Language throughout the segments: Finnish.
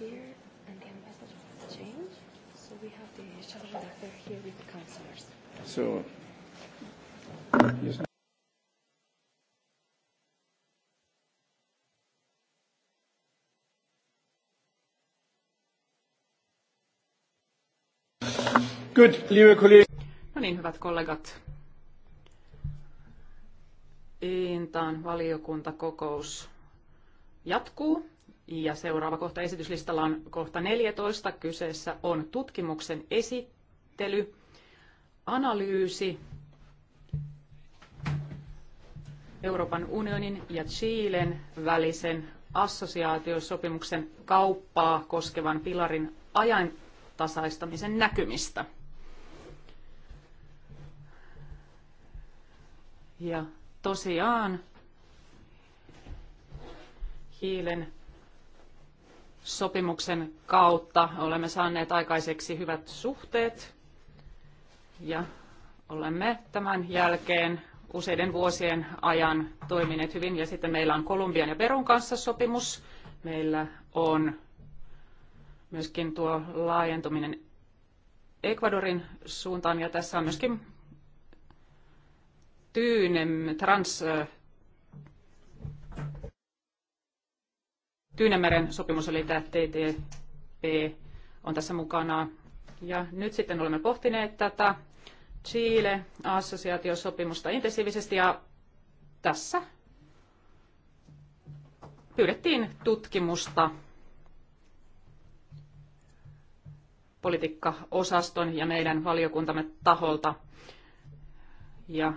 here and the ambassador has changed. So we have the charge d'affaires here with the counselors. So, yes. Good, liebe Kollegen. No niin, hyvät kollegat. Intaan valiokuntakokous jatkuu. Ja seuraava kohta esityslistalla on kohta 14. Kyseessä on tutkimuksen esittely, analyysi Euroopan unionin ja Chilen välisen assosiaatiosopimuksen kauppaa koskevan pilarin ajantasaistamisen näkymistä. Ja tosiaan hiilen sopimuksen kautta olemme saaneet aikaiseksi hyvät suhteet ja olemme tämän jälkeen useiden vuosien ajan toimineet hyvin. Ja sitten meillä on Kolumbian ja Perun kanssa sopimus. Meillä on myöskin tuo laajentuminen Ecuadorin suuntaan ja tässä on myöskin Tyynem, trans Tyynemeren sopimus, oli tämä TTP on tässä mukana. Ja nyt sitten olemme pohtineet tätä Chile-assosiaatiosopimusta intensiivisesti ja tässä pyydettiin tutkimusta politiikkaosaston ja meidän valiokuntamme taholta. Ja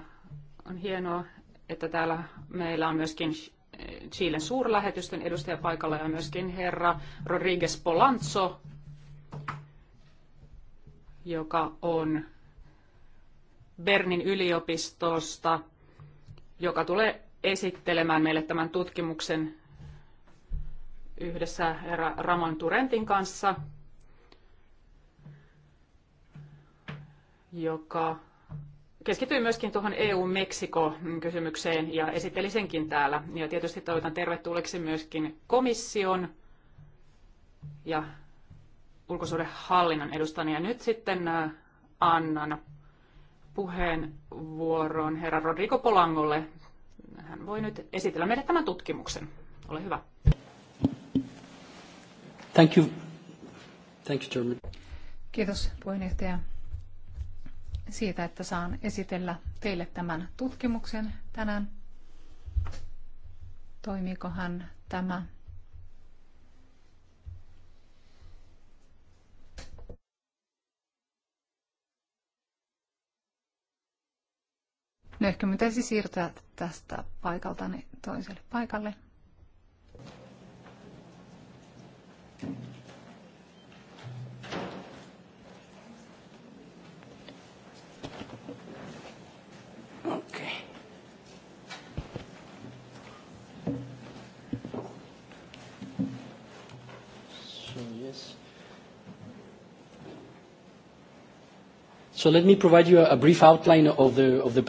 on hienoa, että täällä meillä on myöskin Chilen suurlähetystön edustaja paikalla ja myöskin herra Rodriguez Polanzo, joka on Bernin yliopistosta, joka tulee esittelemään meille tämän tutkimuksen yhdessä herra Raman Turentin kanssa, joka keskityin myöskin tuohon EU-Meksiko-kysymykseen ja esitteli senkin täällä. Ja tietysti toivotan tervetulleeksi myöskin komission ja ulkosuhdehallinnon edustajia. Nyt sitten äh, annan puheenvuoron herra Rodrigo Polangolle. Hän voi nyt esitellä meille tämän tutkimuksen. Ole hyvä. Thank you. Thank you, Chairman. Kiitos puheenjohtaja siitä, että saan esitellä teille tämän tutkimuksen tänään. Toimiikohan tämä? No ehkä me taisi siirtää tästä paikaltani toiselle paikalle. Thank you. So let me provide you a brief outline of the, of the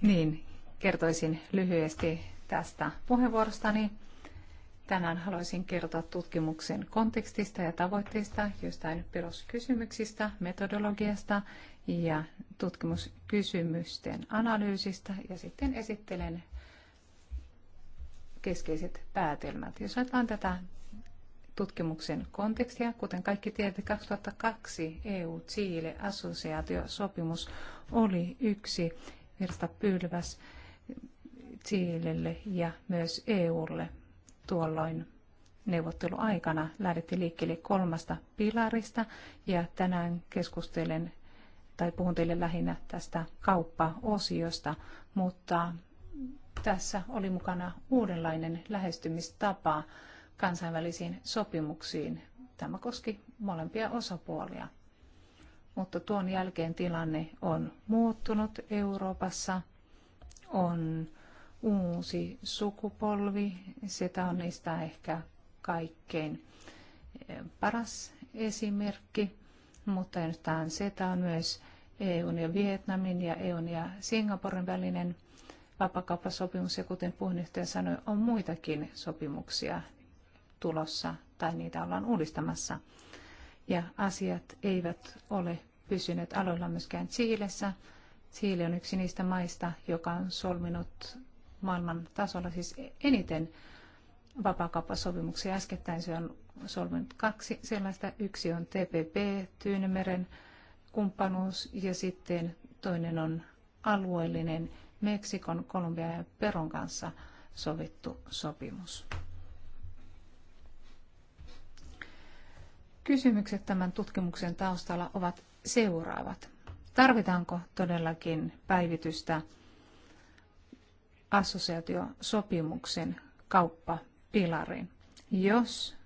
Niin, kertoisin lyhyesti tästä puheenvuorostani. Tänään haluaisin kertoa tutkimuksen kontekstista ja tavoitteista, jostain peruskysymyksistä, metodologiasta ja tutkimuskysymysten analyysistä ja sitten esittelen keskeiset päätelmät. Jos ajatellaan tätä tutkimuksen kontekstia. Kuten kaikki tiedätte, 2002 EU-Chile-assosiaatiosopimus oli yksi virstapylväs Chilelle ja myös EUlle tuolloin neuvotteluaikana lähdettiin liikkeelle kolmasta pilarista ja tänään keskustelen tai puhun teille lähinnä tästä kauppaosiosta, mutta tässä oli mukana uudenlainen lähestymistapa kansainvälisiin sopimuksiin. Tämä koski molempia osapuolia. Mutta tuon jälkeen tilanne on muuttunut Euroopassa. On uusi sukupolvi. Sitä on niistä ehkä kaikkein eh, paras esimerkki, mutta ainoastaan SETA on myös EUn ja Vietnamin ja EUn ja Singaporen välinen vapakauppasopimus ja kuten puheenjohtaja sanoi, on muitakin sopimuksia, tulossa tai niitä ollaan uudistamassa. Ja asiat eivät ole pysyneet aloilla myöskään Chiilessä. Chile on yksi niistä maista, joka on solminut maailman tasolla siis eniten vapaakauppasopimuksia. Äskettäin se on solminut kaksi sellaista. Yksi on TPP, Tyynemeren kumppanuus, ja sitten toinen on alueellinen Meksikon, Kolumbian ja Peron kanssa sovittu sopimus. Kysymykset tämän tutkimuksen taustalla ovat seuraavat. Tarvitaanko todellakin päivitystä assosiaatiosopimuksen kauppapilariin? Jos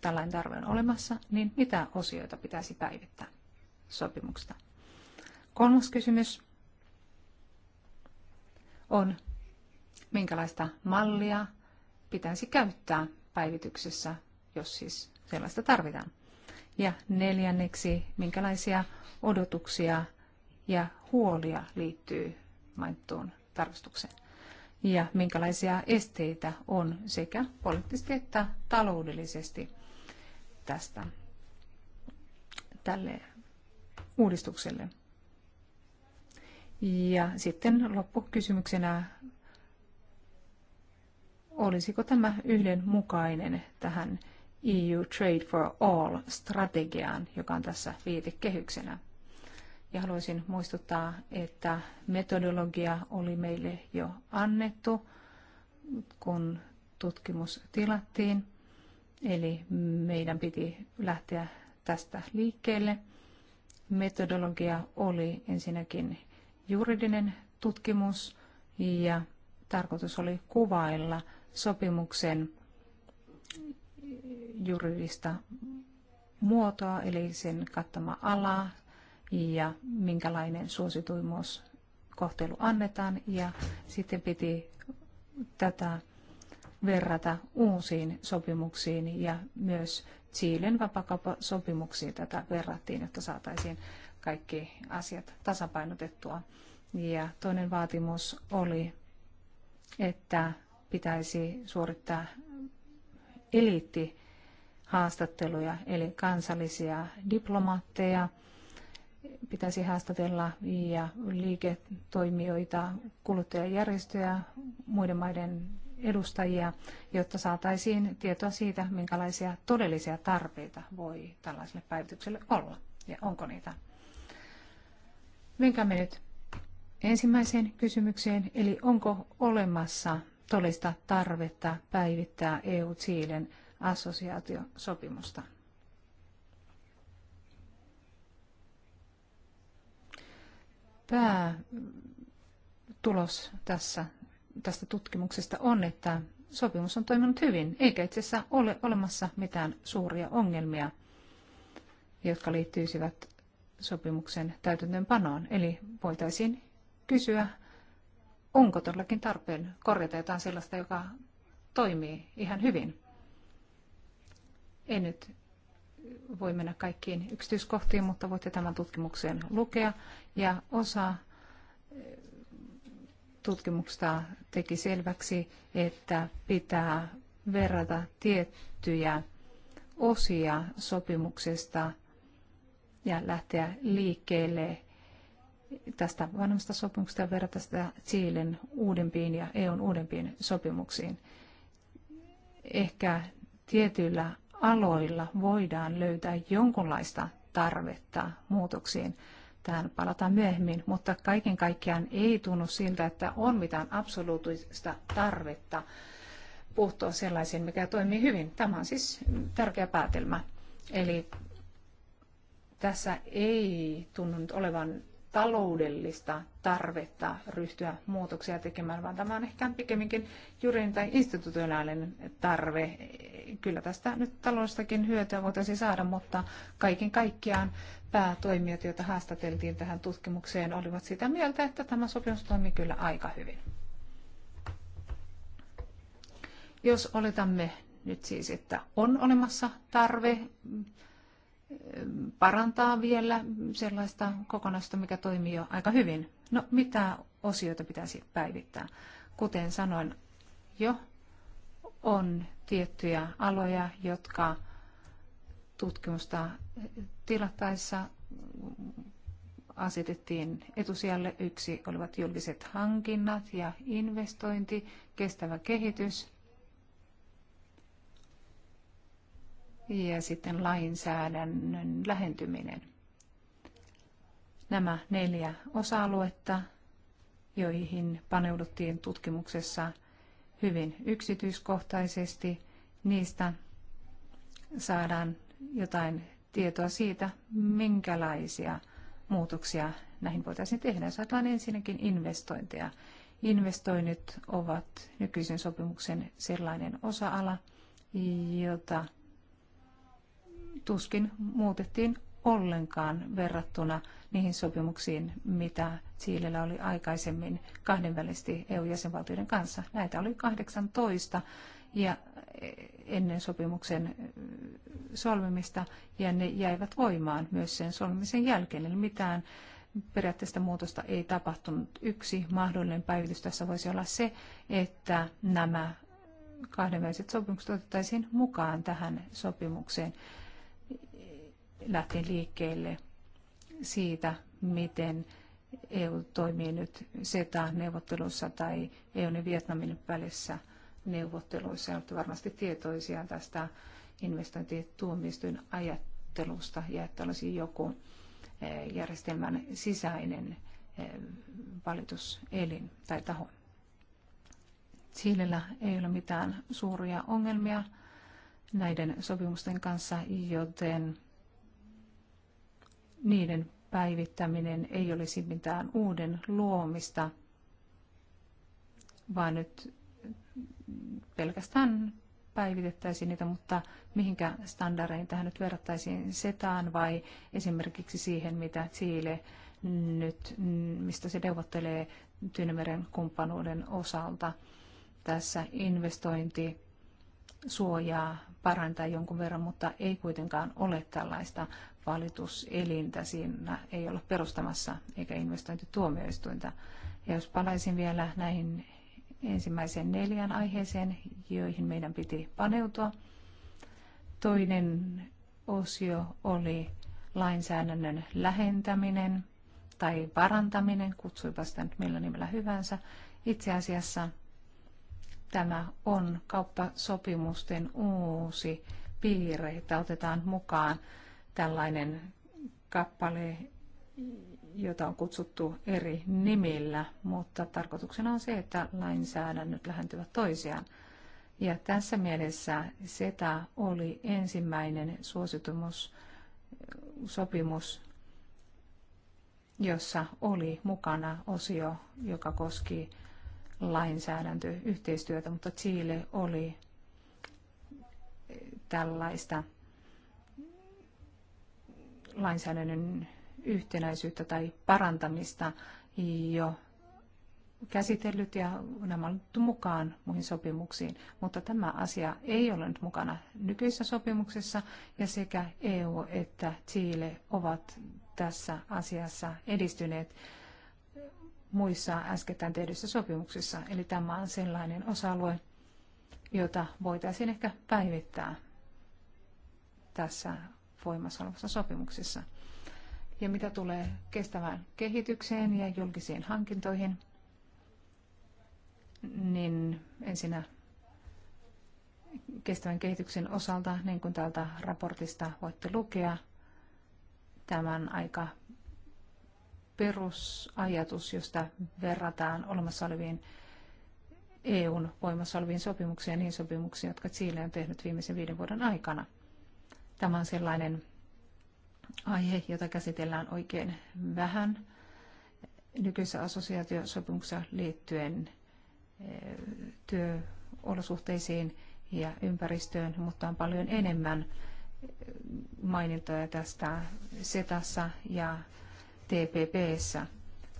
tällainen tarve on olemassa, niin mitä osioita pitäisi päivittää sopimuksesta? Kolmas kysymys on, minkälaista mallia pitäisi käyttää päivityksessä, jos siis sellaista tarvitaan. Ja neljänneksi, minkälaisia odotuksia ja huolia liittyy mainittuun tarkastukseen ja minkälaisia esteitä on sekä poliittisesti että taloudellisesti tästä tälle uudistukselle. Ja sitten loppukysymyksenä, olisiko tämä yhdenmukainen tähän EU Trade for All-strategiaan, joka on tässä viitekehyksenä. Ja haluaisin muistuttaa, että metodologia oli meille jo annettu, kun tutkimus tilattiin. Eli meidän piti lähteä tästä liikkeelle. Metodologia oli ensinnäkin juridinen tutkimus ja tarkoitus oli kuvailla sopimuksen juridista muotoa, eli sen kattama ala ja minkälainen suosituimuus kohtelu annetaan. Ja sitten piti tätä verrata uusiin sopimuksiin ja myös Chilen vapakauppasopimuksiin tätä verrattiin, jotta saataisiin kaikki asiat tasapainotettua. Ja toinen vaatimus oli, että pitäisi suorittaa eliitti haastatteluja, eli kansallisia diplomaatteja pitäisi haastatella ja liiketoimijoita, kuluttajajärjestöjä, muiden maiden edustajia, jotta saataisiin tietoa siitä, minkälaisia todellisia tarpeita voi tällaiselle päivitykselle olla ja onko niitä. Menkäämme nyt ensimmäiseen kysymykseen, eli onko olemassa todellista tarvetta päivittää EU-Chilen assosiaatiosopimusta. Päätulos tässä, tästä tutkimuksesta on, että sopimus on toiminut hyvin, eikä itse asiassa ole olemassa mitään suuria ongelmia, jotka liittyisivät sopimuksen täytäntöönpanoon. Eli voitaisiin kysyä, onko todellakin tarpeen korjata jotain sellaista, joka toimii ihan hyvin. En nyt voi mennä kaikkiin yksityiskohtiin, mutta voitte tämän tutkimuksen lukea. Ja osa eh, tutkimuksesta teki selväksi, että pitää verrata tiettyjä osia sopimuksesta ja lähteä liikkeelle tästä vanhemmasta sopimuksesta ja verrata sitä Chilen uudempiin ja EUn uudempiin sopimuksiin. Ehkä tietyillä aloilla voidaan löytää jonkunlaista tarvetta muutoksiin. Tähän palataan myöhemmin, mutta kaiken kaikkiaan ei tunnu siltä, että on mitään absoluuttista tarvetta puuttua sellaisiin, mikä toimii hyvin. Tämä on siis tärkeä päätelmä. Eli tässä ei tunnu nyt olevan taloudellista tarvetta ryhtyä muutoksia tekemään, vaan tämä on ehkä pikemminkin juuri tai institutionaalinen tarve. Kyllä tästä nyt taloustakin hyötyä voitaisiin saada, mutta kaiken kaikkiaan päätoimijat, joita haastateltiin tähän tutkimukseen, olivat sitä mieltä, että tämä sopimus toimii kyllä aika hyvin. Jos oletamme nyt siis, että on olemassa tarve parantaa vielä sellaista kokonaista, mikä toimii jo aika hyvin. No, mitä osioita pitäisi päivittää? Kuten sanoin, jo on tiettyjä aloja, jotka tutkimusta tilattaessa asetettiin etusijalle. Yksi olivat julkiset hankinnat ja investointi, kestävä kehitys ja sitten lainsäädännön lähentyminen. Nämä neljä osa-aluetta, joihin paneuduttiin tutkimuksessa hyvin yksityiskohtaisesti, niistä saadaan jotain tietoa siitä, minkälaisia muutoksia näihin voitaisiin tehdä. Saadaan ensinnäkin investointeja. Investoinnit ovat nykyisen sopimuksen sellainen osa-ala, jota tuskin muutettiin ollenkaan verrattuna niihin sopimuksiin, mitä Chilellä oli aikaisemmin kahdenvälisesti EU-jäsenvaltioiden kanssa. Näitä oli 18 ja ennen sopimuksen solmimista ja ne jäivät voimaan myös sen solmimisen jälkeen. Eli mitään periaatteesta muutosta ei tapahtunut. Yksi mahdollinen päivitys tässä voisi olla se, että nämä kahdenväliset sopimukset otettaisiin mukaan tähän sopimukseen lähtien liikkeelle siitä, miten EU toimii nyt SETA-neuvottelussa tai EU ja Vietnamin välissä neuvotteluissa. Olette varmasti tietoisia tästä investointituomioistuin ajattelusta ja että olisi joku eh, järjestelmän sisäinen eh, valituselin tai taho. Chiilellä ei ole mitään suuria ongelmia näiden sopimusten kanssa, joten niiden päivittäminen ei olisi mitään uuden luomista, vaan nyt pelkästään päivitettäisiin niitä, mutta mihinkä standardeihin tähän nyt verrattaisiin setaan vai esimerkiksi siihen, mitä Chile nyt, mistä se neuvottelee Tyynemeren kumppanuuden osalta. Tässä investointi suojaa parantaa jonkun verran, mutta ei kuitenkaan ole tällaista valituselintä. Siinä ei olla perustamassa eikä investointituomioistuinta. Ja jos palaisin vielä näihin ensimmäiseen neljään aiheeseen, joihin meidän piti paneutua. Toinen osio oli lainsäädännön lähentäminen tai parantaminen, kutsuipa sitä nyt millä nimellä hyvänsä. Itse asiassa tämä on kauppasopimusten uusi piirre, että otetaan mukaan tällainen kappale, jota on kutsuttu eri nimillä, mutta tarkoituksena on se, että lainsäädännöt lähentyvät toisiaan. Ja tässä mielessä SETA oli ensimmäinen suositumus, sopimus, jossa oli mukana osio, joka koski lainsäädäntöyhteistyötä, mutta Chile oli tällaista lainsäädännön yhtenäisyyttä tai parantamista jo käsitellyt ja nämä on mukaan muihin sopimuksiin, mutta tämä asia ei ole nyt mukana nykyisessä sopimuksessa ja sekä EU että Chile ovat tässä asiassa edistyneet muissa äskettäin tehdyissä sopimuksissa. Eli tämä on sellainen osa-alue, jota voitaisiin ehkä päivittää tässä voimassa olevassa sopimuksissa. Ja mitä tulee kestävään kehitykseen ja julkisiin hankintoihin, niin ensinnä kestävän kehityksen osalta, niin kuin täältä raportista voitte lukea, tämän aika perusajatus, josta verrataan olemassa oleviin EUn voimassa oleviin sopimuksiin ja niihin sopimuksiin, jotka Chile on tehnyt viimeisen viiden vuoden aikana. Tämä on sellainen aihe, jota käsitellään oikein vähän nykyisessä assosiaatiosopimuksessa liittyen eh, työolosuhteisiin ja ympäristöön, mutta on paljon enemmän eh, mainintoja tästä SETassa ja TPPssä.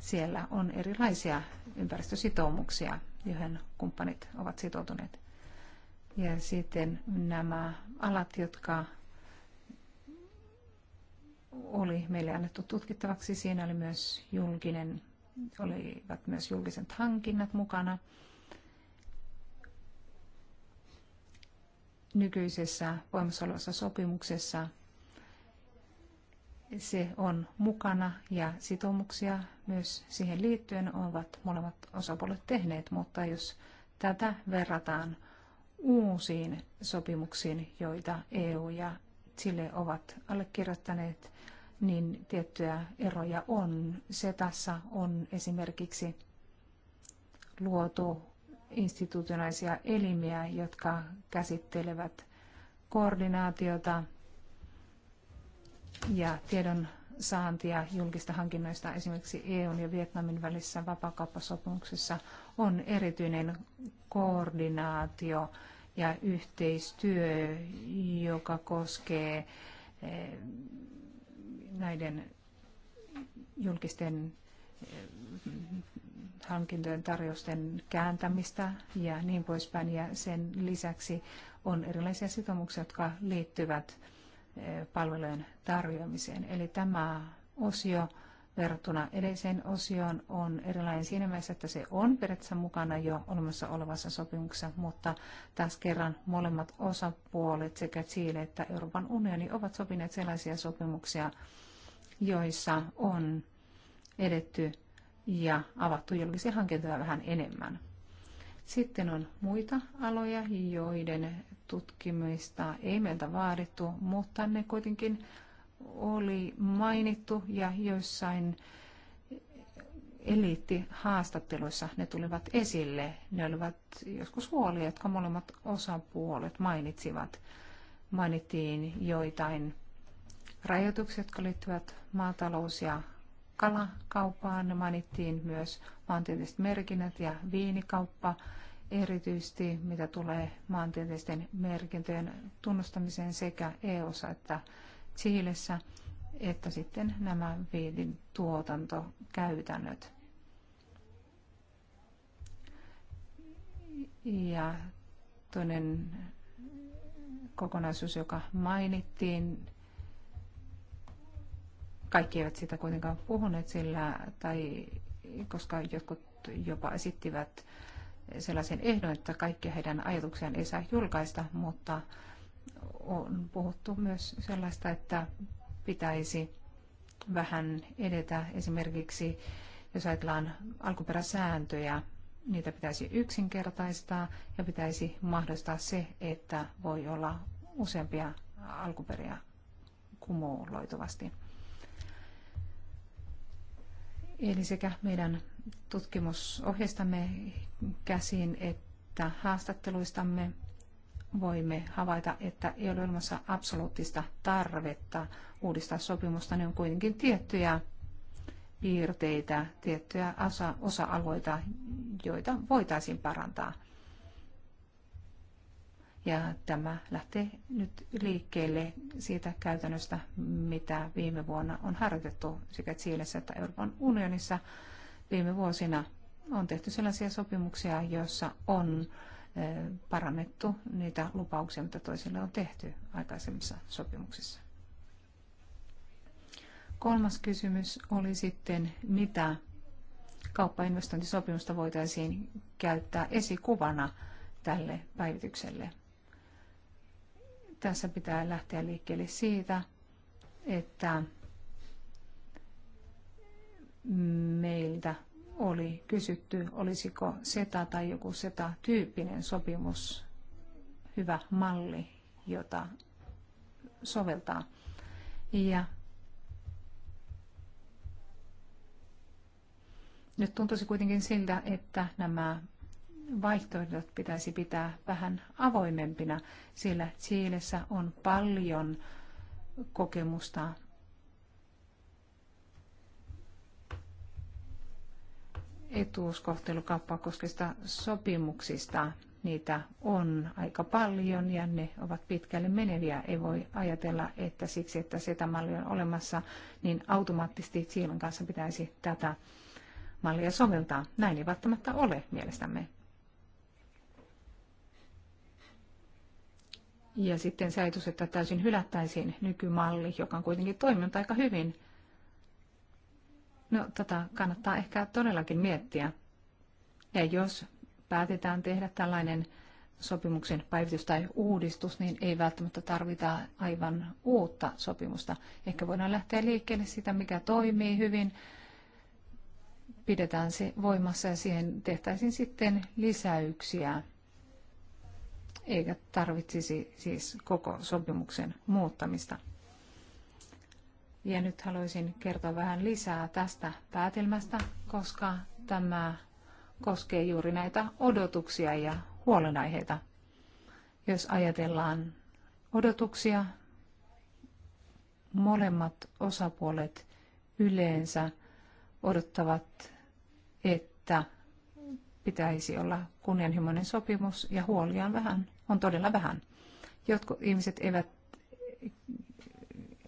Siellä on erilaisia ympäristösitoumuksia, joihin kumppanit ovat sitoutuneet. Ja sitten nämä alat, jotka oli meille annettu tutkittavaksi. Siinä oli myös julkinen, olivat myös julkiset hankinnat mukana. Nykyisessä voimassa olevassa sopimuksessa se on mukana ja sitoumuksia myös siihen liittyen ovat molemmat osapuolet tehneet, mutta jos tätä verrataan uusiin sopimuksiin, joita EU ja Chile ovat allekirjoittaneet, niin tiettyjä eroja on. Se tässä on esimerkiksi luotu institutionaisia elimiä, jotka käsittelevät koordinaatiota ja tiedon saantia julkista hankinnoista esimerkiksi EUn ja Vietnamin välissä vapakauppasopimuksessa on erityinen koordinaatio ja yhteistyö, joka koskee eh, näiden julkisten eh, hankintojen tarjousten kääntämistä ja niin poispäin. Ja sen lisäksi on erilaisia sitoumuksia, jotka liittyvät eh, palvelujen tarjoamiseen. Eli tämä osio verrattuna edelliseen osioon on erilainen siinä mielessä, että se on periaatteessa mukana jo olemassa olevassa sopimuksessa, mutta taas kerran molemmat osapuolet sekä Chile että Euroopan unioni ovat sopineet sellaisia sopimuksia, joissa on edetty ja avattu julkisia hankintoja vähän enemmän. Sitten on muita aloja, joiden tutkimista ei meiltä vaadittu, mutta ne kuitenkin oli mainittu ja joissain eliittihaastatteluissa ne tulivat esille. Ne olivat joskus huolia, jotka molemmat osapuolet mainitsivat. Mainittiin joitain rajoituksia, jotka liittyvät maatalous- ja kalakauppaan. Ne mainittiin myös maantieteelliset merkinnät ja viinikauppa, erityisesti mitä tulee maantieteellisten merkintöjen tunnustamiseen sekä EU-ssa että Chiilessä, että sitten nämä viidin tuotantokäytännöt. Ja toinen kokonaisuus, joka mainittiin, kaikki eivät sitä kuitenkaan puhuneet sillä, tai koska jotkut jopa esittivät sellaisen ehdon, että kaikki heidän ajatuksiaan ei saa julkaista, mutta on puhuttu myös sellaista, että pitäisi vähän edetä esimerkiksi, jos ajatellaan alkuperäsääntöjä, niitä pitäisi yksinkertaistaa ja pitäisi mahdollistaa se, että voi olla useampia alkuperiä kumuloituvasti. Eli sekä meidän tutkimusohjeistamme käsin että haastatteluistamme voimme havaita, että ei ole olemassa absoluuttista tarvetta uudistaa sopimusta, niin on kuitenkin tiettyjä piirteitä, tiettyjä osa- osa-alueita, joita voitaisiin parantaa. Ja tämä lähtee nyt liikkeelle siitä käytännöstä, mitä viime vuonna on harjoitettu sekä Chiilessä että Euroopan unionissa. Viime vuosina on tehty sellaisia sopimuksia, joissa on Eh, parannettu niitä lupauksia, mitä toisille on tehty aikaisemmissa sopimuksissa. Kolmas kysymys oli sitten, mitä kauppainvestointisopimusta voitaisiin käyttää esikuvana tälle päivitykselle. Tässä pitää lähteä liikkeelle siitä, että meiltä oli kysytty, olisiko SETA tai joku SETA-tyyppinen sopimus hyvä malli, jota soveltaa. Ja nyt tuntuisi kuitenkin siltä, että nämä vaihtoehdot pitäisi pitää vähän avoimempina, sillä Chiilessä on paljon kokemusta etuuskohtelukauppa koskevista sopimuksista. Niitä on aika paljon ja ne ovat pitkälle meneviä. Ei voi ajatella, että siksi, että SETA-malli on olemassa, niin automaattisesti Chilen kanssa pitäisi tätä mallia soveltaa. Näin ei välttämättä ole mielestämme. Ja sitten se ajatus, että täysin hylättäisiin nykymalli, joka on kuitenkin toiminut aika hyvin – No, tätä tota, kannattaa ehkä todellakin miettiä. Ja jos päätetään tehdä tällainen sopimuksen päivitys tai uudistus, niin ei välttämättä tarvita aivan uutta sopimusta. Ehkä voidaan lähteä liikkeelle sitä, mikä toimii hyvin, pidetään se voimassa ja siihen tehtäisiin sitten lisäyksiä, eikä tarvitsisi siis koko sopimuksen muuttamista. Ja nyt haluaisin kertoa vähän lisää tästä päätelmästä, koska tämä koskee juuri näitä odotuksia ja huolenaiheita. Jos ajatellaan odotuksia, molemmat osapuolet yleensä odottavat, että pitäisi olla kunnianhimoinen sopimus ja huolia on vähän, on todella vähän. Jotkut ihmiset eivät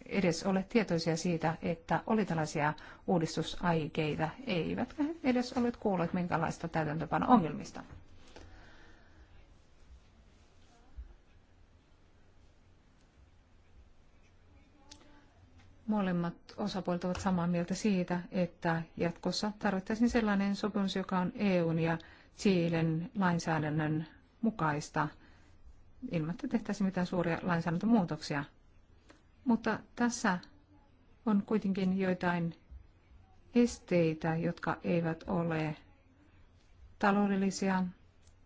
edes ole tietoisia siitä, että oli tällaisia uudistusaikeita, eivätkä he edes ole kuulleet minkälaista täytäntöpano ongelmista. molemmat osapuolet ovat samaa mieltä siitä, että jatkossa tarvittaisiin sellainen sopimus, joka on EUn ja Chilen lainsäädännön mukaista, ilman että tehtäisiin mitään suuria lainsäädäntömuutoksia. Mutta tässä on kuitenkin joitain esteitä, jotka eivät ole taloudellisia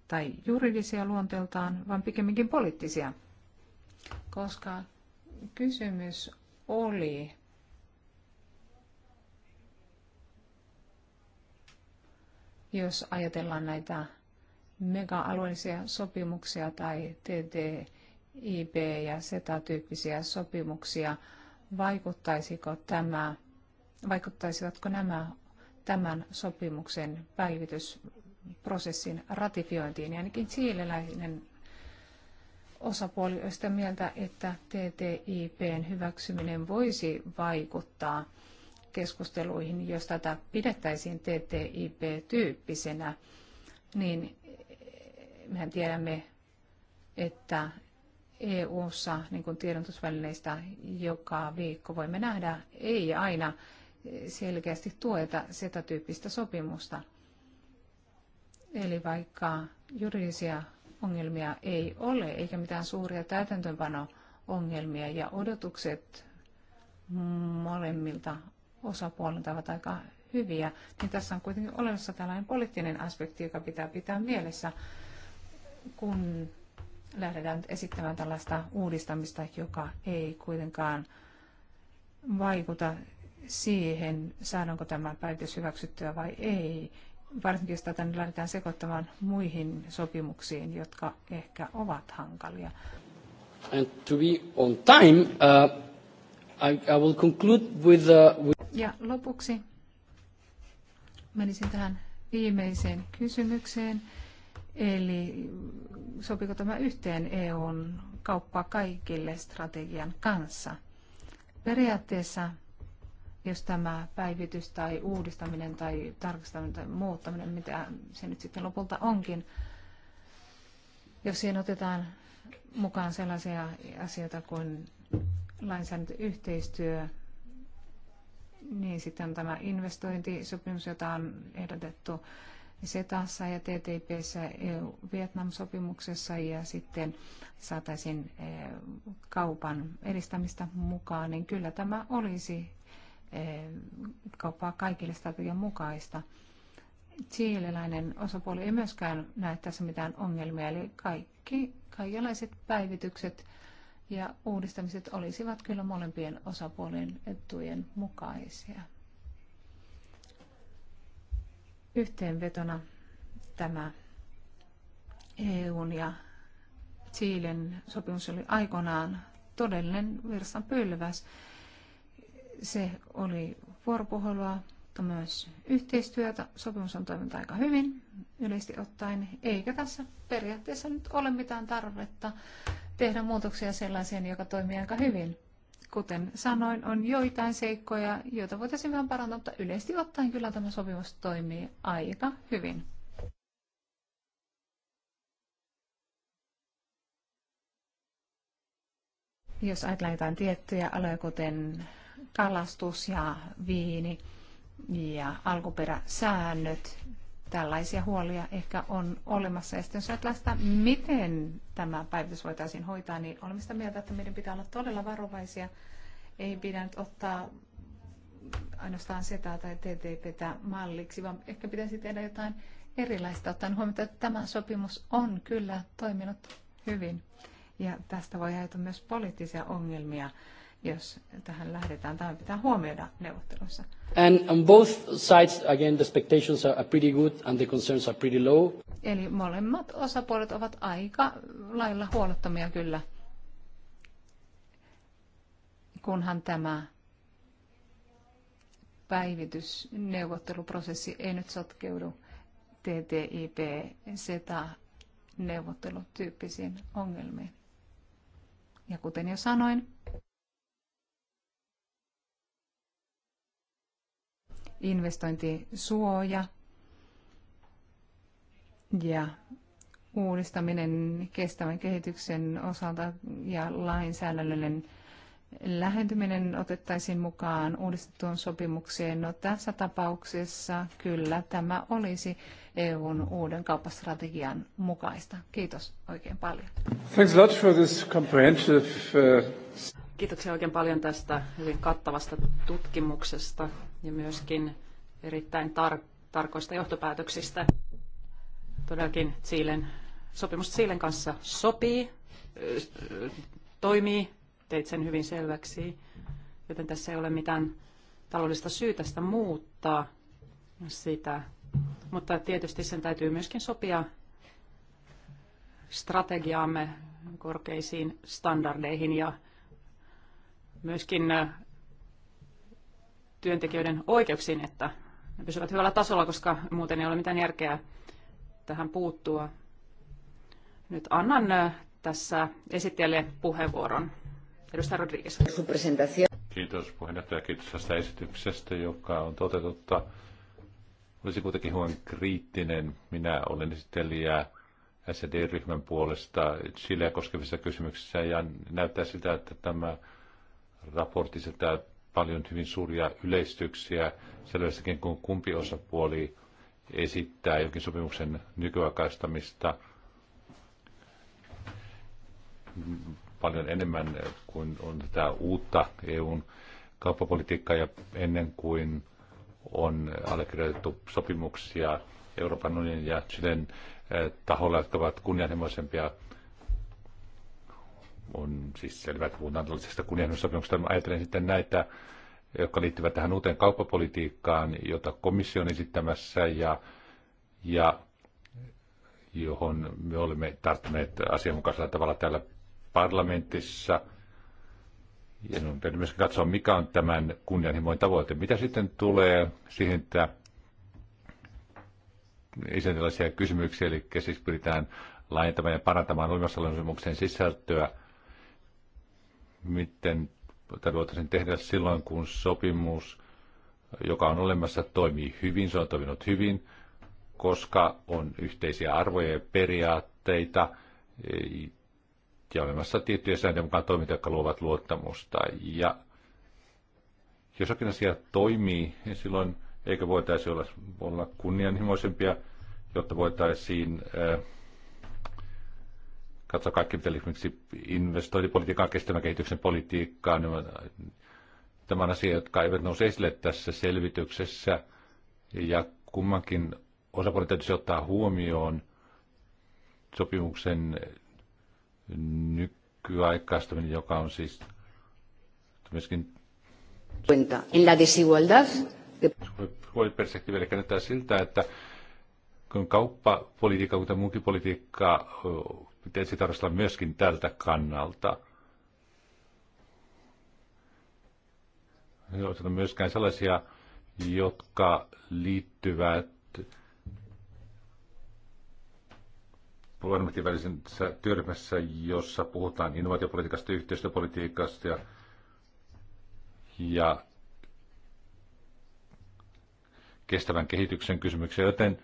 tai juridisia luonteeltaan, vaan pikemminkin poliittisia. Koska kysymys oli jos ajatellaan näitä mega-alueellisia sopimuksia tai TTIP, IB- ja SETA-tyyppisiä sopimuksia. Vaikuttaisiko tämä, vaikuttaisivatko nämä tämän sopimuksen päivitysprosessin ratifiointiin? Ja ainakin siileläinen osapuoli on sitä mieltä, että TTIPn hyväksyminen voisi vaikuttaa keskusteluihin, jos tätä pidettäisiin TTIP-tyyppisenä, niin mehän tiedämme, että EU-ssa niin kuin tiedotusvälineistä joka viikko voimme nähdä, ei aina selkeästi tueta sitä tyyppistä sopimusta. Eli vaikka juridisia ongelmia ei ole, eikä mitään suuria täytäntöönpano-ongelmia ja odotukset molemmilta osapuolilta ovat aika hyviä, niin tässä on kuitenkin olemassa tällainen poliittinen aspekti, joka pitää pitää mielessä, kun lähdetään nyt esittämään tällaista uudistamista, joka ei kuitenkaan vaikuta siihen, saadaanko tämä päätös hyväksyttyä vai ei. Varsinkin jos tätä lähdetään sekoittamaan muihin sopimuksiin, jotka ehkä ovat hankalia. And to be on time, uh, I, I will conclude with, uh, with... Ja lopuksi menisin tähän viimeiseen kysymykseen. Eli sopiko tämä yhteen EUn kauppaa kaikille strategian kanssa? Periaatteessa, jos tämä päivitys tai uudistaminen tai tarkistaminen tai muuttaminen, mitä se nyt sitten lopulta onkin, jos siihen otetaan mukaan sellaisia asioita kuin lainsäädäntöyhteistyö, niin sitten on tämä investointisopimus, jota on ehdotettu SETassa ja TTPssä, e Vietnam-sopimuksessa ja sitten saataisiin e, kaupan edistämistä mukaan, niin kyllä tämä olisi e, kauppaa kaikille strategian mukaista. Chileläinen osapuoli ei myöskään näe tässä mitään ongelmia, eli kaikki, kaikenlaiset päivitykset ja uudistamiset olisivat kyllä molempien osapuolien etujen mukaisia. Yhteenvetona tämä EUn ja Chilen sopimus oli aikanaan todellinen virsan pylväs. Se oli vuoropuhelua, mutta myös yhteistyötä. Sopimus on toiminut aika hyvin yleisesti ottaen, eikä tässä periaatteessa nyt ole mitään tarvetta tehdä muutoksia sellaiseen, joka toimii aika hyvin. Kuten sanoin, on joitain seikkoja, joita voitaisiin vähän parantaa, mutta yleisesti ottaen kyllä tämä sopimus toimii aika hyvin. Jos ajatellaan jotain tiettyjä aloja, kuten kalastus ja viini ja alkuperäsäännöt, tällaisia huolia ehkä on olemassa. Ja sitten jos ajatellaan miten tämä päivitys voitaisiin hoitaa, niin olemme sitä mieltä, että meidän pitää olla todella varovaisia. Ei pidä nyt ottaa ainoastaan SETA tai TTPtä malliksi, vaan ehkä pitäisi tehdä jotain erilaista, ottaen huomioon, että tämä sopimus on kyllä toiminut hyvin. Ja tästä voi aiheutua myös poliittisia ongelmia jos tähän lähdetään. Tämä pitää huomioida neuvotteluissa. And on both sides, again, the expectations are pretty good and the concerns are pretty low. Eli molemmat osapuolet ovat aika lailla huolettomia kyllä, kunhan tämä päivitysneuvotteluprosessi ei nyt sotkeudu TTIP, SETA, neuvottelutyyppisiin ongelmiin. Ja kuten jo sanoin, investointisuoja ja uudistaminen kestävän kehityksen osalta ja lainsäädännöllinen lähentyminen otettaisiin mukaan uudistettuun sopimukseen. No, tässä tapauksessa kyllä tämä olisi EUn uuden kauppastrategian mukaista. Kiitos oikein paljon. Thanks a lot for this comprehensive, uh, Kiitoksia oikein paljon tästä hyvin kattavasta tutkimuksesta ja myöskin erittäin tar- tarkoista johtopäätöksistä. Todellakin Chilen, sopimus Chilen kanssa sopii, toimii, teit sen hyvin selväksi, joten tässä ei ole mitään taloudellista syytä sitä muuttaa sitä. Mutta tietysti sen täytyy myöskin sopia strategiaamme korkeisiin standardeihin ja myöskin työntekijöiden oikeuksiin, että ne pysyvät hyvällä tasolla, koska muuten ei ole mitään järkeä tähän puuttua. Nyt annan tässä esittäjälle puheenvuoron. Edustaja Rodriguez. Kiitos puheenjohtaja, kiitos tästä esityksestä, joka on toteutettu. Olisi kuitenkin huon kriittinen. Minä olen esittelijä SD-ryhmän puolesta Chileä koskevissa kysymyksissä ja näyttää siltä, että tämä raportti sitä paljon hyvin suuria yleistyksiä selvästikin, kun kumpi osapuoli esittää jokin sopimuksen nykyaikaistamista paljon enemmän kuin on tätä uutta EUn kauppapolitiikkaa ja ennen kuin on allekirjoitettu sopimuksia Euroopan unionin ja Chilen eh, taholla, jotka ovat kunnianhimoisempia on siis selvä, että puhutaan tällaisesta kunnianhimosopimuksesta. Ajattelen sitten näitä, jotka liittyvät tähän uuteen kauppapolitiikkaan, jota komissio on esittämässä ja, ja johon me olemme tarttuneet asianmukaisella tavalla täällä parlamentissa. Ja on pitänyt myöskin katsoa, mikä on tämän kunnianhimoin tavoite. Mitä sitten tulee siihen, että ei sen tällaisia kysymyksiä, eli siis pyritään laajentamaan ja parantamaan olemassa sisältöä – miten tätä voitaisiin tehdä silloin, kun sopimus, joka on olemassa, toimii hyvin, se on toiminut hyvin, koska on yhteisiä arvoja ja periaatteita eh, ja olemassa tiettyjä sääntöjä mukaan toiminta, jotka luovat luottamusta. Ja jos jokin asia toimii, niin silloin eikä voitaisiin olla, olla kunnianhimoisempia, jotta voitaisiin äh, katsoa kaikki, mitä esimerkiksi investointipolitiikkaa, kestävän kehityksen politiikkaa. Niin tämä on asia, jotka eivät nouse esille tässä selvityksessä. Ja kummankin osapuolen täytyisi ottaa huomioon sopimuksen nykyaikaistaminen, joka on siis myöskin... En la desigualdad... Huoliperspektiivi, eli näyttää siltä, että kun kauppapolitiikka, kuten muukin politiikka, pitäisi tarkastella myöskin tältä kannalta. Ei oteta myöskään sellaisia, jotka liittyvät parlamentin välisessä työryhmässä, jossa puhutaan innovaatiopolitiikasta, yhteistyöpolitiikasta ja, ja kestävän kehityksen kysymyksiä, joten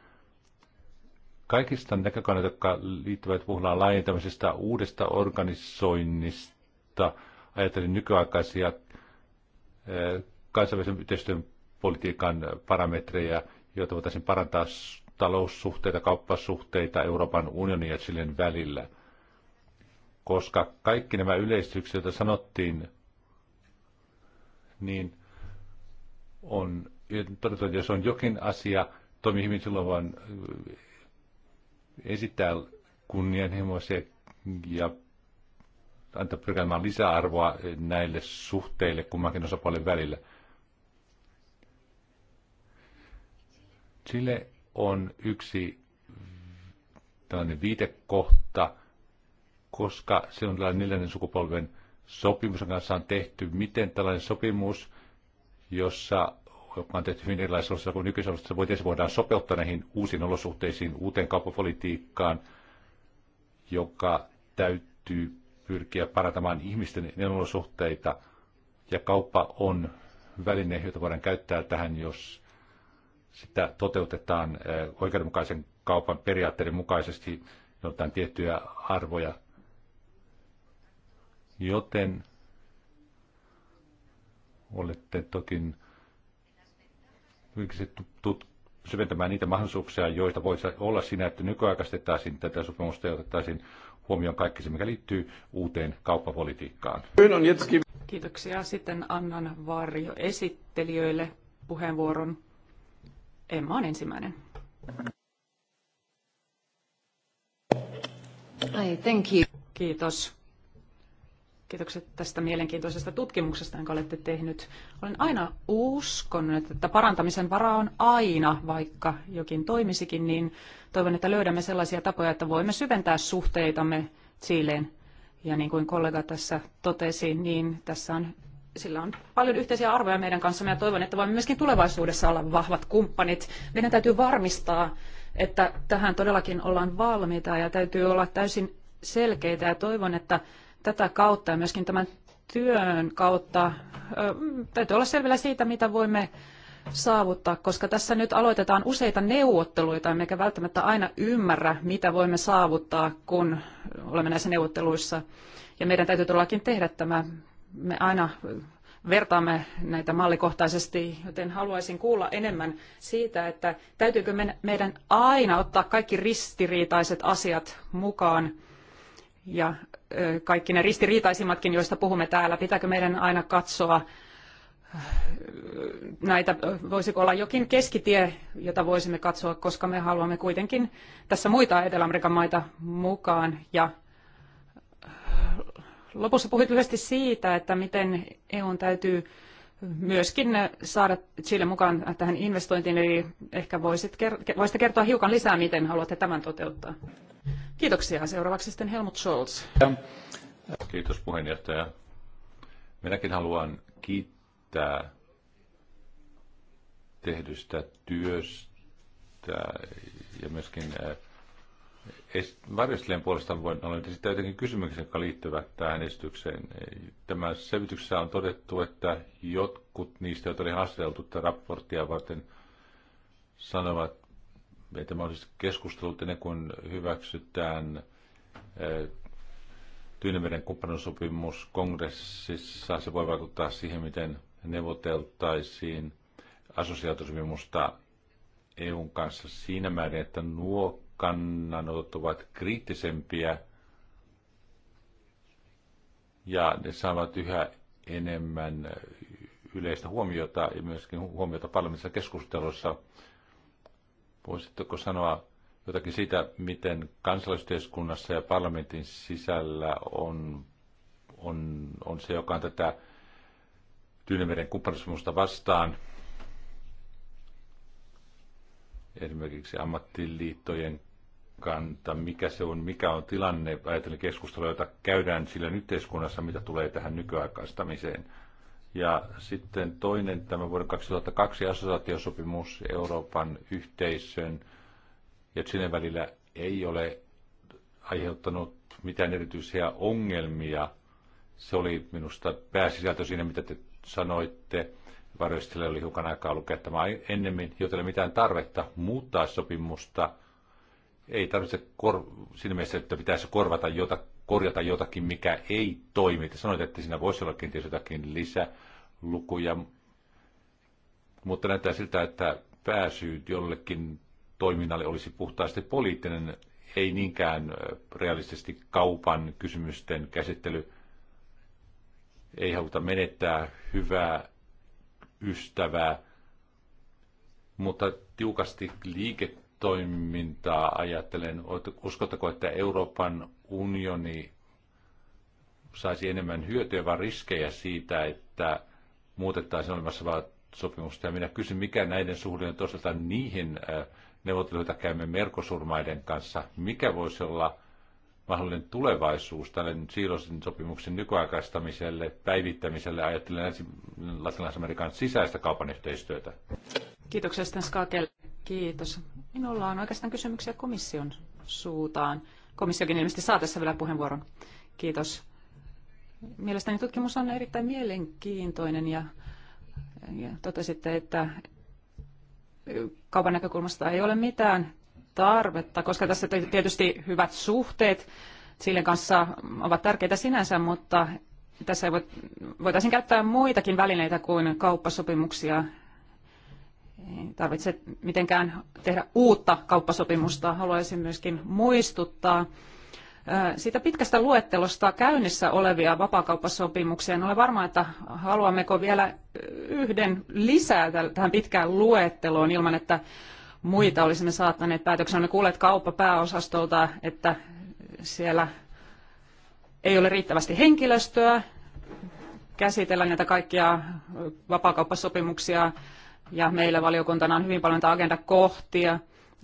Kaikista näkökannat, jotka liittyvät puhutaan laajentamisesta, uudesta organisoinnista, ajattelin nykyaikaisia eh, kansainvälisen yhteistyön politiikan parametreja, joita voitaisiin parantaa taloussuhteita, kauppasuhteita Euroopan unionin ja Chilen välillä. Koska kaikki nämä yleistykset, joita sanottiin, niin on todettu, että jos on jokin asia, toimii hyvin silloin, vaan esittää kunnianhimoisia ja antaa pyrkäämään lisäarvoa näille suhteille kummankin osapuolen välillä. Chile on yksi tällainen viitekohta, koska se on tällainen neljännen sukupolven sopimus, jonka kanssa on tehty, miten tällainen sopimus, jossa joka on tehty hyvin erilaisissa olosuhteissa kuin nykyisissä olosuhteissa, tietysti voidaan sopeuttaa näihin uusiin olosuhteisiin, uuteen kauppapolitiikkaan, joka täytyy pyrkiä parantamaan ihmisten olosuhteita. Ja kauppa on väline, jota voidaan käyttää tähän, jos sitä toteutetaan eh, oikeudenmukaisen kaupan periaatteiden mukaisesti jotain tiettyjä arvoja. Joten olette toki pyrkisi syventämään niitä mahdollisuuksia, joita voisi olla siinä, että nykyaikaistettaisiin tätä sopimusta ja otettaisiin huomioon kaikki se, mikä liittyy uuteen kauppapolitiikkaan. Kiitoksia. Sitten annan varjo esittelijöille puheenvuoron. Emma on ensimmäinen. Ai, thank you. Kiitos. Kiitokset tästä mielenkiintoisesta tutkimuksesta, jonka olette tehnyt. Olen aina uskonut, että parantamisen vara on aina, vaikka jokin toimisikin, niin toivon, että löydämme sellaisia tapoja, että voimme syventää suhteitamme Chileen. Ja niin kuin kollega tässä totesi, niin tässä on, sillä on paljon yhteisiä arvoja meidän kanssamme ja toivon, että voimme myöskin tulevaisuudessa olla vahvat kumppanit. Meidän täytyy varmistaa, että tähän todellakin ollaan valmiita ja täytyy olla täysin selkeitä ja toivon, että tätä kautta ja myöskin tämän työn kautta täytyy olla selvillä siitä, mitä voimme saavuttaa, koska tässä nyt aloitetaan useita neuvotteluita, emmekä välttämättä aina ymmärrä, mitä voimme saavuttaa, kun olemme näissä neuvotteluissa. Ja meidän täytyy todellakin tehdä tämä. Me aina vertaamme näitä mallikohtaisesti, joten haluaisin kuulla enemmän siitä, että täytyykö meidän aina ottaa kaikki ristiriitaiset asiat mukaan ja kaikki ne ristiriitaisimmatkin, joista puhumme täällä, pitääkö meidän aina katsoa näitä, voisiko olla jokin keskitie, jota voisimme katsoa, koska me haluamme kuitenkin tässä muita Etelä-Amerikan maita mukaan. Ja lopussa puhuit lyhyesti siitä, että miten EUn täytyy myöskin saada Chile mukaan tähän investointiin, eli ehkä voisit, voisit kertoa hiukan lisää, miten haluatte tämän toteuttaa. Kiitoksia. Seuraavaksi sitten Helmut Scholz. Kiitos puheenjohtaja. Minäkin haluan kiittää tehdystä työstä ja myöskin eh, Varjostelijan puolesta voin olla esittää jotenkin kysymyksiä, jotka liittyvät tähän esitykseen. Tämä selvityksessä on todettu, että jotkut niistä, joita oli haastateltu tätä raporttia varten, sanovat, että mahdolliset keskustelut ennen kuin hyväksytään eh, Tyynemeren kumppanuussopimus kongressissa, se voi vaikuttaa siihen, miten neuvoteltaisiin asosiaatiosopimusta EUn kanssa siinä määrin, että nuo kannanotot ovat kriittisempiä ja ne saavat yhä enemmän yleistä huomiota ja myöskin huomiota parlamentissa keskustelussa. Voisitteko sanoa jotakin siitä, miten kansalaisyhteiskunnassa ja parlamentin sisällä on, on, on se, joka on tätä Tyynemeren kumppanisuumusta vastaan? Esimerkiksi ammattiliittojen kanta, mikä se on, mikä on tilanne, ajatellen keskustelua, jota käydään sillä yhteiskunnassa, mitä tulee tähän nykyaikaistamiseen – ja sitten toinen tämä vuoden 2002 assosiaatiosopimus Euroopan yhteisön ja sinne välillä ei ole aiheuttanut mitään erityisiä ongelmia. Se oli minusta pääsisältö siinä, mitä te sanoitte. Varjoistille oli hiukan aikaa lukea tämä ennemmin, joten ei mitään tarvetta muuttaa sopimusta. Ei tarvitse kor- siinä mielessä, että pitäisi korvata jotakin korjata jotakin, mikä ei toimi. Te sanoit, että siinä voisi olla kenties jotakin lisälukuja, mutta näyttää siltä, että pääsy jollekin toiminnalle olisi puhtaasti poliittinen, ei niinkään realistisesti kaupan kysymysten käsittely. Ei haluta menettää hyvää ystävää, mutta tiukasti liiketoimintaa ajattelen. Uskotteko, että Euroopan unioni saisi enemmän hyötyä, vaan riskejä siitä, että muutettaisiin olemassa vain sopimusta. Ja minä kysyn, mikä näiden suhde on toisaalta niihin äh, neuvotteluita käymme merkosurmaiden kanssa. Mikä voisi olla mahdollinen tulevaisuus tälle siilosin sopimuksen nykyaikaistamiselle, päivittämiselle, ajattelen latinalais-amerikan sisäistä kaupan yhteistyötä? Kiitoksia Skakel. Kiitos. Minulla on oikeastaan kysymyksiä komission suutaan komissiokin ilmeisesti saa tässä vielä puheenvuoron. Kiitos. Mielestäni tutkimus on erittäin mielenkiintoinen ja, ja totesitte, että kaupan näkökulmasta ei ole mitään tarvetta, koska tässä tietysti hyvät suhteet sille kanssa ovat tärkeitä sinänsä, mutta tässä voitaisiin käyttää muitakin välineitä kuin kauppasopimuksia ei tarvitse mitenkään tehdä uutta kauppasopimusta. Haluaisin myöskin muistuttaa siitä pitkästä luettelosta käynnissä olevia vapakauppasopimuksia. En ole varma, että haluammeko vielä yhden lisää tähän pitkään luetteloon ilman, että muita olisimme saattaneet päätöksen. Olemme kuulleet kauppapääosastolta, että siellä ei ole riittävästi henkilöstöä käsitellä näitä kaikkia vapaakauppasopimuksia ja meillä valiokuntana on hyvin paljon agendakohtia,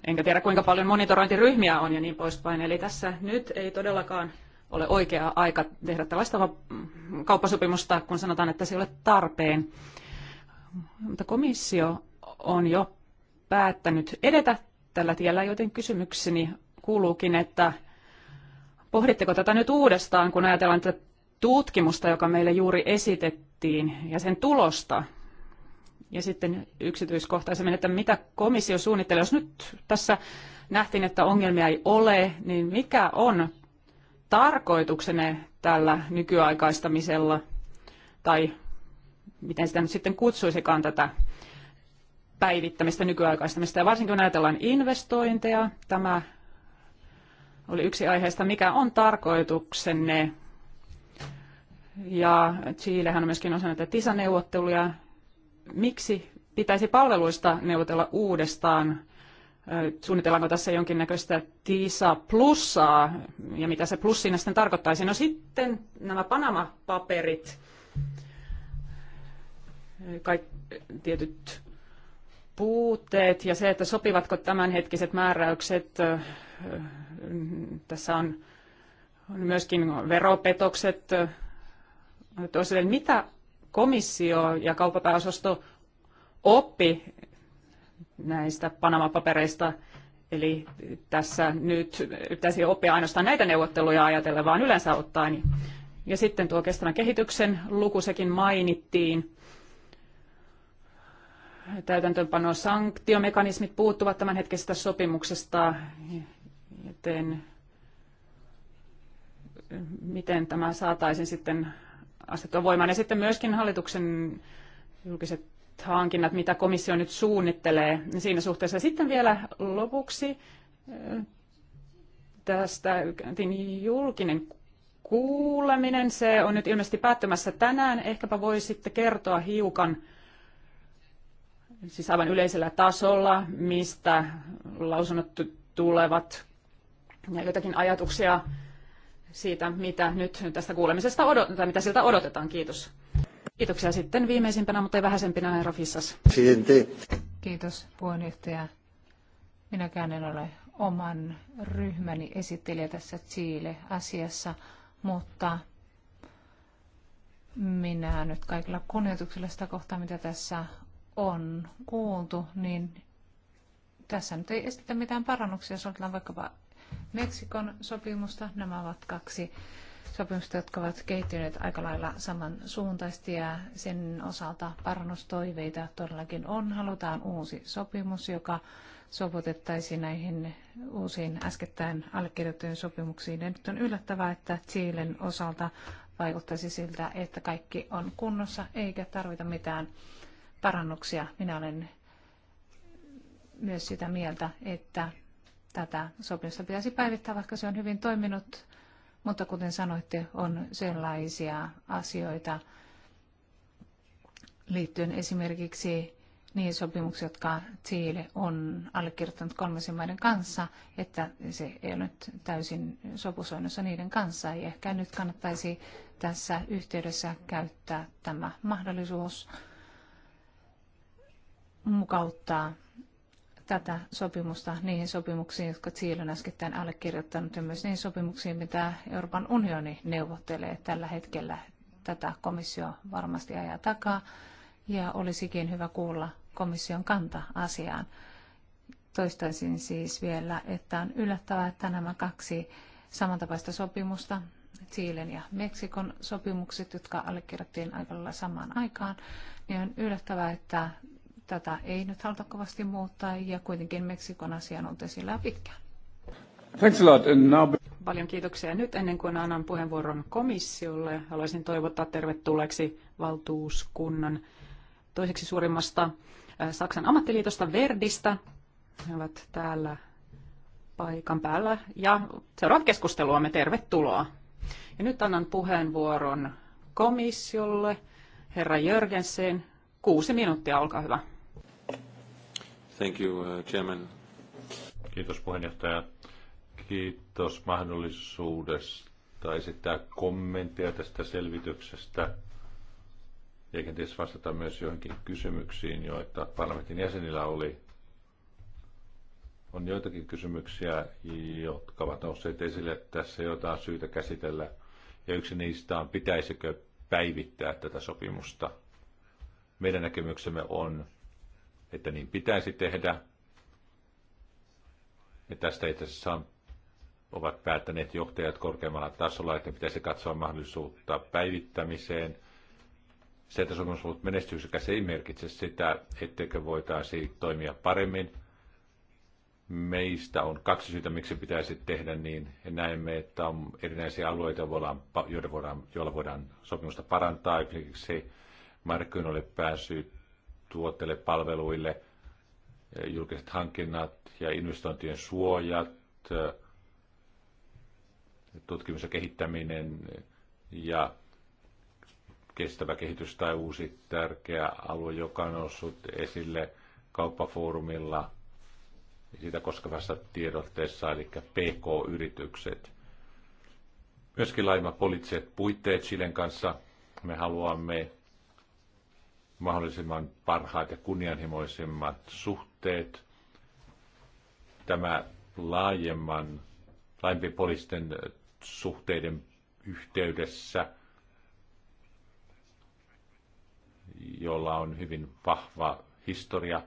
enkä tiedä kuinka paljon monitorointiryhmiä on ja niin poispäin. Eli tässä nyt ei todellakaan ole oikea aika tehdä tällaista kauppasopimusta, kun sanotaan, että se ei ole tarpeen. Mutta komissio on jo päättänyt edetä tällä tiellä, joten kysymykseni kuuluukin, että pohditteko tätä nyt uudestaan, kun ajatellaan tätä tutkimusta, joka meille juuri esitettiin, ja sen tulosta, ja sitten yksityiskohtaisemmin, että mitä komissio suunnittelee, jos nyt tässä nähtiin, että ongelmia ei ole, niin mikä on tarkoituksenne tällä nykyaikaistamisella, tai miten sitä nyt sitten kutsuisikaan tätä päivittämistä, nykyaikaistamista, ja varsinkin kun ajatellaan investointeja, tämä oli yksi aiheesta, mikä on tarkoituksenne, ja Chilehän on myöskin osa näitä TISA-neuvotteluja, miksi pitäisi palveluista neuvotella uudestaan? Suunnitellaanko tässä jonkinnäköistä TISA plussaa ja mitä se plus siinä sitten tarkoittaisi? No sitten nämä Panama-paperit, kaikki tietyt puutteet ja se, että sopivatko tämänhetkiset määräykset, tässä on, myöskin veropetokset, toisille, mitä komissio ja kauppapääosasto oppi näistä Panama-papereista, eli tässä nyt pitäisi oppia ainoastaan näitä neuvotteluja ajatellen, vaan yleensä ottaen. Ja sitten tuo kestävän kehityksen luku, sekin mainittiin. Täytäntöönpano sanktiomekanismit puuttuvat tämänhetkisestä sopimuksesta, joten miten tämä saataisiin sitten astettua voimaan. Ja sitten myöskin hallituksen julkiset hankinnat, mitä komissio nyt suunnittelee siinä suhteessa. Sitten vielä lopuksi eh, tästä julkinen kuuleminen. Se on nyt ilmeisesti päättymässä tänään. Ehkäpä voisitte kertoa hiukan, siis aivan yleisellä tasolla, mistä lausunnot tulevat ja jotakin ajatuksia siitä, mitä nyt tästä kuulemisesta odot- tai mitä siltä odotetaan. Kiitos. Kiitoksia sitten viimeisimpänä, mutta ei vähäisempinä, herra Fissas. Kiitos puheenjohtaja. Minäkään en ole oman ryhmäni esittelijä tässä Chile-asiassa, mutta minä nyt kaikilla kunnioituksilla sitä kohtaa, mitä tässä on kuultu, niin tässä nyt ei esitetä mitään parannuksia, jos otetaan vaikkapa Meksikon sopimusta. Nämä ovat kaksi sopimusta, jotka ovat kehittyneet aika lailla samansuuntaisesti ja sen osalta parannustoiveita todellakin on. Halutaan uusi sopimus, joka soputettaisiin näihin uusiin äskettäin allekirjoitettuihin sopimuksiin. Ja nyt on yllättävää, että Chilen osalta vaikuttaisi siltä, että kaikki on kunnossa eikä tarvita mitään parannuksia. Minä olen myös sitä mieltä, että Tätä sopimusta pitäisi päivittää, vaikka se on hyvin toiminut, mutta kuten sanoitte, on sellaisia asioita liittyen esimerkiksi niihin sopimuksiin, jotka Chile on allekirjoittanut kolmansien maiden kanssa, että se ei ole nyt täysin sopusoinnossa niiden kanssa. Ja ehkä nyt kannattaisi tässä yhteydessä käyttää tämä mahdollisuus mukauttaa tätä sopimusta niihin sopimuksiin, jotka Chile on äskettäin allekirjoittanut ja myös niihin sopimuksiin, mitä Euroopan unioni neuvottelee tällä hetkellä. Tätä komissio varmasti ajaa takaa ja olisikin hyvä kuulla komission kanta asiaan. Toistaisin siis vielä, että on yllättävää, että nämä kaksi samantapaista sopimusta, Chilen ja Meksikon sopimukset, jotka allekirjoittiin aika lailla samaan aikaan, niin on yllättävää, että Tätä ei nyt haluta kovasti muuttaa ja kuitenkin Meksikon asia on ollut esillä pitkään. Thanks a lot. And now... Paljon kiitoksia. Nyt ennen kuin annan puheenvuoron komissiolle, haluaisin toivottaa tervetulleeksi valtuuskunnan toiseksi suurimmasta äh, Saksan ammattiliitosta Verdistä. He ovat täällä paikan päällä ja seuraavat keskustelua me tervetuloa. Ja nyt annan puheenvuoron komissiolle, herra Jörgensen. Kuusi minuuttia, olkaa hyvä. Thank you, uh, Chairman. Kiitos puheenjohtaja. Kiitos mahdollisuudesta esittää kommentteja tästä selvityksestä ja kenties vastata myös joihinkin kysymyksiin, joita parlamentin jäsenillä oli. On joitakin kysymyksiä, jotka ovat nousseet esille tässä, joita on syytä käsitellä. Ja yksi niistä on, pitäisikö päivittää tätä sopimusta. Meidän näkemyksemme on, että niin pitäisi tehdä. Ja tästä itse asiassa ovat päättäneet johtajat korkeammalla tasolla, että pitäisi katsoa mahdollisuutta päivittämiseen. Se, että sopimus on ollut menestyksekäs, ei merkitse sitä, etteikö voitaisiin toimia paremmin. Meistä on kaksi syytä, miksi pitäisi tehdä niin. Näemme, että on erinäisiä alueita, joilla voidaan, joilla voidaan sopimusta parantaa. Esimerkiksi markkinoille pääsy tuotteille, palveluille, eh, julkiset hankinnat ja investointien suojat, eh, tutkimus ja kehittäminen ja kestävä kehitys tai uusi tärkeä alue, joka on noussut esille kauppafoorumilla sitä koskevassa tiedotteessa, eli PK-yritykset. Myöskin laajemmat poliittiset puitteet Chilen kanssa. Me haluamme mahdollisimman parhaat ja kunnianhimoisimmat suhteet. Tämä laajemman, laajempi poliisten suhteiden yhteydessä, jolla on hyvin vahva historia,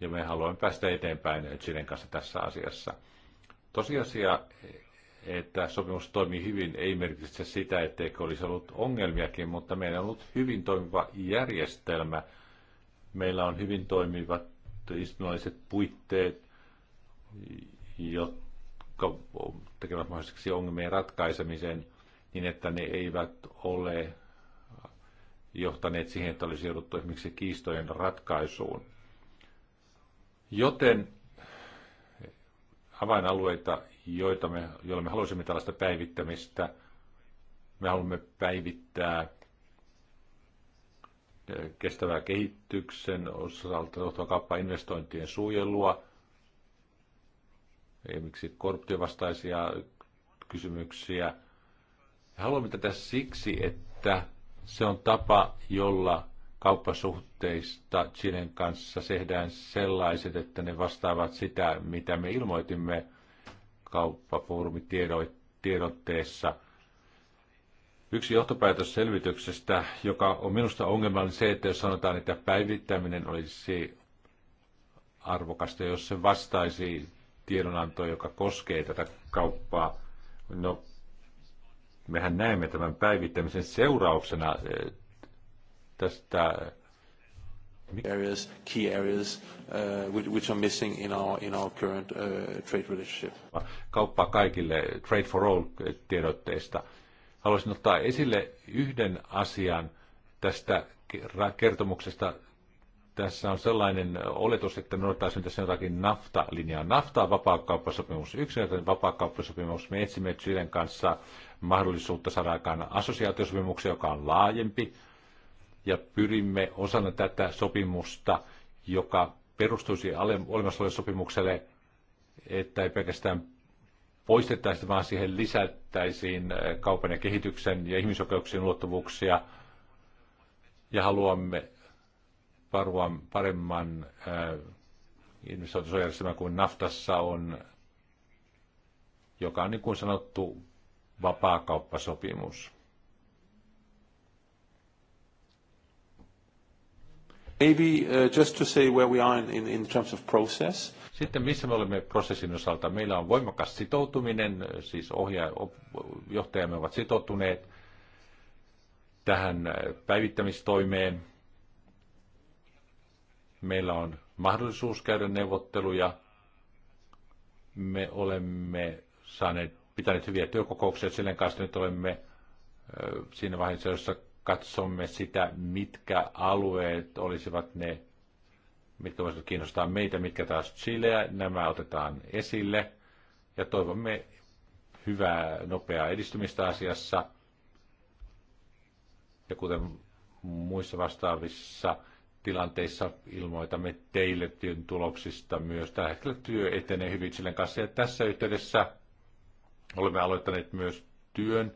ja me haluamme päästä eteenpäin Chilen kanssa tässä asiassa. Tosiasia että sopimus toimii hyvin, ei merkitse sitä, etteikö olisi ollut ongelmiakin, mutta meillä on ollut hyvin toimiva järjestelmä. Meillä on hyvin toimivat istunnolliset puitteet, jotka tekevät mahdolliseksi ongelmien ratkaisemisen niin, että ne eivät ole johtaneet siihen, että olisi jouduttu esimerkiksi kiistojen ratkaisuun. Joten avainalueita, joita me, joilla me halusimme tällaista päivittämistä. Me haluamme päivittää eh, kestävää kehityksen osalta johtua kauppaa investointien suojelua, Esimerkiksi korruptiovastaisia kysymyksiä. Haluamme tätä siksi, että se on tapa, jolla kauppasuhteista Chilen kanssa tehdään sellaiset, että ne vastaavat sitä, mitä me ilmoitimme – kauppafoorumi tiedotteessa. Yksi johtopäätös selvityksestä, joka on minusta ongelmallinen se, että jos sanotaan, että päivittäminen olisi arvokasta, jos se vastaisi tiedonantoa, joka koskee tätä kauppaa. No, mehän näemme tämän päivittämisen seurauksena eh, tästä areas, key areas uh, which are missing in our, in our current uh, trade relationship. Kauppaa kaikille Trade for All tiedotteista. Haluaisin ottaa esille yhden asian tästä kertomuksesta. Tässä on sellainen oletus, että noudattaisiin tässä jotakin NAFTA-linjaa. NAFTA on vapaakauppasopimus, yksinkertainen vapaakauppasopimus. Me etsimme Chilen kanssa mahdollisuutta saada aikaan assosiaatiosopimuksen, joka on laajempi, ja pyrimme osana tätä sopimusta, joka perustuisi olemassa olevalle sopimukselle, että ei pelkästään poistettaisiin, vaan siihen lisättäisiin äh, kaupan ja kehityksen ja ihmisoikeuksien luottavuuksia ja haluamme parvan, paremman äh, investointisuojärjestelmän kuin naftassa on, joka on niin kuin sanottu vapaakauppasopimus. Maybe uh, just to say where we are in, terms of process. Sitten missä me olemme prosessin osalta? Meillä on voimakas sitoutuminen, siis ohja- johtajamme ovat sitoutuneet tähän äh, päivittämistoimeen. Meillä on mahdollisuus käydä neuvotteluja. Me olemme saaneet, pitäneet hyviä työkokouksia. Sillä kanssa nyt olemme äh, siinä vaiheessa, jossa katsomme sitä, mitkä alueet olisivat ne, mitkä voisivat kiinnostaa meitä, mitkä taas Chileä. Nämä otetaan esille ja toivomme hyvää, nopeaa edistymistä asiassa. Ja kuten muissa vastaavissa tilanteissa ilmoitamme teille työn tuloksista myös. Tällä hetkellä työ etenee hyvin Chilen kanssa ja tässä yhteydessä olemme aloittaneet myös työn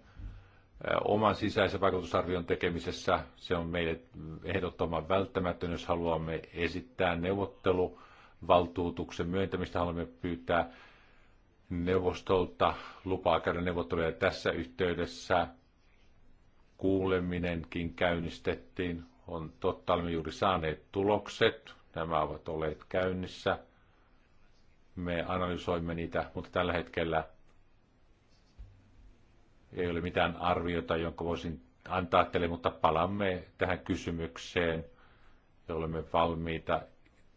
oman sisäisen vaikutusarvion tekemisessä. Se on meille ehdottoman välttämätön, jos haluamme esittää neuvotteluvaltuutuksen myöntämistä. Haluamme pyytää neuvostolta lupaa käydä neuvotteluja tässä yhteydessä. Kuuleminenkin käynnistettiin. On totta, olemme juuri saaneet tulokset. Nämä ovat olleet käynnissä. Me analysoimme niitä, mutta tällä hetkellä – ei ole mitään arviota, jonka voisin antaa teille, mutta palamme tähän kysymykseen ja olemme valmiita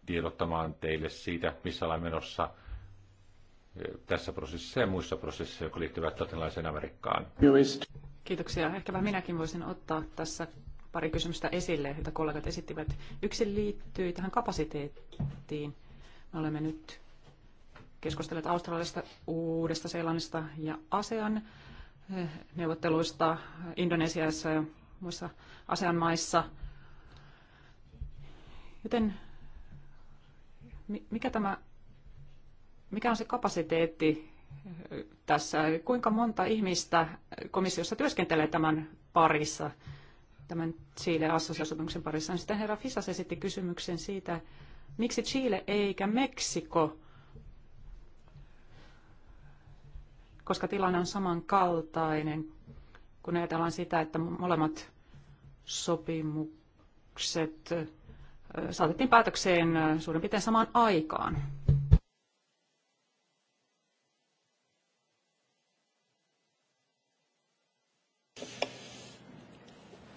tiedottamaan teille siitä, missä ollaan menossa eh, tässä prosessissa ja muissa prosessissa, jotka liittyvät latinalaiseen Amerikkaan. Kiitoksia. Ehkäpä minäkin voisin ottaa tässä pari kysymystä esille, joita kollegat esittivät. Yksi liittyy tähän kapasiteettiin. Me olemme nyt keskustelleet Australiasta, Uudesta Seelannista ja ASEAN neuvotteluista Indonesiassa ja muissa maissa. Joten mikä, tämä, mikä on se kapasiteetti tässä? Kuinka monta ihmistä komissiossa työskentelee tämän parissa, tämän Chile assosiaatiosopimuksen parissa? Sitten herra Fisas esitti kysymyksen siitä, miksi Chile eikä Meksiko – koska tilanne on samankaltainen, kun ajatellaan sitä, että molemmat sopimukset saatettiin päätökseen suurin piirtein samaan aikaan.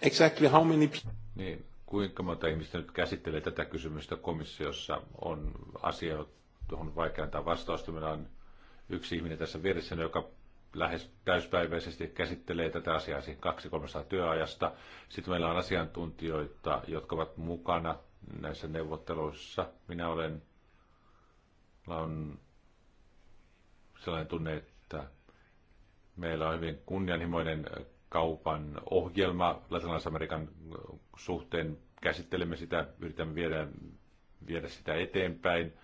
Exactly how many... Niin, kuinka monta ihmistä nyt käsittelee tätä kysymystä komissiossa on asia, johon vaikea antaa vastausta. Meillä on yksi ihminen tässä vieressä, joka lähes täyspäiväisesti käsittelee tätä asiaa siinä 200-300 työajasta. Sitten meillä on asiantuntijoita, jotka ovat mukana näissä neuvotteluissa. Minä olen, on sellainen tunne, että meillä on hyvin kunnianhimoinen kaupan ohjelma Latinalais-Amerikan suhteen. Käsittelemme sitä, yritämme viedä, viedä sitä eteenpäin –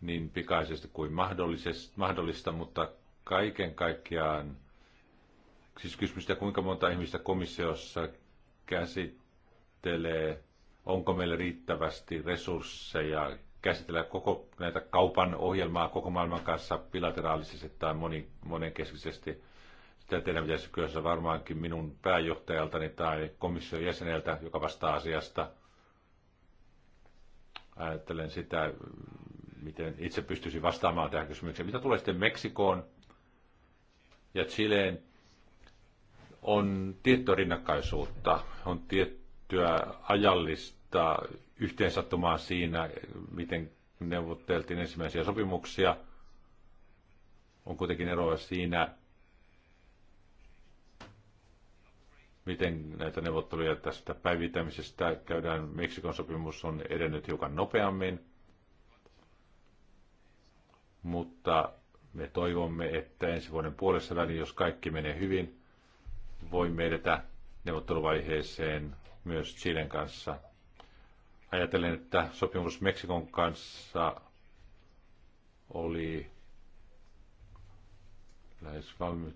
niin pikaisesti kuin mahdollista, mutta kaiken kaikkiaan, siis kysymystä, kuinka monta ihmistä komissiossa käsittelee, onko meillä riittävästi resursseja käsitellä koko näitä kaupan ohjelmaa koko maailman kanssa bilateraalisesti tai moni, monenkeskisesti. Sitä teidän pitäisi kysyä varmaankin minun pääjohtajaltani tai komission jäseneltä, joka vastaa asiasta – Ajattelen sitä, miten itse pystyisin vastaamaan tähän kysymykseen. Mitä tulee sitten Meksikoon ja Chileen, on tiettyä rinnakkaisuutta, on tiettyä ajallista yhteensattumaa siinä, miten neuvotteltiin ensimmäisiä sopimuksia. On kuitenkin eroa siinä, miten näitä neuvotteluja tästä päivittämisestä käydään. Meksikon sopimus on edennyt hiukan nopeammin, mutta me toivomme, että ensi vuoden puolessa väliin, jos kaikki menee hyvin, voimme edetä neuvotteluvaiheeseen myös Chilen kanssa. Ajatellen, että sopimus Meksikon kanssa oli lähes valmis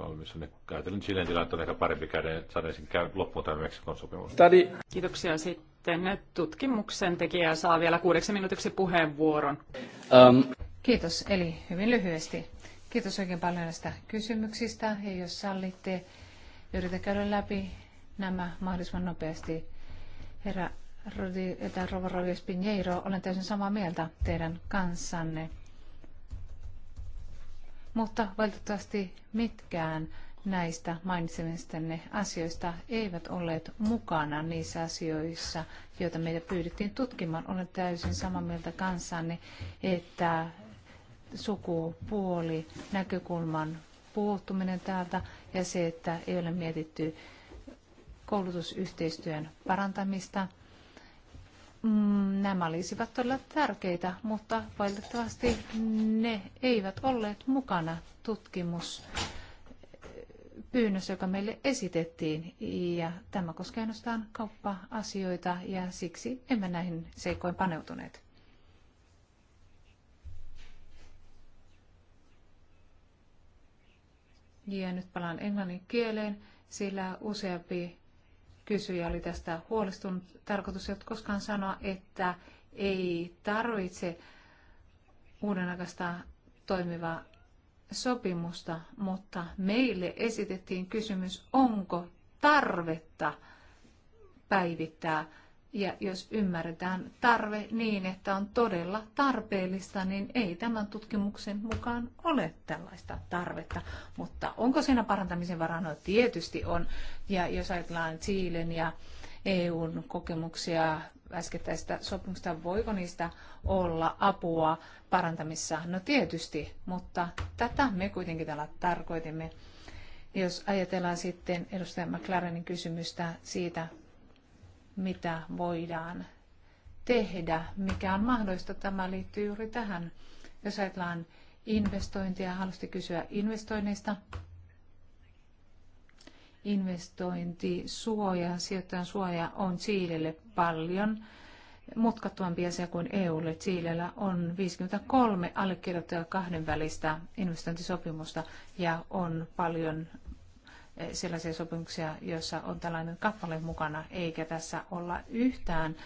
kolmisolle. Ajattelin Chilen tilanteen aika parempi käden, että saadaan käy loppuun tämän Meksikon sopimus. Tadi. Kiitoksia sitten. Tutkimuksen tekijä saa vielä kuudeksi minuutiksi puheenvuoron. Um. Kiitos, eli hyvin lyhyesti. Kiitos oikein paljon näistä kysymyksistä ja jos sallitte, yritän käydä läpi nämä mahdollisimman nopeasti. Herra Rodi, Rova Rovio Pinheiro, olen täysin samaa mieltä teidän kanssanne mutta valitettavasti mitkään näistä mainitsemistanne asioista eivät olleet mukana niissä asioissa, joita meitä pyydettiin tutkimaan. Olen täysin samaa mieltä kanssanne, että sukupuoli, näkökulman puuttuminen täältä ja se, että ei ole mietitty koulutusyhteistyön parantamista – Mm, nämä olisivat todella tärkeitä, mutta valitettavasti ne eivät olleet mukana tutkimuspyynnössä, joka meille esitettiin. Ja tämä koskee ainoastaan kauppa-asioita ja siksi emme näihin seikoin paneutuneet. Ja nyt palaan englannin kieleen, sillä useampi kysyjä oli tästä huolestunut. Tarkoitus ei koskaan sanoa, että ei tarvitse uudenaikaista toimivaa sopimusta, mutta meille esitettiin kysymys, onko tarvetta päivittää ja jos ymmärretään tarve niin, että on todella tarpeellista, niin ei tämän tutkimuksen mukaan ole tällaista tarvetta. Mutta onko siinä parantamisen varaa? No tietysti on. Ja jos ajatellaan Chilen ja EUn kokemuksia äskettäistä sopimuksista, voiko niistä olla apua parantamissa? No tietysti, mutta tätä me kuitenkin tällä tarkoitimme. Jos ajatellaan sitten edustaja McLarenin kysymystä siitä, mitä voidaan tehdä, mikä on mahdollista. Tämä liittyy juuri tähän. Jos ajatellaan investointia, halusti kysyä investoinneista. Investointisuoja, sijoittajan suoja on Chiilelle paljon mutkattuampi asia kuin EUlle. Chiilellä on 53 allekirjoittajaa kahdenvälistä investointisopimusta ja on paljon sellaisia sopimuksia, joissa on tällainen kappale mukana, eikä tässä olla yhtään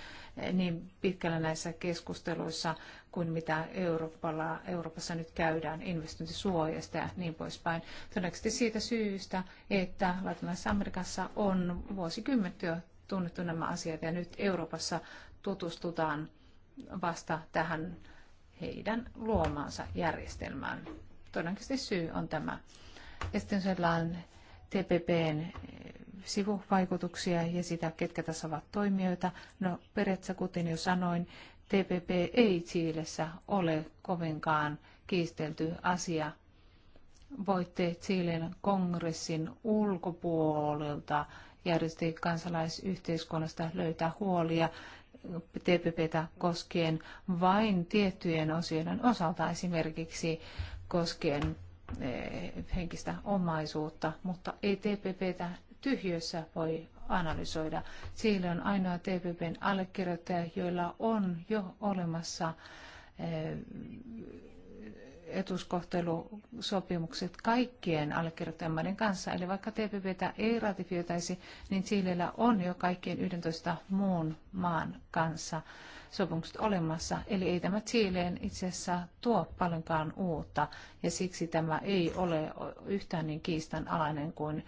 niin pitkällä näissä keskusteluissa kuin mitä Euroopalla, Euroopassa nyt käydään investointisuojasta ja niin poispäin. Todennäköisesti siitä syystä, että Latinalaisessa Amerikassa on vuosikymmentä jo tunnettu nämä asiat ja nyt Euroopassa tutustutaan vasta tähän heidän luomaansa järjestelmään. Todennäköisesti syy on tämä. Ja sitten sellainen TPPn eh, sivuvaikutuksia ja sitä, ketkä tässä ovat toimijoita. No peretsä, kuten jo sanoin, TPP ei Chiilessä ole kovinkaan kiistelty asia. Voitte Chiilen kongressin ulkopuolelta järjesti kansalaisyhteiskunnasta löytää huolia TPPtä koskien vain tiettyjen osioiden osalta esimerkiksi koskien Eh, henkistä omaisuutta, mutta ei TPPtä tyhjössä voi analysoida. Siellä on ainoa TPPn allekirjoittaja, joilla on jo olemassa eh, etuskohtelusopimukset kaikkien allekirjoittajamaiden kanssa. Eli vaikka TPPtä ei ratifioitaisi, niin Chilellä on jo kaikkien 11 muun maan kanssa sopimukset olemassa. Eli ei tämä Chileen itse asiassa tuo paljonkaan uutta, ja siksi tämä ei ole yhtään niin kiistanalainen kuin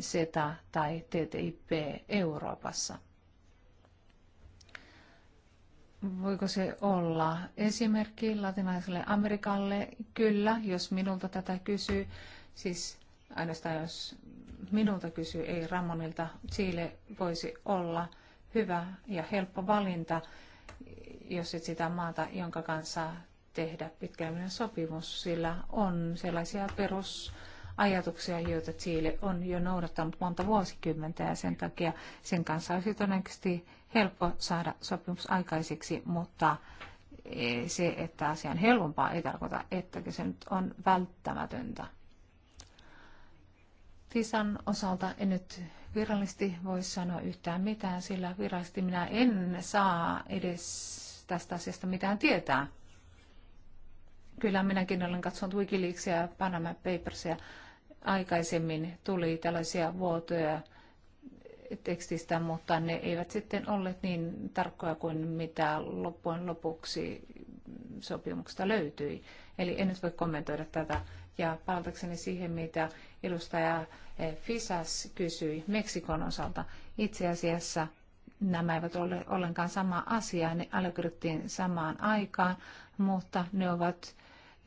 SETA tai TTIP Euroopassa. Voiko se olla esimerkki latinalaiselle Amerikalle? Kyllä, jos minulta tätä kysyy. Siis ainoastaan jos minulta kysyy, ei Ramonilta. Chile voisi olla hyvä ja helppo valinta, jos et sitä maata, jonka kanssa tehdä pitkällinen sopimus, sillä on sellaisia perus ajatuksia, joita Chile on jo noudattanut monta vuosikymmentä ja sen takia sen kanssa olisi todennäköisesti helppo saada sopimus aikaiseksi, mutta e, se, että asia on helpompaa, ei tarkoita, että se nyt on välttämätöntä. Tisan osalta en nyt virallisesti voi sanoa yhtään mitään, sillä virallisesti minä en saa edes tästä asiasta mitään tietää. Kyllä minäkin olen katsonut Wikileaksia ja Panama Papersia. Aikaisemmin tuli tällaisia vuotoja, tekstistä, mutta ne eivät sitten olleet niin tarkkoja kuin mitä loppujen lopuksi sopimuksesta löytyi. Eli en nyt voi kommentoida tätä. Ja palatakseni siihen, mitä edustaja eh, Fisas kysyi Meksikon osalta. Itse asiassa nämä eivät ole ollenkaan sama asia. Ne allekirjoitettiin samaan aikaan, mutta ne ovat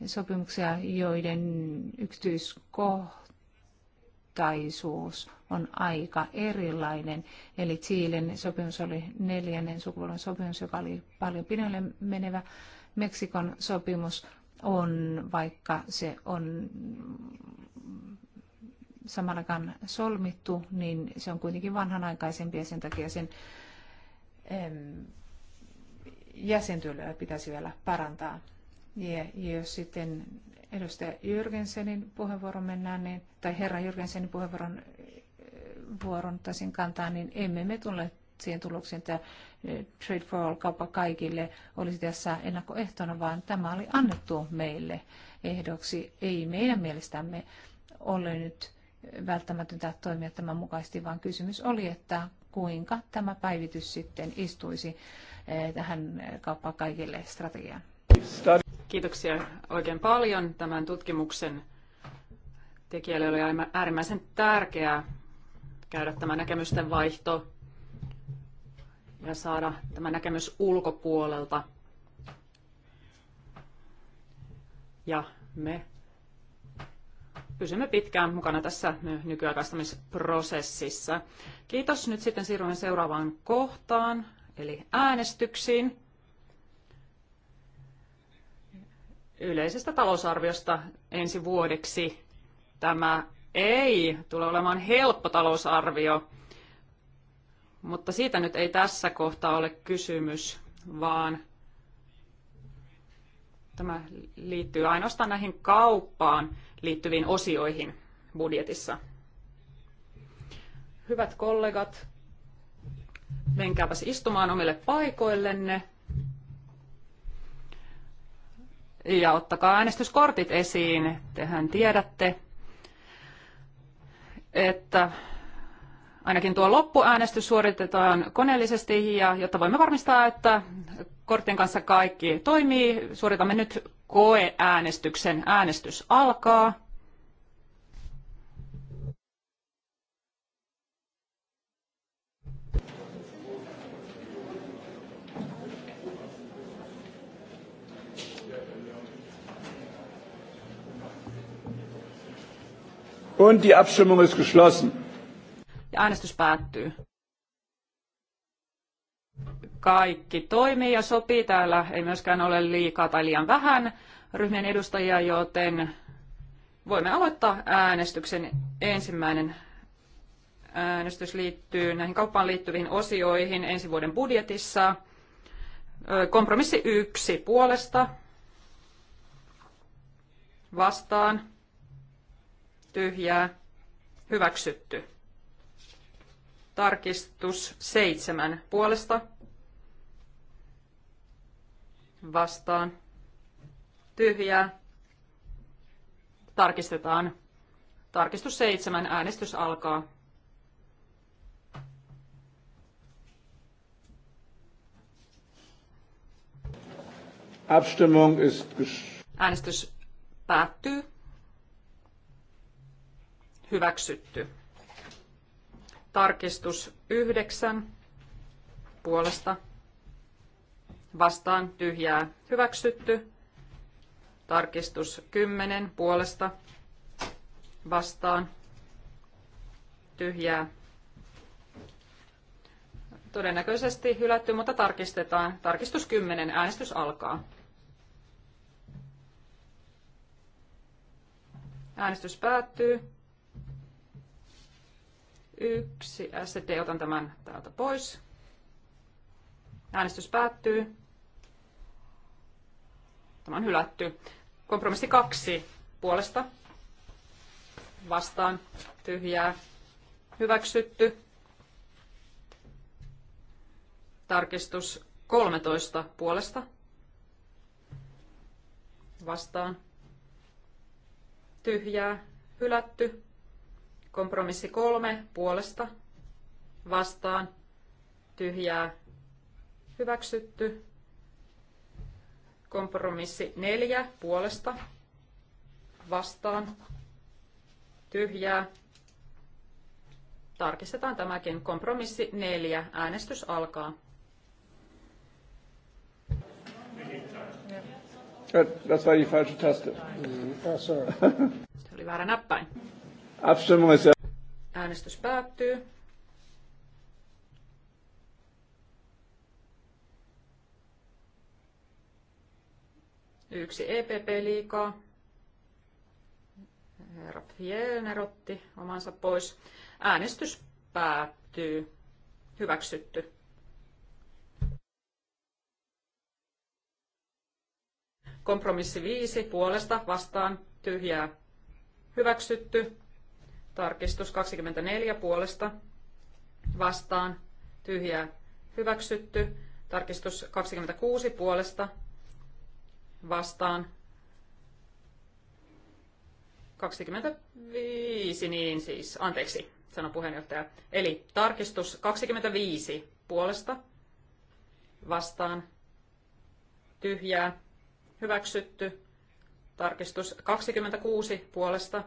sopimuksia, joiden yksityiskohtia mittaisuus on aika erilainen. Eli Chilen sopimus oli neljännen sukupolven sopimus, joka oli paljon pidemmälle menevä. Meksikon sopimus on, vaikka se on samallakaan solmittu, niin se on kuitenkin vanhanaikaisempi ja sen takia sen jäsentyöllä pitäisi vielä parantaa. Ja jos sitten edustaja Jürgensenin puheenvuoron mennään, niin, tai herra Jürgensenin puheenvuoron vuoron taisin kantaa, niin emme me tule siihen tulokseen, että eh, Trade for All kauppa kaikille olisi tässä ennakkoehtona, vaan tämä oli annettu meille ehdoksi. Ei meidän mielestämme ole nyt välttämätöntä toimia tämän mukaisesti, vaan kysymys oli, että kuinka tämä päivitys sitten istuisi eh, tähän eh, kauppa kaikille strategiaan. Kiitoksia oikein paljon. Tämän tutkimuksen tekijälle oli äärimmäisen tärkeää käydä tämä näkemysten vaihto ja saada tämä näkemys ulkopuolelta. Ja me pysymme pitkään mukana tässä nykyaikaistamisprosessissa. Kiitos. Nyt sitten siirrymme seuraavaan kohtaan, eli äänestyksiin. yleisestä talousarviosta ensi vuodeksi. Tämä ei tule olemaan helppo talousarvio, mutta siitä nyt ei tässä kohtaa ole kysymys, vaan tämä liittyy ainoastaan näihin kauppaan liittyviin osioihin budjetissa. Hyvät kollegat, menkääpäs istumaan omille paikoillenne. ja ottakaa äänestyskortit esiin. Tehän tiedätte, että ainakin tuo loppuäänestys suoritetaan koneellisesti ja jotta voimme varmistaa, että korttien kanssa kaikki toimii, suoritamme nyt koeäänestyksen. Äänestys alkaa. Und die Abstimmung ist geschlossen. Ja äänestys päättyy. Kaikki toimii ja sopii. Täällä ei myöskään ole liikaa tai liian vähän ryhmien edustajia, joten voimme aloittaa äänestyksen. Ensimmäinen äänestys liittyy näihin kauppaan liittyviin osioihin ensi vuoden budjetissa. Kompromissi yksi puolesta vastaan tyhjää, hyväksytty. Tarkistus seitsemän puolesta vastaan tyhjää. Tarkistetaan. Tarkistus seitsemän. Äänestys alkaa. Abstimmung ist Äänestys päättyy hyväksytty. Tarkistus 9 puolesta vastaan tyhjää hyväksytty. Tarkistus 10 puolesta vastaan tyhjää todennäköisesti hylätty, mutta tarkistetaan. Tarkistus 10. Äänestys alkaa. Äänestys päättyy yksi. ST otan tämän täältä pois. Äänestys päättyy. Tämä on hylätty. Kompromissi kaksi puolesta. Vastaan tyhjää. Hyväksytty. Tarkistus 13 puolesta. Vastaan tyhjää. Hylätty. Kompromissi kolme puolesta vastaan tyhjää hyväksytty. Kompromissi neljä puolesta vastaan tyhjää. Tarkistetaan tämäkin. Kompromissi neljä. Äänestys alkaa. Das war die falsche Taste. Se oli väärä näppäin. Äänestys päättyy. Yksi EPP liikaa. Herra Fjellner otti omansa pois. Äänestys päättyy. Hyväksytty. Kompromissi 5 puolesta vastaan tyhjää. Hyväksytty. Tarkistus 24 puolesta vastaan tyhjää hyväksytty. Tarkistus 26 puolesta vastaan 25, niin siis, anteeksi, sano puheenjohtaja. Eli tarkistus 25 puolesta vastaan tyhjää hyväksytty. Tarkistus 26 puolesta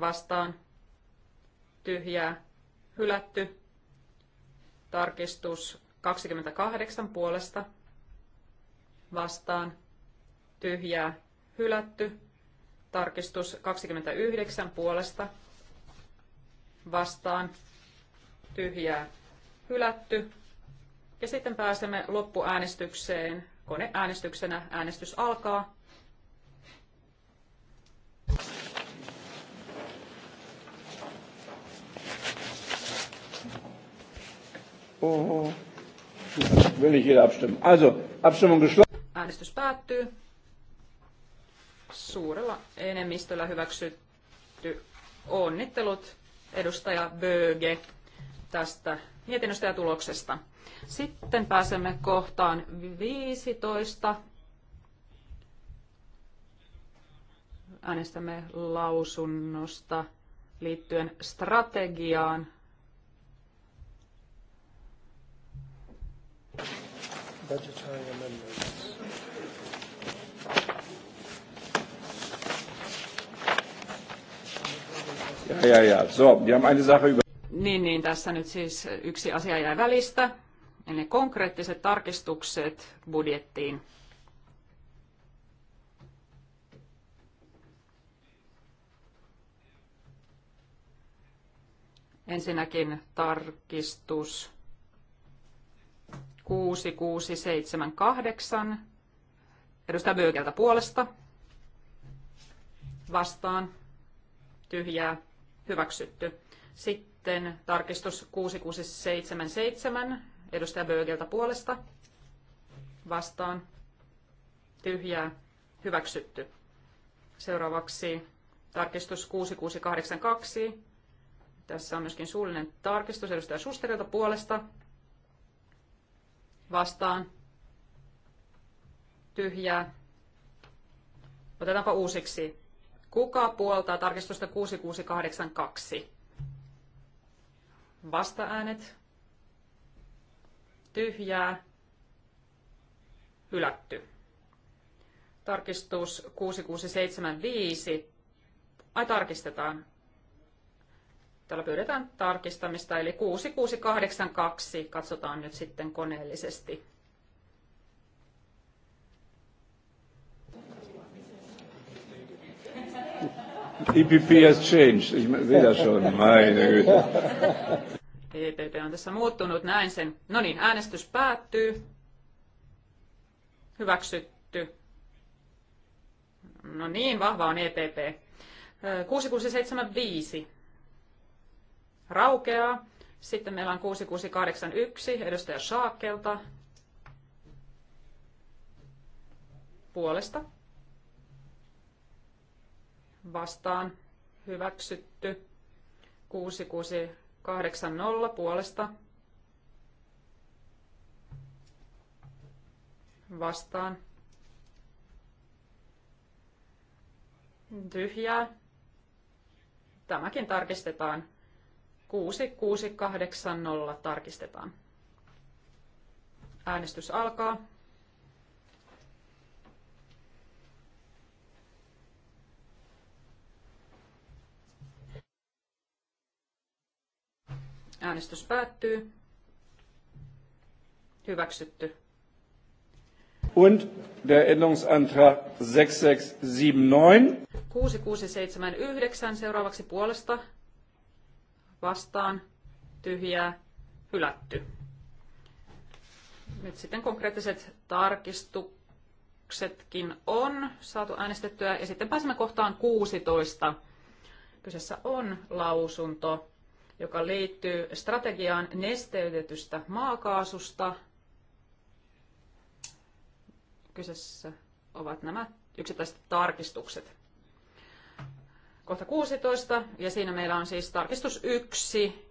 vastaan tyhjää hylätty. Tarkistus 28 puolesta vastaan tyhjää hylätty. Tarkistus 29 puolesta vastaan tyhjää hylätty. Ja sitten pääsemme loppuäänestykseen. Koneäänestyksenä äänestys alkaa. Oho. Mhm. Will nicht jeder abstimmen. Also, Abstimmung geschlossen. Äänestys päättyy. Suurella enemmistöllä hyväksytty onnittelut edustaja Böge tästä mietinnöstä ja tuloksesta. Sitten pääsemme kohtaan 15. Äänestämme lausunnosta liittyen strategiaan Budgetary amendments. Ja, ja, ja. So, wir haben eine Sache über... Niin, niin, tässä nyt siis yksi asia jäi välistä, eli ne konkreettiset tarkistukset budjettiin. Ensinnäkin tarkistus 6678 edustaja Böökeltä puolesta vastaan tyhjää hyväksytty. Sitten tarkistus 6677 edustaja Böökeltä puolesta vastaan tyhjää hyväksytty. Seuraavaksi tarkistus 6682. Tässä on myöskin suullinen tarkistus edustaja Susterilta puolesta vastaan, tyhjää. Otetaanpa uusiksi. Kuka puoltaa tarkistusta 6682? Vastaäänet, tyhjää, hylätty. Tarkistus 6675. Ai tarkistetaan. Täällä pyydetään tarkistamista, eli 6682 katsotaan nyt sitten koneellisesti. EPP has changed. Ich Meine Güte. EPP on tässä muuttunut, näin sen. No niin, äänestys päättyy. Hyväksytty. No niin, vahva on EPP. 6675 raukeaa. Sitten meillä on 6681 edustaja Saakelta puolesta vastaan hyväksytty 6680 puolesta vastaan tyhjää. Tämäkin tarkistetaan 6680 tarkistetaan. Äänestys alkaa. Äänestys päättyy. Hyväksytty. Und der Änderungsantrag 6679. 6679 seuraavaksi puolesta vastaan, tyhjää, hylätty. Nyt sitten konkreettiset tarkistuksetkin on saatu äänestettyä ja sitten pääsemme kohtaan 16. Kyseessä on lausunto, joka liittyy strategiaan nesteytetystä maakaasusta. Kyseessä ovat nämä yksittäiset tarkistukset kohta 16 ja siinä meillä on siis tarkistus 1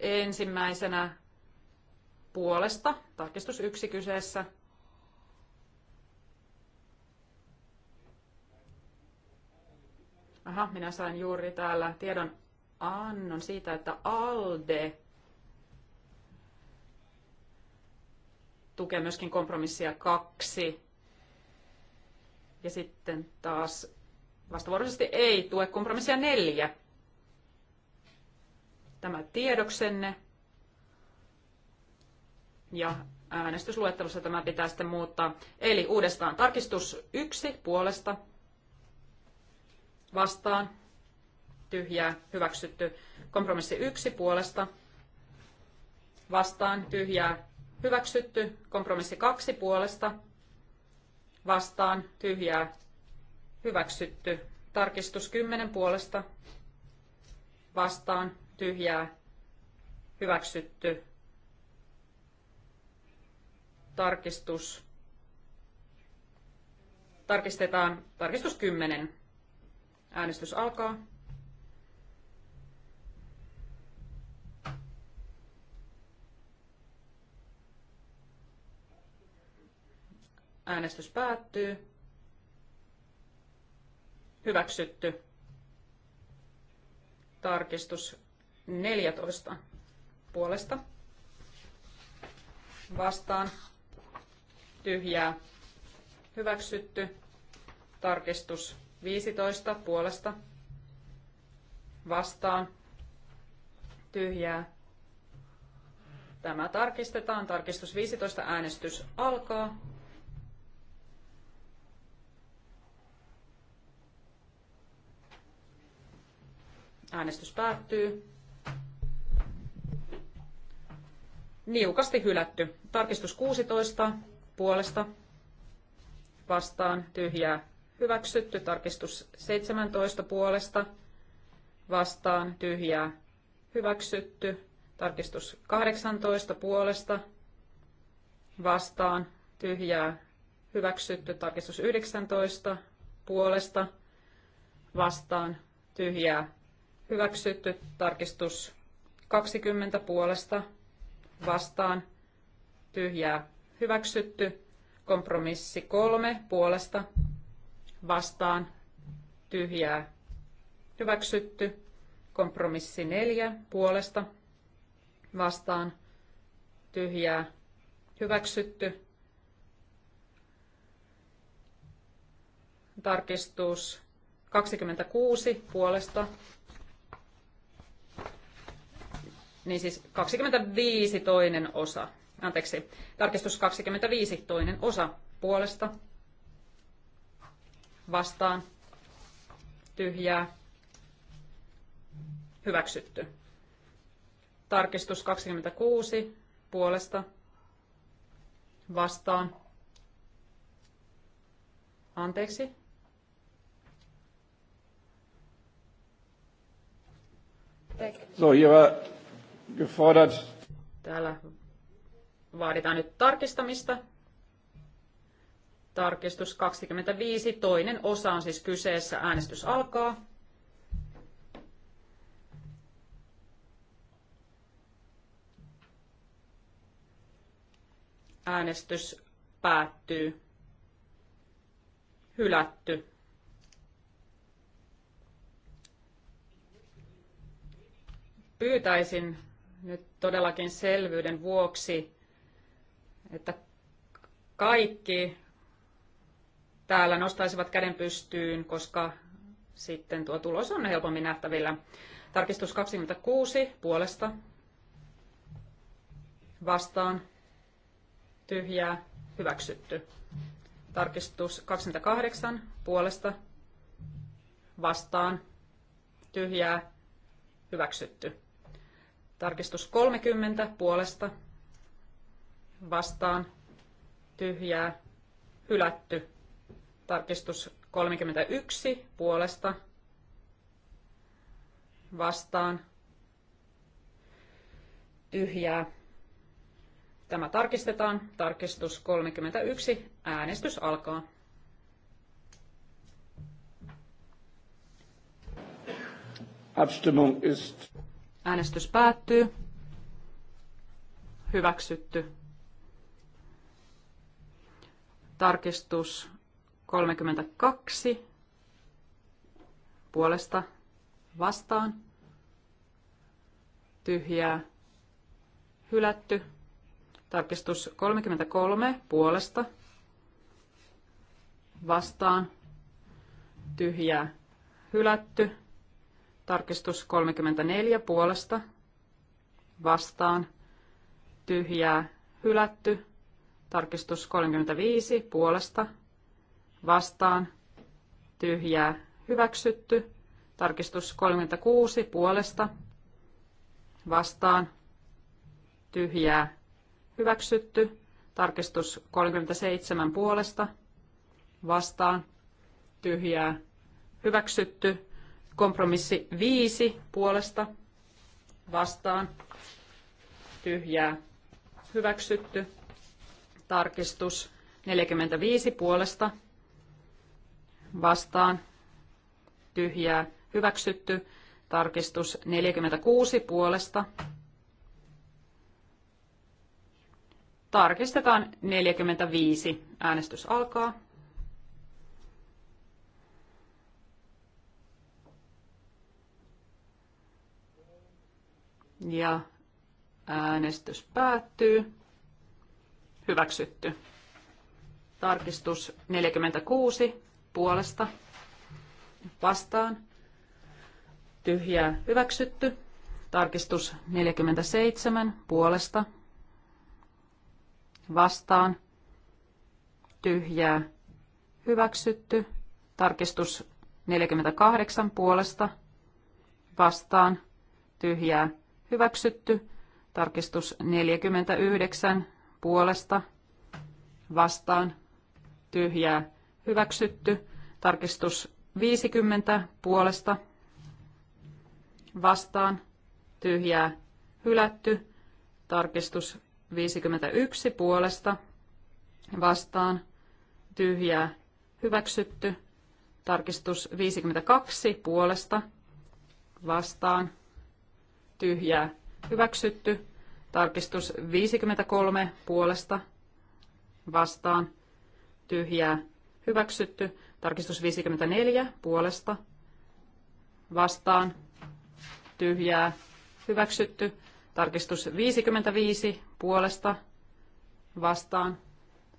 ensimmäisenä puolesta, tarkistus 1 kyseessä. Aha, minä sain juuri täällä tiedon annon siitä, että ALDE tukee myöskin kompromissia kaksi. Ja sitten taas vastavuoroisesti ei tue kompromissia neljä. Tämä tiedoksenne. Ja äänestysluettelussa tämä pitää sitten muuttaa. Eli uudestaan tarkistus yksi puolesta vastaan tyhjää hyväksytty. Kompromissi yksi puolesta vastaan tyhjää hyväksytty. Kompromissi kaksi puolesta vastaan tyhjää Hyväksytty. Tarkistus 10 puolesta vastaan tyhjää. Hyväksytty. Tarkistus. Tarkistetaan. Tarkistus 10. Äänestys alkaa. Äänestys päättyy hyväksytty. Tarkistus 14 puolesta vastaan tyhjää hyväksytty. Tarkistus 15 puolesta vastaan tyhjää. Tämä tarkistetaan. Tarkistus 15 äänestys alkaa. Äänestys päättyy. Niukasti hylätty. Tarkistus 16 puolesta vastaan tyhjää hyväksytty. Tarkistus 17 puolesta vastaan tyhjää hyväksytty. Tarkistus 18 puolesta vastaan tyhjää hyväksytty. Tarkistus 19 puolesta vastaan tyhjää Hyväksytty tarkistus 20 puolesta vastaan tyhjää. Hyväksytty kompromissi 3 puolesta vastaan tyhjää. Hyväksytty kompromissi 4 puolesta vastaan tyhjää. Hyväksytty tarkistus 26 puolesta niin siis 25 toinen osa. Anteeksi, tarkistus 25 toinen osa puolesta. Vastaan. Tyhjää. Hyväksytty. Tarkistus 26 puolesta. Vastaan. Anteeksi, So, hier war gefordert. Täällä vaaditaan nyt tarkistamista. Tarkistus 25, toinen osa on siis kyseessä. Äänestys alkaa. Äänestys päättyy. Hylätty. Pyytäisin nyt todellakin selvyyden vuoksi, että kaikki täällä nostaisivat käden pystyyn, koska sitten tuo tulos on helpommin nähtävillä. Tarkistus 26 puolesta vastaan tyhjää hyväksytty. Tarkistus 28 puolesta vastaan tyhjää hyväksytty. Tarkistus 30 puolesta vastaan tyhjää hylätty. Tarkistus 31 puolesta vastaan tyhjää. Tämä tarkistetaan. Tarkistus 31. Äänestys alkaa. Abstimmung ist Äänestys päättyy. Hyväksytty. Tarkistus 32 puolesta vastaan. Tyhjää hylätty. Tarkistus 33 puolesta vastaan. Tyhjää hylätty. Tarkistus 34 puolesta vastaan tyhjää hylätty. Tarkistus 35 puolesta vastaan tyhjää hyväksytty. Tarkistus 36 puolesta vastaan tyhjää hyväksytty. Tarkistus 37 puolesta vastaan tyhjää hyväksytty. Kompromissi viisi puolesta vastaan tyhjää hyväksytty. Tarkistus 45 puolesta vastaan tyhjää hyväksytty. Tarkistus 46 puolesta Tarkistetaan 45. Äänestys alkaa. Ja äänestys päättyy. Hyväksytty. Tarkistus 46 puolesta vastaan. Tyhjää hyväksytty. Tarkistus 47 puolesta vastaan. Tyhjää hyväksytty. Tarkistus 48 puolesta vastaan. Tyhjää hyväksytty. Tarkistus 49 puolesta vastaan tyhjää hyväksytty. Tarkistus 50 puolesta vastaan tyhjää hylätty. Tarkistus 51 puolesta vastaan tyhjää hyväksytty. Tarkistus 52 puolesta vastaan tyhjää hyväksytty. Tarkistus 53 puolesta vastaan tyhjää hyväksytty. Tarkistus 54 puolesta vastaan tyhjää hyväksytty. Tarkistus 55 puolesta vastaan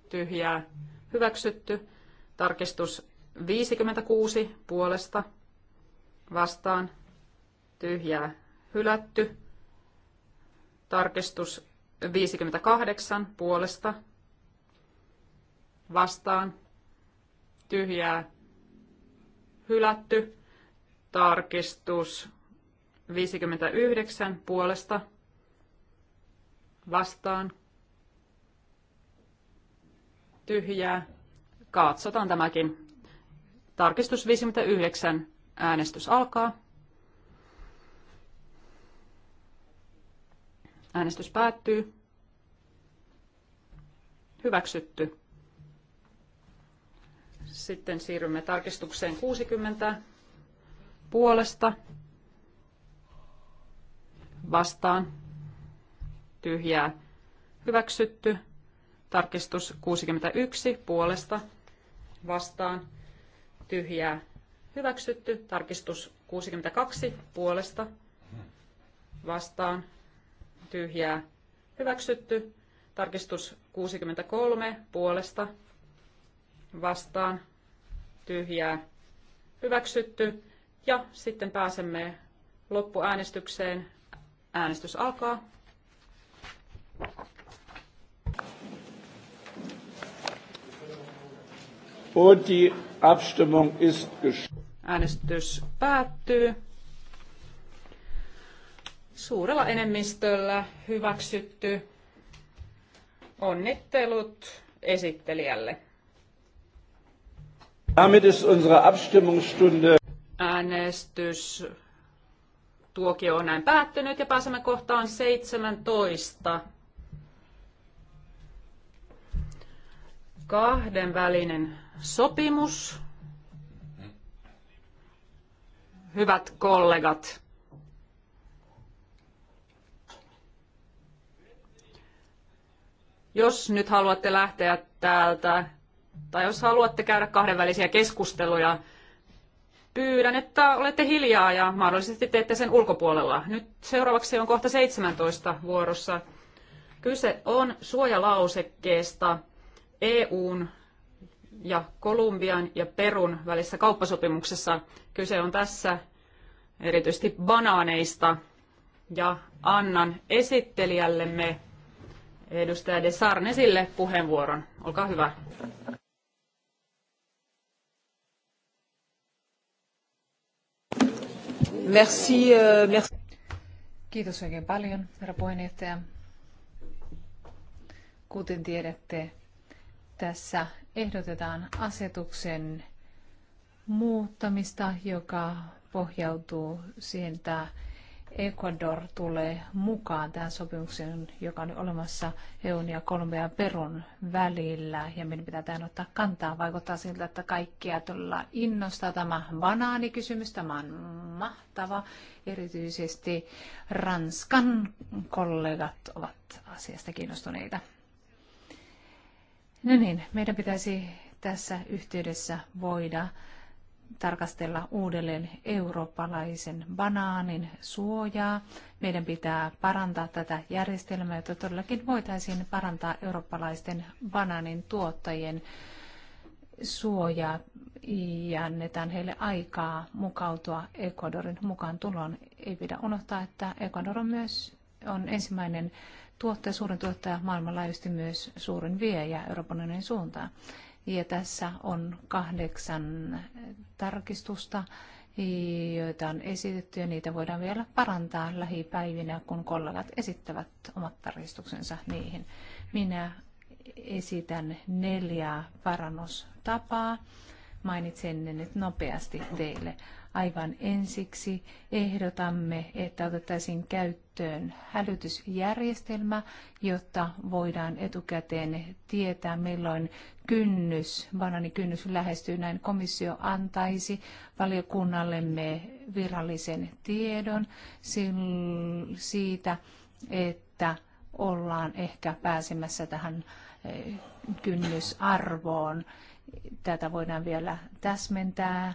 tyhjää hyväksytty. Tarkistus 56 puolesta vastaan tyhjää hylätty. Tarkistus 58 puolesta vastaan tyhjää hylätty. Tarkistus 59 puolesta vastaan tyhjää. Katsotaan tämäkin. Tarkistus 59. Äänestys alkaa. Äänestys päättyy. Hyväksytty. Sitten siirrymme tarkistukseen 60 puolesta vastaan tyhjää hyväksytty. Tarkistus 61 puolesta vastaan tyhjää hyväksytty. Tarkistus 62 puolesta vastaan tyhjää, hyväksytty. Tarkistus 63 puolesta vastaan tyhjää, hyväksytty. Ja sitten pääsemme loppuäänestykseen. Äänestys alkaa. Und die Abstimmung ist Äänestys päättyy suurella enemmistöllä hyväksytty. Onnittelut esittelijälle. Damit ist unsere Abstimmungsstunde. Äänestys tuokio on näin päättynyt ja pääsemme kohtaan 17. Kahdenvälinen sopimus. Hyvät kollegat, Jos nyt haluatte lähteä täältä, tai jos haluatte käydä kahdenvälisiä keskusteluja, pyydän, että olette hiljaa ja mahdollisesti teette sen ulkopuolella. Nyt seuraavaksi on kohta 17 vuorossa. Kyse on suojalausekkeesta EUn ja Kolumbian ja Perun välissä kauppasopimuksessa. Kyse on tässä erityisesti banaaneista ja annan esittelijällemme edustaja De Sarnesille puheenvuoron. Olkaa hyvä. Merci, euh, merci. Kiitos oikein paljon, herra puheenjohtaja. Kuten tiedätte, tässä ehdotetaan asetuksen muuttamista, joka pohjautuu siihen, että Ecuador tulee mukaan tähän sopimukseen, joka on olemassa EUn ja Kolumbian Perun välillä. Ja meidän pitää tähän ottaa kantaa. Vaikuttaa siltä, että kaikkia todella innostaa tämä banaanikysymys. Tämä on mahtava. Erityisesti Ranskan kollegat ovat asiasta kiinnostuneita. No niin, meidän pitäisi tässä yhteydessä voida tarkastella uudelleen eurooppalaisen banaanin suojaa. Meidän pitää parantaa tätä järjestelmää, jotta todellakin voitaisiin parantaa eurooppalaisten banaanin tuottajien suojaa ja annetaan heille aikaa mukautua Ecuadorin mukaan tuloon. Ei pidä unohtaa, että Ecuador on myös on ensimmäinen tuottaja, suurin tuottaja maailmanlaajuisesti myös suurin viejä Euroopan unionin suuntaan. Ja tässä on kahdeksan tarkistusta, joita on esitetty ja niitä voidaan vielä parantaa lähipäivinä, kun kollegat esittävät omat tarkistuksensa niihin. Minä esitän neljää parannustapaa. Mainitsen ne nyt nopeasti teille. Aivan ensiksi ehdotamme, että otettaisiin käyttöön hälytysjärjestelmä, jotta voidaan etukäteen tietää, milloin kynnys, bananikynnys lähestyy. Näin komissio antaisi valiokunnallemme virallisen tiedon siitä, että ollaan ehkä pääsemässä tähän eh, kynnysarvoon. Tätä voidaan vielä täsmentää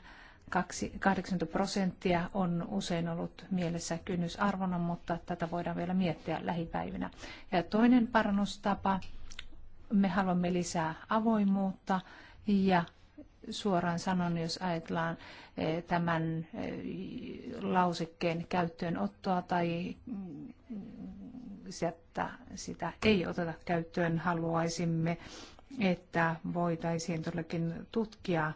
80 prosenttia on usein ollut mielessä kynnysarvona, mutta tätä voidaan vielä miettiä lähipäivinä. Ja toinen parannustapa, me haluamme lisää avoimuutta ja suoraan sanon, jos ajatellaan eh, tämän eh, lausekkeen käyttöönottoa tai sieltä sitä ei oteta käyttöön, haluaisimme, että voitaisiin todellakin tutkia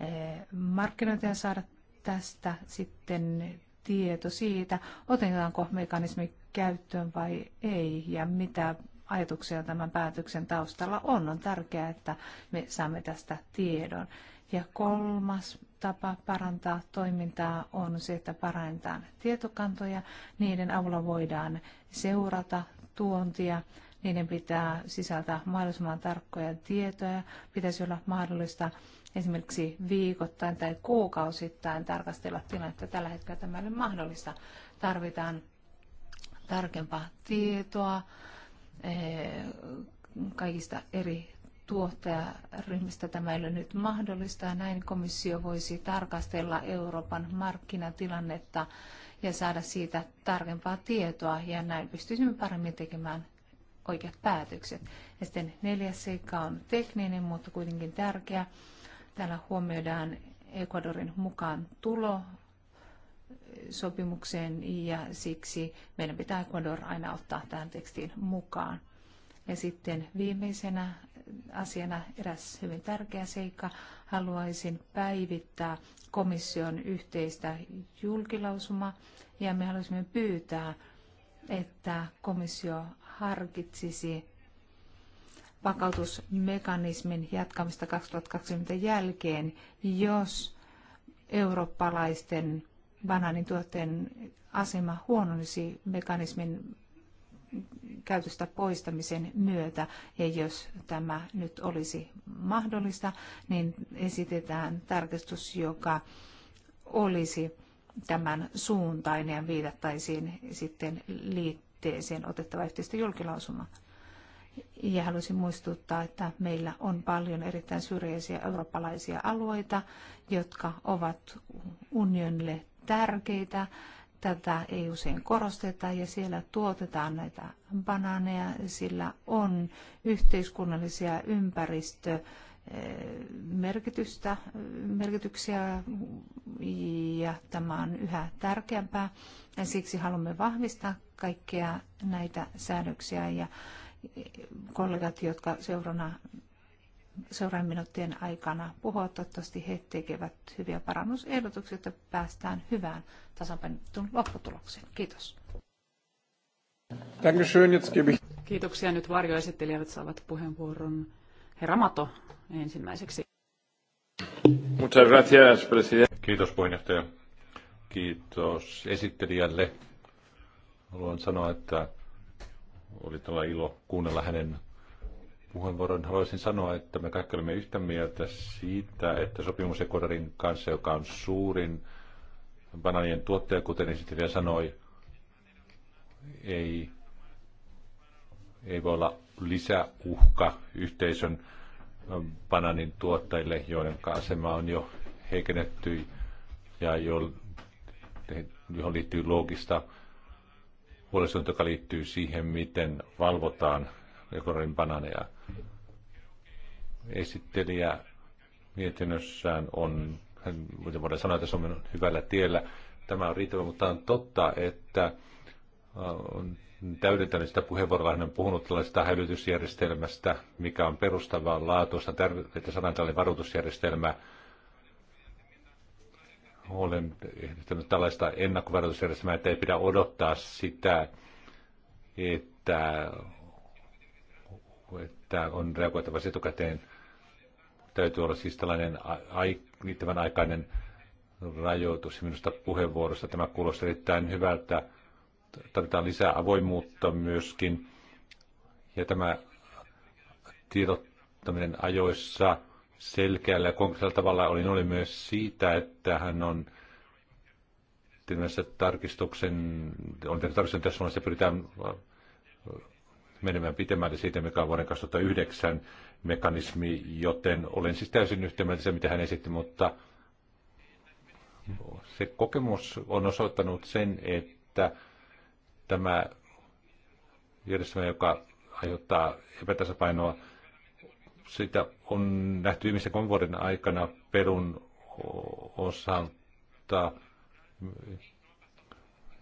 Eh, markkinointia saada tästä sitten tieto siitä, otetaanko mekanismi käyttöön vai ei ja mitä ajatuksia tämän päätöksen taustalla on. On tärkeää, että me saamme tästä tiedon. Ja kolmas tapa parantaa toimintaa on se, että parannetaan tietokantoja. Niiden avulla voidaan seurata tuontia. Niiden pitää sisältää mahdollisimman tarkkoja tietoja. Pitäisi olla mahdollista esimerkiksi viikoittain tai kuukausittain tarkastella tilannetta. Tällä hetkellä tämä ei ole mahdollista. Tarvitaan tarkempaa tietoa eh, kaikista eri tuottajaryhmistä tämä ei ole nyt mahdollista. Näin komissio voisi tarkastella Euroopan markkinatilannetta ja saada siitä tarkempaa tietoa ja näin pystyisimme paremmin tekemään oikeat päätökset. Ja sitten neljäs seikka on tekninen, mutta kuitenkin tärkeä. Täällä huomioidaan Ecuadorin mukaan tulo sopimukseen ja siksi meidän pitää Ecuador aina ottaa tähän tekstiin mukaan. Ja sitten viimeisenä asiana eräs hyvin tärkeä seikka. Haluaisin päivittää komission yhteistä julkilausumaa ja me haluaisimme pyytää, että komissio harkitsisi vakautusmekanismin jatkamista 2020 jälkeen, jos eurooppalaisten tuotteen asema huononisi mekanismin käytöstä poistamisen myötä. Ja jos tämä nyt olisi mahdollista, niin esitetään tarkistus, joka olisi tämän suuntainen ja viitattaisiin sitten liitteeseen otettava yhteistä julkilausuma. Ja haluaisin muistuttaa, että meillä on paljon erittäin syrjäisiä eurooppalaisia alueita, jotka ovat unionille tärkeitä. Tätä ei usein korosteta ja siellä tuotetaan näitä banaaneja. Sillä on yhteiskunnallisia ympäristö eh, merkitystä, merkityksiä ja tämä on yhä tärkeämpää. Ja siksi haluamme vahvistaa kaikkia näitä säädöksiä ja kollegat, jotka seurana, seuraavan minuuttien aikana puhuvat. Toivottavasti he tekevät hyviä parannusehdotuksia, että päästään hyvään tasapainotun lopputulokseen. Kiitos. Kiitoksia. Nyt varjoesittelijät saavat puheenvuoron. Herra Mato ensimmäiseksi. Muchas gracias, presidente. Kiitos puheenjohtaja. Kiitos esittelijälle. Haluan sanoa, että oli tällä ilo kuunnella hänen puheenvuoron. Haluaisin sanoa, että me kaikki olemme yhtä mieltä siitä, että sopimus Ekodarin kanssa, joka on suurin bananien tuottaja, kuten esittelijä sanoi, ei, ei voi olla lisäuhka yhteisön bananin tuottajille, joiden asema on jo heikennetty ja jo, johon liittyy loogista huolestunut, joka liittyy siihen, miten valvotaan Ekorin bananeja. Esittelijä mietinnössään on, hän voidaan sanoa, että se on hyvällä tiellä. Tämä on riittävä, mutta on totta, että äh, on täydentänyt sitä puheenvuoroa, hän on puhunut tällaista hälytysjärjestelmästä, mikä on perustavaa laatuista, että sanotaan tällainen varoitusjärjestelmä, olen ehdottanut tällaista ennakkovaroitusjärjestelmää, että ei pidä odottaa sitä, että, että on reagoitava etukäteen. Täytyy olla siis tällainen ai, riittävän aikainen rajoitus. Minusta puheenvuorosta tämä kuulostaa erittäin hyvältä. Tarvitaan lisää avoimuutta myöskin. Ja tämä tiedottaminen ajoissa – selkeällä ja konkreettisella tavalla. oli, oli myös siitä, että hän on tekemässä tarkistuksen, on tehnyt tarkistuksen tässä vaiheessa, pyritään äh, menemään pitemmälle siitä, mikä on vuoden 2009 mekanismi, joten olen siis täysin yhtä se, mitä hän esitti, mutta se kokemus on osoittanut sen, että tämä järjestelmä, joka aiheuttaa epätasapainoa sitä on nähty viimeisen kolmen vuoden aikana Perun osalta.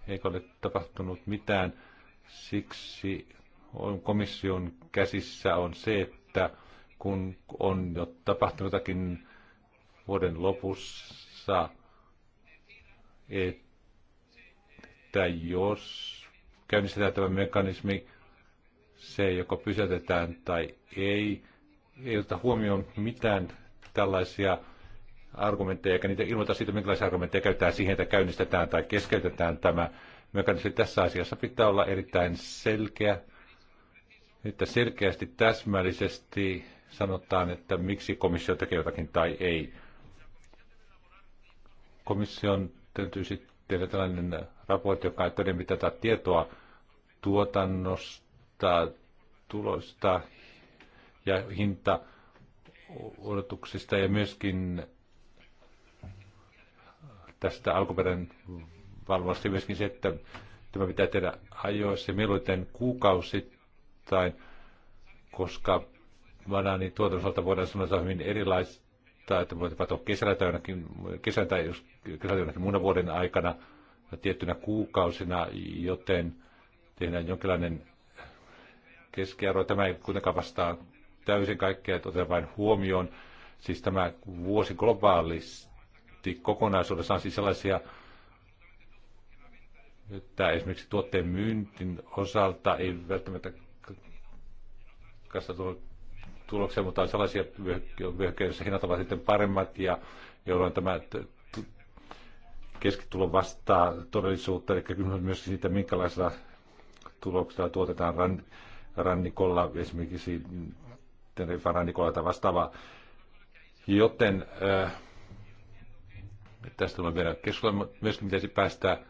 ei ole tapahtunut mitään. Siksi komission käsissä on se, että kun on jo tapahtunut jotakin vuoden lopussa, että jos käynnistetään tämä mekanismi, se joko pysäytetään tai ei, ei ota huomioon mitään tällaisia argumentteja, eikä niitä ilmoita siitä, minkälaisia argumentteja käytetään siihen, että käynnistetään tai keskeytetään tämä mekanismi. Tässä asiassa pitää olla erittäin selkeä, että selkeästi täsmällisesti sanotaan, että miksi komissio tekee jotakin tai ei. Komission täytyy sitten tehdä tällainen raportti, joka ei tietoa tuotannosta, tulosta, ja hinta odotuksista ja myöskin tästä alkuperäinen valvonnasta myöskin se, että tämä pitää tehdä ajoissa mieluiten kuukausittain, koska banaani tuotannosalta voidaan sanoa hyvin erilaista, että voi tapahtua kesällä tai, jonakin, kesän tai jos, kesällä jonakin muuna vuoden aikana tiettynä kuukausina, joten tehdään jonkinlainen keskiarvo. Tämä ei kuitenkaan vastaa täysin kaikkea otetaan vain huomioon. Siis tämä vuosi globaalisti kokonaisuudessaan siis sellaisia että esimerkiksi tuotteen myyntin osalta ei välttämättä kasta tuloksia, mutta on sellaisia vyöhykkejä, joissa hinnat ovat sitten paremmat ja jolloin tämä keskitulo vastaa todellisuutta, eli kysymys myös siitä, minkälaisella tuloksella tuotetaan rannikolla esimerkiksi Nikola tai vastaavaa. Joten äh, tästä tulee vielä keskustelua. Myöskin pitäisi päästä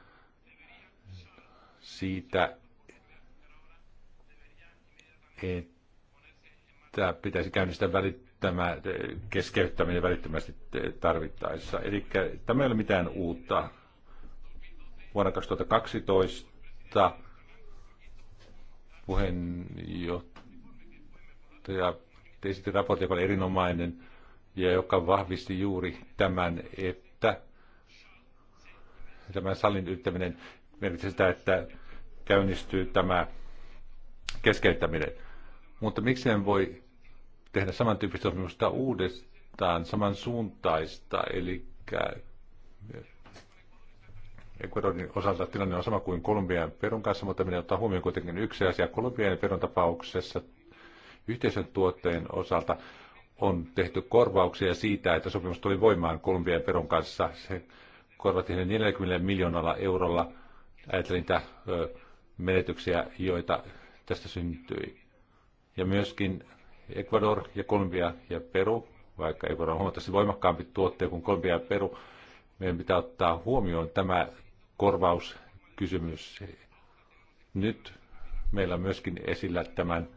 siitä, että pitäisi käynnistää välittämä, keskeyttäminen välittömästi tarvittaessa. Eli tämä ei ole mitään uutta. Vuonna 2012 puheenjohtaja esitti raportti, joka oli erinomainen ja joka vahvisti juuri tämän, että tämän salin yrittäminen merkitsi sitä, että käynnistyy tämä keskeyttäminen. Mutta miksi en voi tehdä samantyyppistä sopimusta uudestaan, samansuuntaista, eli Ecuadorin osalta tilanne on sama kuin Kolumbian perun kanssa, mutta minä ottaa huomioon kuitenkin yksi asia. Kolumbian perun tapauksessa yhteisön tuotteen osalta on tehty korvauksia siitä, että sopimus tuli voimaan Kolumbian Peron kanssa. Se korvattiin 40 miljoonalla eurolla. ajatellen niitä menetyksiä, joita tästä syntyi. Ja myöskin Ecuador ja Kolumbia ja Peru, vaikka Ecuador on huomattavasti voimakkaampi tuotteja kuin Kolumbia ja Peru, meidän pitää ottaa huomioon tämä korvauskysymys. Nyt meillä on myöskin esillä tämän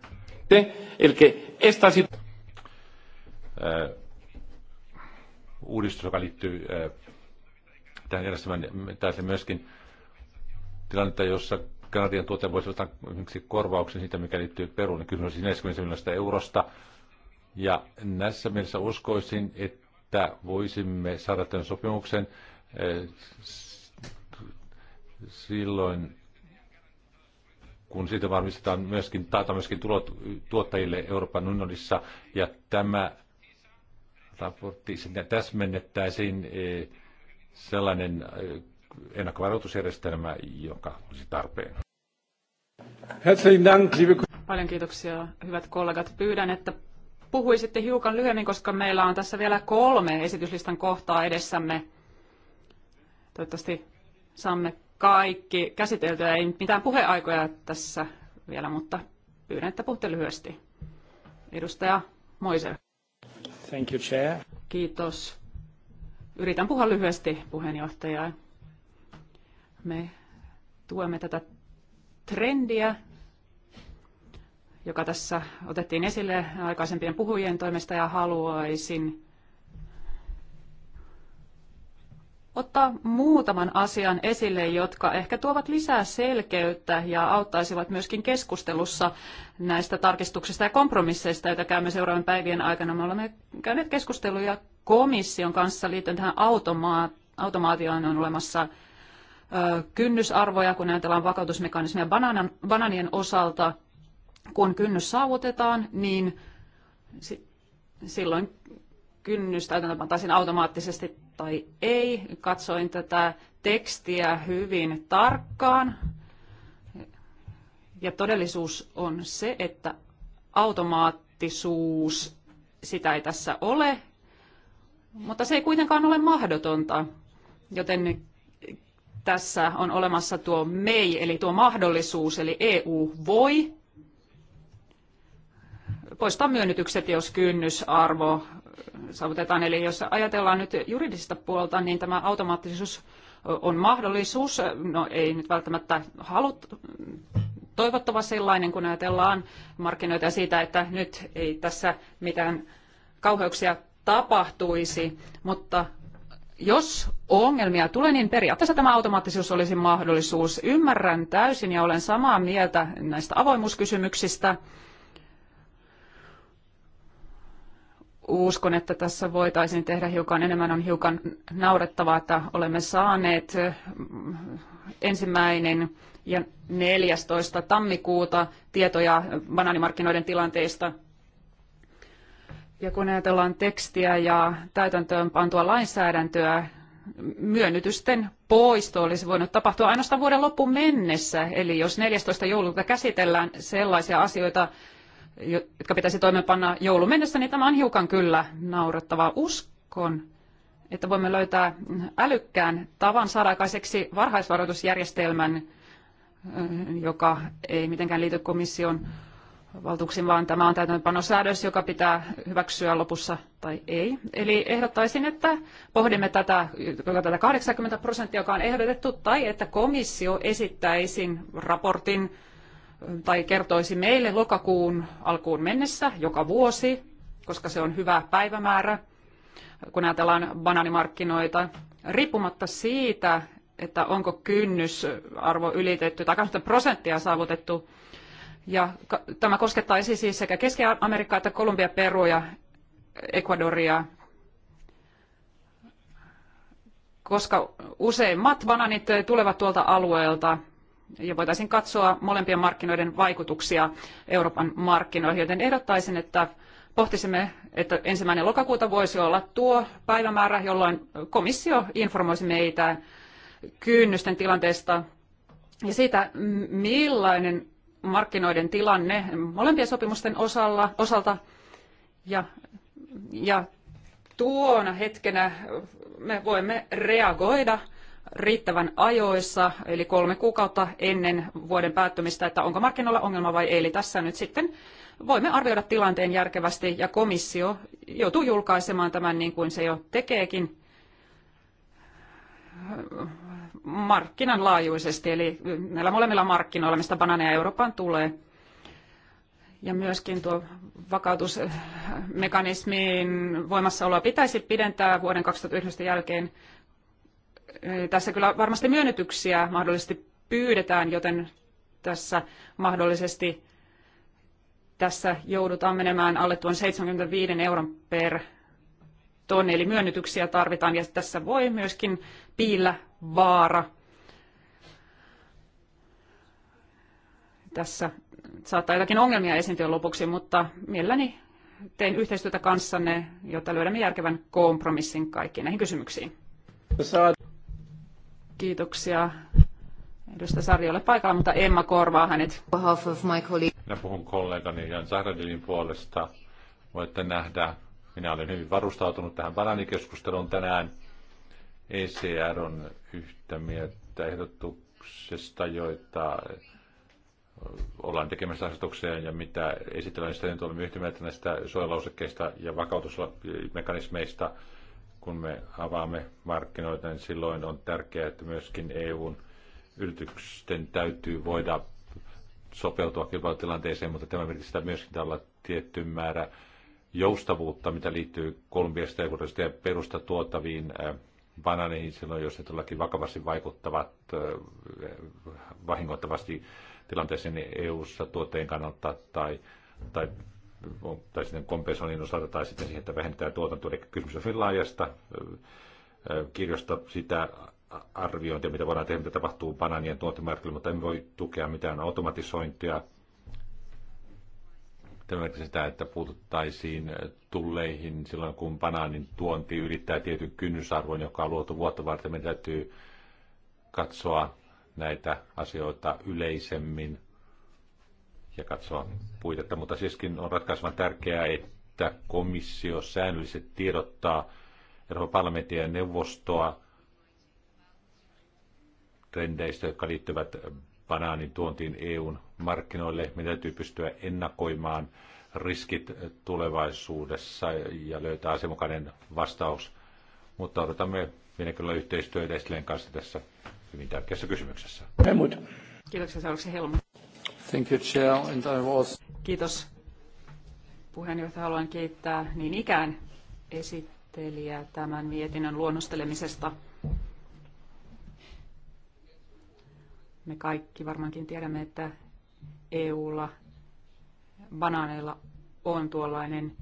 de el que esta situación. Äh, uudistus, joka liittyy äh, tähän järjestelmään, taisi myöskin tilannetta, jossa Kanadian tuote voisi ottaa yksi korvauksen siitä, mikä liittyy Peruun, niin kysymys on 40 siis miljoonasta eurosta. Ja näissä mielessä uskoisin, että voisimme saada tämän sopimuksen äh, silloin kun siitä varmistetaan myöskin, taataan myöskin tulot tuottajille Euroopan unionissa. Ja tämä raportti, sitä täsmennettäisiin e, sellainen e, ennakkovaroitusjärjestelmä, joka olisi tarpeen. Paljon kiitoksia, hyvät kollegat. Pyydän, että puhuisitte hiukan lyhyemmin, koska meillä on tässä vielä kolme esityslistan kohtaa edessämme. Toivottavasti saamme kaikki käsitelty. Ei mitään puheaikoja tässä vielä, mutta pyydän, että puhutte lyhyesti. Edustaja Moise. Thank you, Chair. Kiitos. Yritän puhua lyhyesti puheenjohtajaa. Me tuemme tätä trendiä, joka tässä otettiin esille aikaisempien puhujien toimesta ja haluaisin ottaa muutaman asian esille, jotka ehkä tuovat lisää selkeyttä ja auttaisivat myöskin keskustelussa näistä tarkistuksista ja kompromisseista, joita käymme seuraavien päivien aikana. Me olemme käyneet keskusteluja komission kanssa liittyen tähän automaatioon on olemassa kynnysarvoja, kun ajatellaan vakautusmekanismia bananan, bananien osalta. Kun kynnys saavutetaan, niin si- silloin kynnys täytäntöpantaisiin automaattisesti tai ei. Katsoin tätä tekstiä hyvin tarkkaan. Ja todellisuus on se, että automaattisuus, sitä ei tässä ole, mutta se ei kuitenkaan ole mahdotonta. Joten tässä on olemassa tuo mei, eli tuo mahdollisuus, eli EU voi poistaa myönnytykset, jos kynnysarvo saavutetaan. Eli jos ajatellaan nyt juridista puolta, niin tämä automaattisuus on mahdollisuus, no ei nyt välttämättä halut, toivottava sellainen, kun ajatellaan markkinoita siitä, että nyt ei tässä mitään kauheuksia tapahtuisi, mutta jos ongelmia tulee, niin periaatteessa tämä automaattisuus olisi mahdollisuus. Ymmärrän täysin ja olen samaa mieltä näistä avoimuuskysymyksistä. uskon, että tässä voitaisiin tehdä hiukan enemmän. On hiukan naurettavaa, että olemme saaneet mm, ensimmäinen ja 14. tammikuuta tietoja banaanimarkkinoiden tilanteista. Ja kun ajatellaan tekstiä ja täytäntöön pantua lainsäädäntöä, myönnytysten poisto olisi voinut tapahtua ainoastaan vuoden loppuun mennessä. Eli jos 14. joulukuuta käsitellään sellaisia asioita, jotka pitäisi toimeenpanna joulun mennessä, niin tämä on hiukan kyllä naurettavaa. Uskon, että voimme löytää älykkään tavan saada aikaiseksi varhaisvaroitusjärjestelmän, eh, joka ei mitenkään liity komission valtuuksiin, vaan tämä on täytäntöpanosäädös, joka pitää hyväksyä lopussa tai ei. Eli ehdottaisin, että pohdimme tätä, tätä 80 prosenttia, joka on ehdotettu, tai että komissio esittäisi raportin tai kertoisi meille lokakuun alkuun mennessä joka vuosi, koska se on hyvä päivämäärä, kun ajatellaan banaanimarkkinoita, riippumatta siitä, että onko kynnysarvo ylitetty tai 20 prosenttia saavutettu. Ja tämä koskettaisi siis sekä Keski-Amerikkaa että Kolumbia, Perua Ecuadoria, koska useimmat bananit tulevat tuolta alueelta – ja voitaisiin katsoa molempien markkinoiden vaikutuksia Euroopan markkinoihin, joten ehdottaisin, että pohtisimme, että ensimmäinen lokakuuta voisi olla tuo päivämäärä, jolloin komissio informoisi meitä kynnysten tilanteesta ja siitä, millainen markkinoiden tilanne molempien sopimusten osalla, osalta ja, ja tuona hetkenä me voimme reagoida – riittävän ajoissa, eli kolme kuukautta ennen vuoden päättymistä, että onko markkinoilla ongelma vai ei. Eli tässä nyt sitten voimme arvioida tilanteen järkevästi ja komissio joutuu julkaisemaan tämän niin kuin se jo tekeekin markkinan laajuisesti, eli näillä molemmilla markkinoilla, mistä banaaneja Eurooppaan tulee. Ja myöskin tuo vakautusmekanismin voimassaoloa pitäisi pidentää vuoden 2019 jälkeen tässä kyllä varmasti myönnytyksiä mahdollisesti pyydetään, joten tässä mahdollisesti tässä joudutaan menemään alle tuon 75 euron per tonni, eli myönnytyksiä tarvitaan, ja tässä voi myöskin piillä vaara. Tässä saattaa jotakin ongelmia esiintyä lopuksi, mutta mielelläni tein yhteistyötä kanssanne, jotta löydämme järkevän kompromissin kaikkiin näihin kysymyksiin. Kiitoksia. Edustaja Sari ole paikalla, mutta Emma korvaa hänet. Minä puhun kollegani Jan Zahradilin puolesta. Voitte nähdä, minä olen hyvin varustautunut tähän bananikeskusteluun tänään. ECR on yhtä mieltä ehdotuksesta, joita ollaan tekemässä asetukseen ja mitä esitellään, niin olemme yhtä mieltä näistä suojalausekkeista ja vakautusmekanismeista – kun me avaamme markkinoita, niin silloin on tärkeää, että myöskin EUn yritysten täytyy voida sopeutua kilpailutilanteeseen, mutta tämä merkitsee myöskin tällä tietty määrä joustavuutta, mitä liittyy kolumbiasta ja perusta tuottaviin äh, bananeihin silloin, jos ne todellakin vakavasti vaikuttavat äh, vahingoittavasti tilanteeseen niin EU-ssa tuotteen kannalta tai, tai tai sitten kompensoinnin osalta tai sitten siihen, että vähentää tuotantoa. Eli kysymys on hyvin laajasta kirjosta sitä arviointia, mitä voidaan tehdä, mitä tapahtuu bananien tuontimarkkinoilla, mutta emme voi tukea mitään automatisointia. Esimerkiksi sitä, että puututtaisiin tulleihin silloin, kun banaanin tuonti ylittää tietyn kynnysarvon, joka on luotu vuotta varten. Meidän täytyy katsoa näitä asioita yleisemmin ja katsoa puitetta, mutta siiskin on ratkaisevan tärkeää, että komissio säännöllisesti tiedottaa Euroopan parlamenttia ja neuvostoa trendeistä, jotka liittyvät banaanin tuontiin EUn markkinoille. Meidän täytyy pystyä ennakoimaan riskit tulevaisuudessa ja löytää asianmukainen vastaus. Mutta odotamme kyllä yhteistyötä Estleen kanssa tässä hyvin tärkeässä kysymyksessä. Helmut. Kiitoksia, se Helmut. Thank you, Chair, and I was... Kiitos puheenjohtaja. Haluan kiittää niin ikään esittelijää tämän mietinnön luonnostelemisesta. Me kaikki varmaankin tiedämme, että EUlla banaaneilla on tuollainen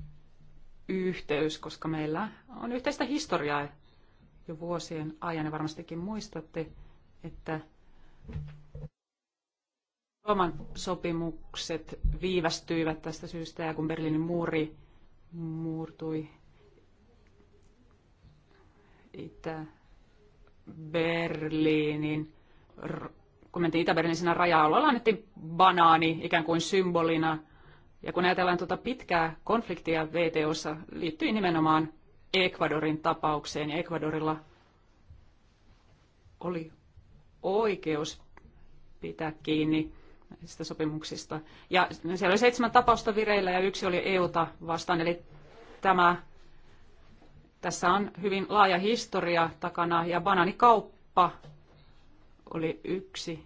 yhteys, koska meillä on yhteistä historiaa jo vuosien ajan. Ja varmastikin muistatte, että Rooman sopimukset viivästyivät tästä syystä ja kun Berliinin muuri muurtui Itä-Berliinin, kun mentiin Itä-Berliinin raja-alueella, annettiin banaani ikään kuin symbolina. Ja kun ajatellaan tuota pitkää konfliktia VTOssa, liittyi nimenomaan Ecuadorin tapaukseen. Ja Ecuadorilla oli oikeus pitää kiinni sitä sopimuksista. Ja siellä oli seitsemän tapausta vireillä ja yksi oli EUta vastaan, eli tämä, tässä on hyvin laaja historia takana ja bananikauppa oli yksi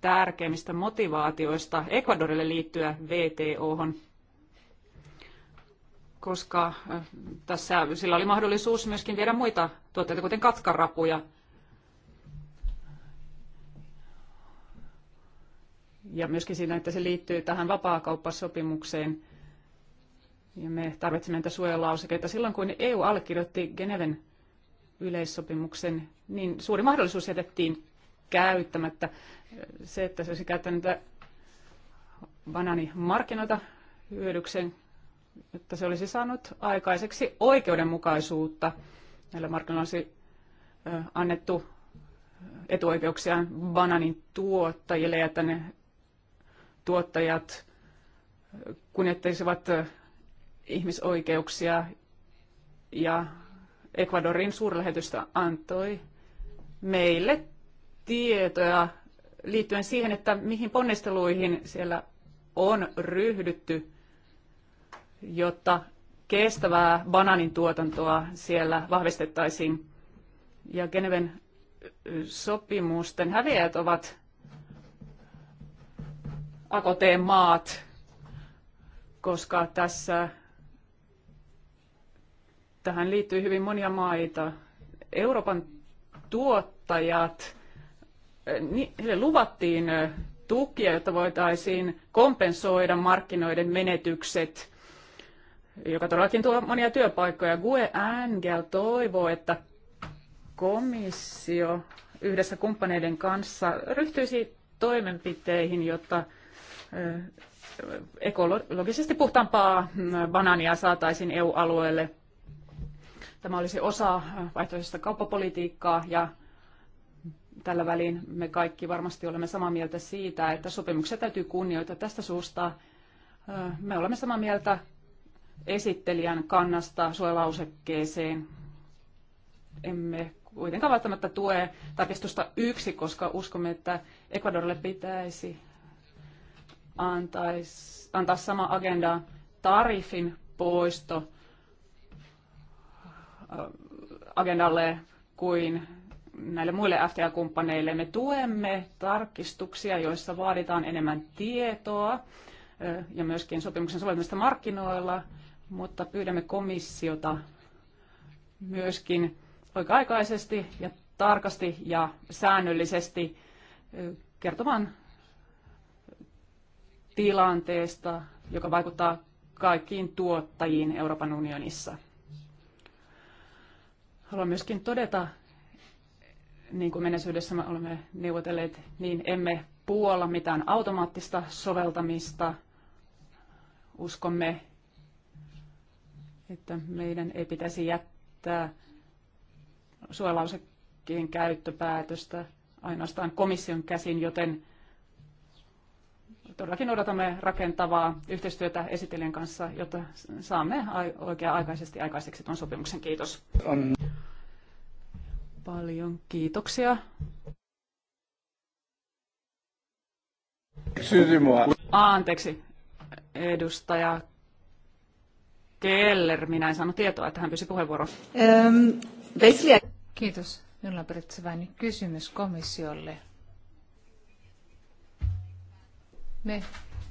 tärkeimmistä motivaatioista Ecuadorille liittyä VTOhon, koska äh, tässä sillä oli mahdollisuus myöskin viedä muita tuotteita, kuten katkarapuja – ja myöskin siinä, että se liittyy tähän vapaakauppasopimukseen. Ja me tarvitsemme näitä suojalausekeita. Silloin kun EU allekirjoitti Geneven yleissopimuksen, niin suuri mahdollisuus jätettiin käyttämättä. Se, että se olisi käyttänyt banaanimarkkinoita hyödyksen, että se olisi saanut aikaiseksi oikeudenmukaisuutta. Näillä markkinoilla olisi annettu etuoikeuksia bananin tuottajille, että ne tuottajat kunnioittaisivat ihmisoikeuksia ja Ecuadorin suurlähetystä antoi meille tietoja liittyen siihen, että mihin ponnisteluihin siellä on ryhdytty, jotta kestävää bananin tuotantoa siellä vahvistettaisiin. Ja Geneven sopimusten häviäjät ovat pakoteen maat, koska tässä tähän liittyy hyvin monia maita. Euroopan tuottajat, heille luvattiin tukia, jotta voitaisiin kompensoida markkinoiden menetykset, joka todellakin tuo monia työpaikkoja. Gue Angel toivoo, että komissio yhdessä kumppaneiden kanssa ryhtyisi toimenpiteihin, jotta ekologisesti puhtaampaa mm, banaania saataisiin EU-alueelle. Tämä olisi osa vaihtoehtoista kauppapolitiikkaa ja tällä välin me kaikki varmasti olemme samaa mieltä siitä, että sopimuksia täytyy kunnioittaa tästä suusta. Me olemme samaa mieltä esittelijän kannasta suojalausekkeeseen. Emme kuitenkaan välttämättä tue tarkistusta yksi, koska uskomme, että Ecuadorille pitäisi antais, antaa sama agenda tarifin poisto äh, agendalle kuin näille muille FTA-kumppaneille. Me tuemme tarkistuksia, joissa vaaditaan enemmän tietoa äh, ja myöskin sopimuksen soveltamista markkinoilla, mutta pyydämme komissiota myöskin oikea-aikaisesti ja tarkasti ja säännöllisesti äh, kertomaan tilanteesta, joka vaikuttaa kaikkiin tuottajiin Euroopan unionissa. Haluan myöskin todeta, niin kuin menneisyydessä me olemme neuvotelleet, niin emme puolla mitään automaattista soveltamista. Uskomme, että meidän ei pitäisi jättää suojalausekkeen käyttöpäätöstä ainoastaan komission käsin, joten todellakin odotamme rakentavaa yhteistyötä esittelijän kanssa, jotta saamme oikea-aikaisesti aikaiseksi tuon sopimuksen. Kiitos. On. Paljon kiitoksia. Anteeksi, edustaja Keller. Minä en saanut tietoa, että hän pyysi puheenvuoron. Kiitos. Minulla on periaatteessa vain kysymys komissiolle Me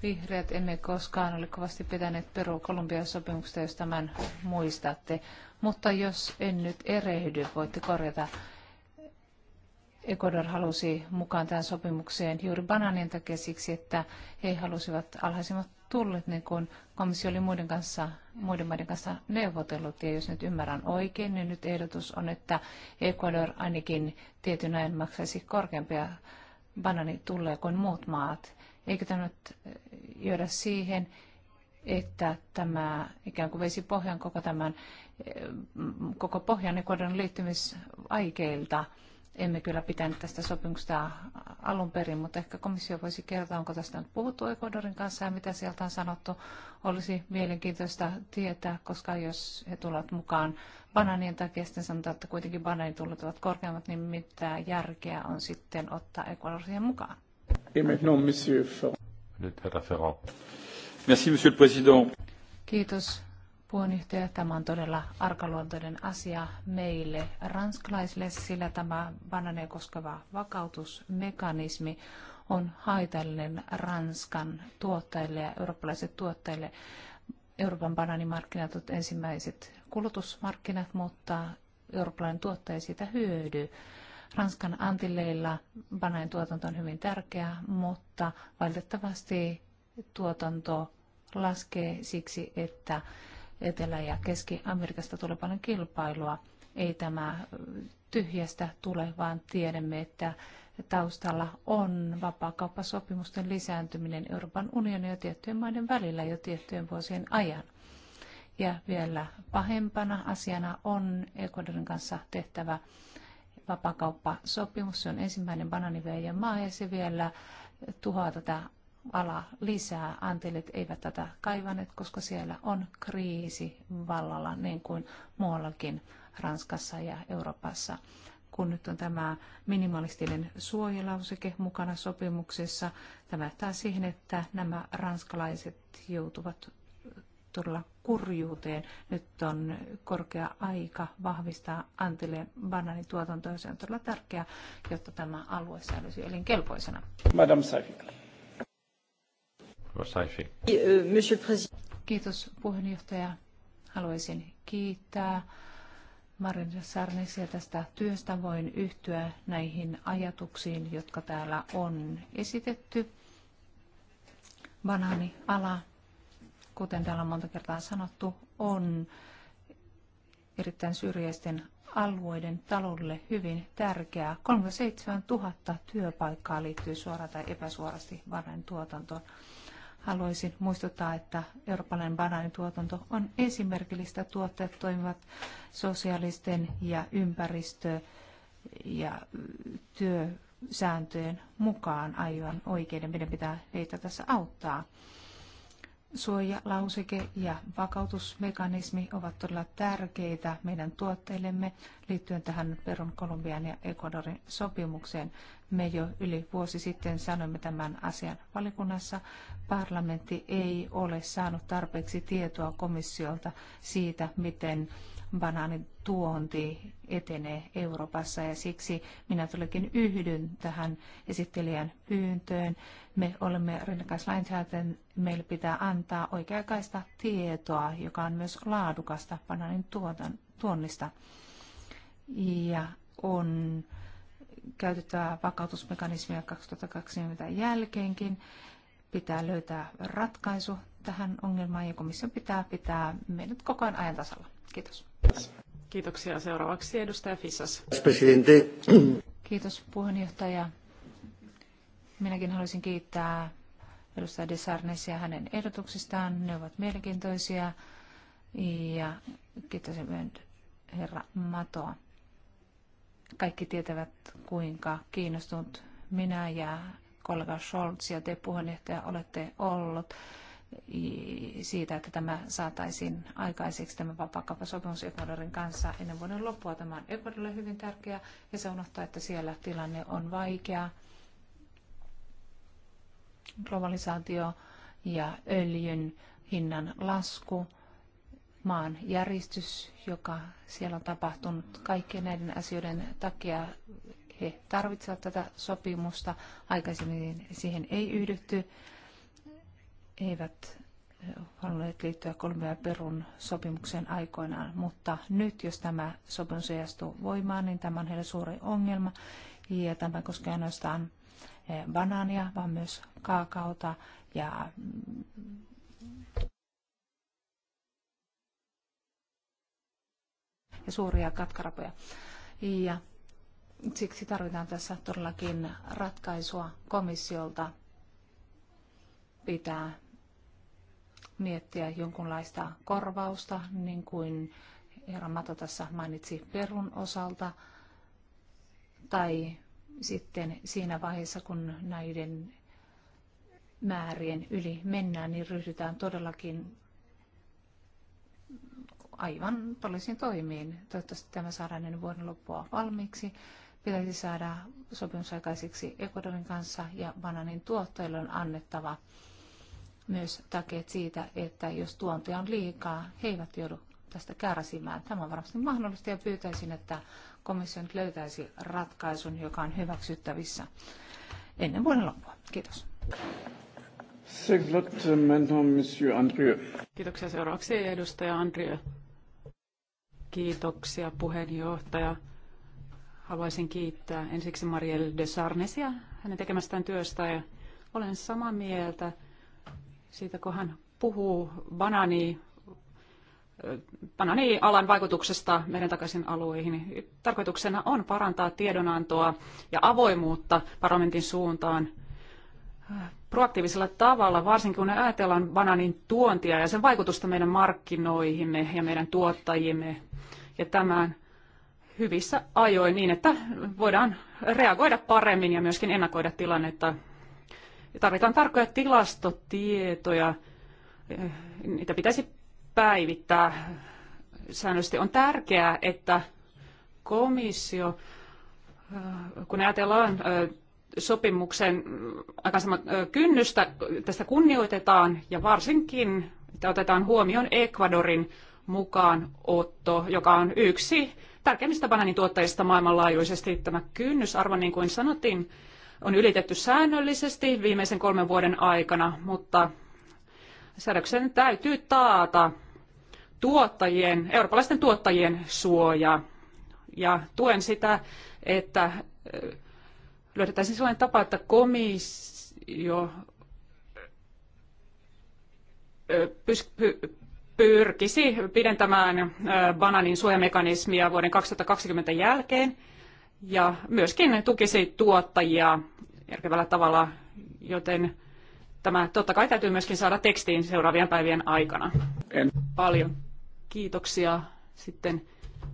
vihreät emme koskaan ole kovasti pitäneet Peru Kolumbian sopimuksesta, jos tämän muistatte. Mutta jos en nyt erehdy, voitte korjata. Ecuador halusi mukaan tähän sopimukseen juuri bananien takia siksi, että he halusivat alhaisimmat tullit, niin kun komissio oli muiden, kanssa, muiden maiden kanssa neuvotellut. Ja jos nyt ymmärrän oikein, niin nyt ehdotus on, että Ecuador ainakin tietyn ajan maksaisi korkeampia bananitulleja kuin muut maat. Eikö tämä nyt eh, johda siihen, että tämä ikään kuin veisi pohjan koko tämän eh, koko pohjan Ecuadorin liittymisaikeilta. Emme kyllä pitänyt tästä sopimuksesta alun perin, mutta ehkä komissio voisi kertoa, onko tästä nyt puhuttu Ecuadorin kanssa ja mitä sieltä on sanottu. Olisi mielenkiintoista tietää, koska jos he tulevat mukaan bananien takia, sitten sanotaan, että kuitenkin bananitulot ovat korkeammat, niin mitä järkeä on sitten ottaa Ecuadorin mukaan? Et maintenant, Monsieur Ferrand. Merci, Monsieur le Président. Kiitos puheenjohtaja. Tämä on todella arkaluontoinen asia meille ranskalaisille, sillä tämä bananeja koskeva vakautusmekanismi on haitallinen Ranskan tuottajille ja eurooppalaisille tuottajille. Euroopan bananimarkkinat ovat ensimmäiset kulutusmarkkinat, mutta eurooppalainen tuottaja siitä hyödyy. Ranskan antilleilla banaanin tuotanto on hyvin tärkeää, mutta valitettavasti tuotanto laskee siksi, että Etelä- ja Keski-Amerikasta tulee paljon kilpailua. Ei tämä tyhjästä tule, vaan tiedämme, että taustalla on vapaakauppasopimusten lisääntyminen Euroopan unionin ja tiettyjen maiden välillä jo tiettyjen vuosien ajan. Ja vielä pahempana asiana on Ecuadorin kanssa tehtävä vapakauppasopimus. Se on ensimmäinen bananiveijän maa ja se vielä tuhoaa tätä ala lisää. Antelit eivät tätä kaivaneet, koska siellä on kriisi vallalla niin kuin muuallakin Ranskassa ja Euroopassa. Kun nyt on tämä minimalistinen suojelauseke mukana sopimuksessa, tämä johtaa siihen, että nämä ranskalaiset joutuvat todella kurjuuteen. Nyt on korkea aika vahvistaa Antille bananin tuotantoa. Se on todella tärkeää, jotta tämä alue säilyisi elinkelpoisena. Madame Saifi. Saifi. Euh, Kiitos puheenjohtaja. Haluaisin kiittää Marin Sarnesia tästä työstä. Voin yhtyä näihin ajatuksiin, jotka täällä on esitetty banaaniala kuten täällä on monta kertaa sanottu, on erittäin syrjäisten alueiden taloudelle hyvin tärkeää. 37 000 työpaikkaa liittyy suoraan tai epäsuorasti varren tuotantoon. Haluaisin muistuttaa, että eurooppalainen banaanituotanto on esimerkillistä. Tuotteet toimivat sosiaalisten ja ympäristö- ja työsääntöjen mukaan aivan oikein. Meidän pitää heitä tässä auttaa suojalauseke ja vakautusmekanismi ovat todella tärkeitä meidän tuotteillemme liittyen tähän Peron, Kolumbian ja Ecuadorin sopimukseen. Me jo yli vuosi sitten sanoimme tämän asian valikunnassa. Parlamentti ei ole saanut tarpeeksi tietoa komissiolta siitä, miten banaanituonti tuonti etenee Euroopassa ja siksi minä tulikin yhdyn tähän esittelijän pyyntöön. Me olemme rinnakkaislainsäätön, meillä pitää antaa oikeakaista tietoa, joka on myös laadukasta banaanin tuotan, tuonnista. Ja on käytettävä vakautusmekanismia 2020 jälkeenkin. Pitää löytää ratkaisu tähän ongelmaan ja komissio pitää pitää meidät koko ajan ajan tasalla. Kiitos. Kiitoksia. Seuraavaksi edustaja Fissas. Presidente. Kiitos puheenjohtaja. Minäkin haluaisin kiittää edustaja Desarnesia hänen ehdotuksistaan. Ne ovat mielenkiintoisia. Ja kiitos herra Matoa. Kaikki tietävät, kuinka kiinnostunut minä ja kollega Scholz ja te puheenjohtaja olette ollut siitä, että tämä saataisiin aikaiseksi tämä vapaakauppasopimus Ecuadorin kanssa ennen vuoden loppua. Tämä on Ecuadorille hyvin tärkeä ja se unohtaa, että siellä tilanne on vaikea. Globalisaatio ja öljyn hinnan lasku, maan järjestys, joka siellä on tapahtunut kaikkien näiden asioiden takia he tarvitsevat tätä sopimusta. Aikaisemmin siihen ei yhdytty eivät halunneet liittyä Kolumbian Perun sopimukseen aikoinaan, mutta nyt jos tämä sopimus ei astu voimaan, niin tämä on heille suuri ongelma. Ja tämä koskee ainoastaan banaania, vaan myös kaakaota ja ja suuria katkarapoja. Ja siksi tarvitaan tässä todellakin ratkaisua komissiolta pitää miettiä jonkunlaista korvausta, niin kuin herra Mato tässä mainitsi perun osalta, tai sitten siinä vaiheessa, kun näiden määrien yli mennään, niin ryhdytään todellakin aivan poliisin toimiin. Toivottavasti tämä saadaan ennen vuoden loppua valmiiksi. Pitäisi saada sopimusaikaiseksi Ecuadorin kanssa ja bananin tuottajille on annettava myös takeet siitä, että jos tuontia on liikaa, he eivät joudu tästä kärsimään. Tämä on varmasti mahdollista ja pyytäisin, että komissio nyt löytäisi ratkaisun, joka on hyväksyttävissä ennen vuoden loppua. Kiitos. Kiitoksia seuraavaksi edustaja Andrieu. Kiitoksia puheenjohtaja. Haluaisin kiittää ensiksi Marielle de Sarnesia hänen tekemästään työstä ja olen samaa mieltä siitä, kun hän puhuu banaani, banaanialan vaikutuksesta meren takaisin alueihin. Tarkoituksena on parantaa tiedonantoa ja avoimuutta parlamentin suuntaan proaktiivisella tavalla, varsinkin kun ajatellaan bananin tuontia ja sen vaikutusta meidän markkinoihimme ja meidän tuottajimme ja tämän hyvissä ajoin niin, että voidaan reagoida paremmin ja myöskin ennakoida tilannetta Tarvitaan tarkkoja tilastotietoja. Niitä pitäisi päivittää säännöllisesti. On tärkeää, että komissio, kun ajatellaan sopimuksen aikaisemman kynnystä, tästä kunnioitetaan ja varsinkin, että otetaan huomioon Ecuadorin mukaan otto, joka on yksi tärkeimmistä bananin tuottajista maailmanlaajuisesti. Tämä kynnysarvo, niin kuin sanottiin, on ylitetty säännöllisesti viimeisen kolmen vuoden aikana, mutta säädöksen täytyy taata tuottajien, eurooppalaisten tuottajien suoja. Ja tuen sitä, että löydettäisiin sellainen tapa, että komissio pyrkisi pidentämään bananin suojamekanismia vuoden 2020 jälkeen ja myöskin tukisi tuottajia järkevällä tavalla, joten tämä totta kai täytyy myöskin saada tekstiin seuraavien päivien aikana. En. Paljon kiitoksia sitten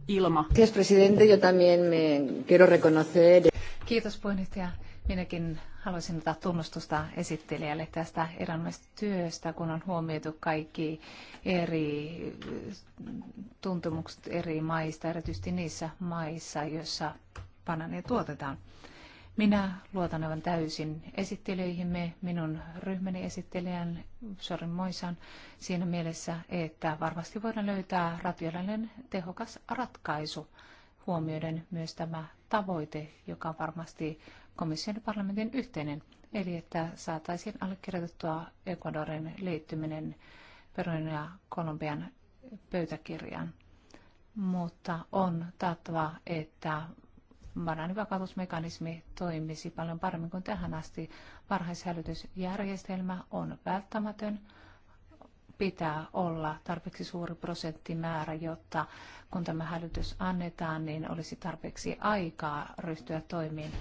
Ilma. Kiitos presidente, yo también me quiero reconocer. Kiitos puheenjohtaja. Minäkin haluaisin ottaa tunnustusta esittelijälle tästä erinomaisesta työstä, kun on huomioitu kaikki eri tuntemukset eri maista, erityisesti niissä maissa, joissa banaania tuotetaan. Minä luotan aivan täysin esittelyihimme, minun ryhmäni esittelijän Sorin Moisan, siinä mielessä, että varmasti voidaan löytää rationaalinen tehokas ratkaisu huomioiden myös tämä tavoite, joka on varmasti komission ja parlamentin yhteinen, eli että saataisiin allekirjoitettua Ecuadorin liittyminen Perun ja Kolumbian pöytäkirjaan. Mutta on taattava, että bananivakautusmekanismi toimisi paljon paremmin kuin tähän asti. Varhaishälytysjärjestelmä on välttämätön. Pitää olla tarpeeksi suuri prosenttimäärä, jotta kun tämä hälytys annetaan, niin olisi tarpeeksi aikaa ryhtyä toimiin.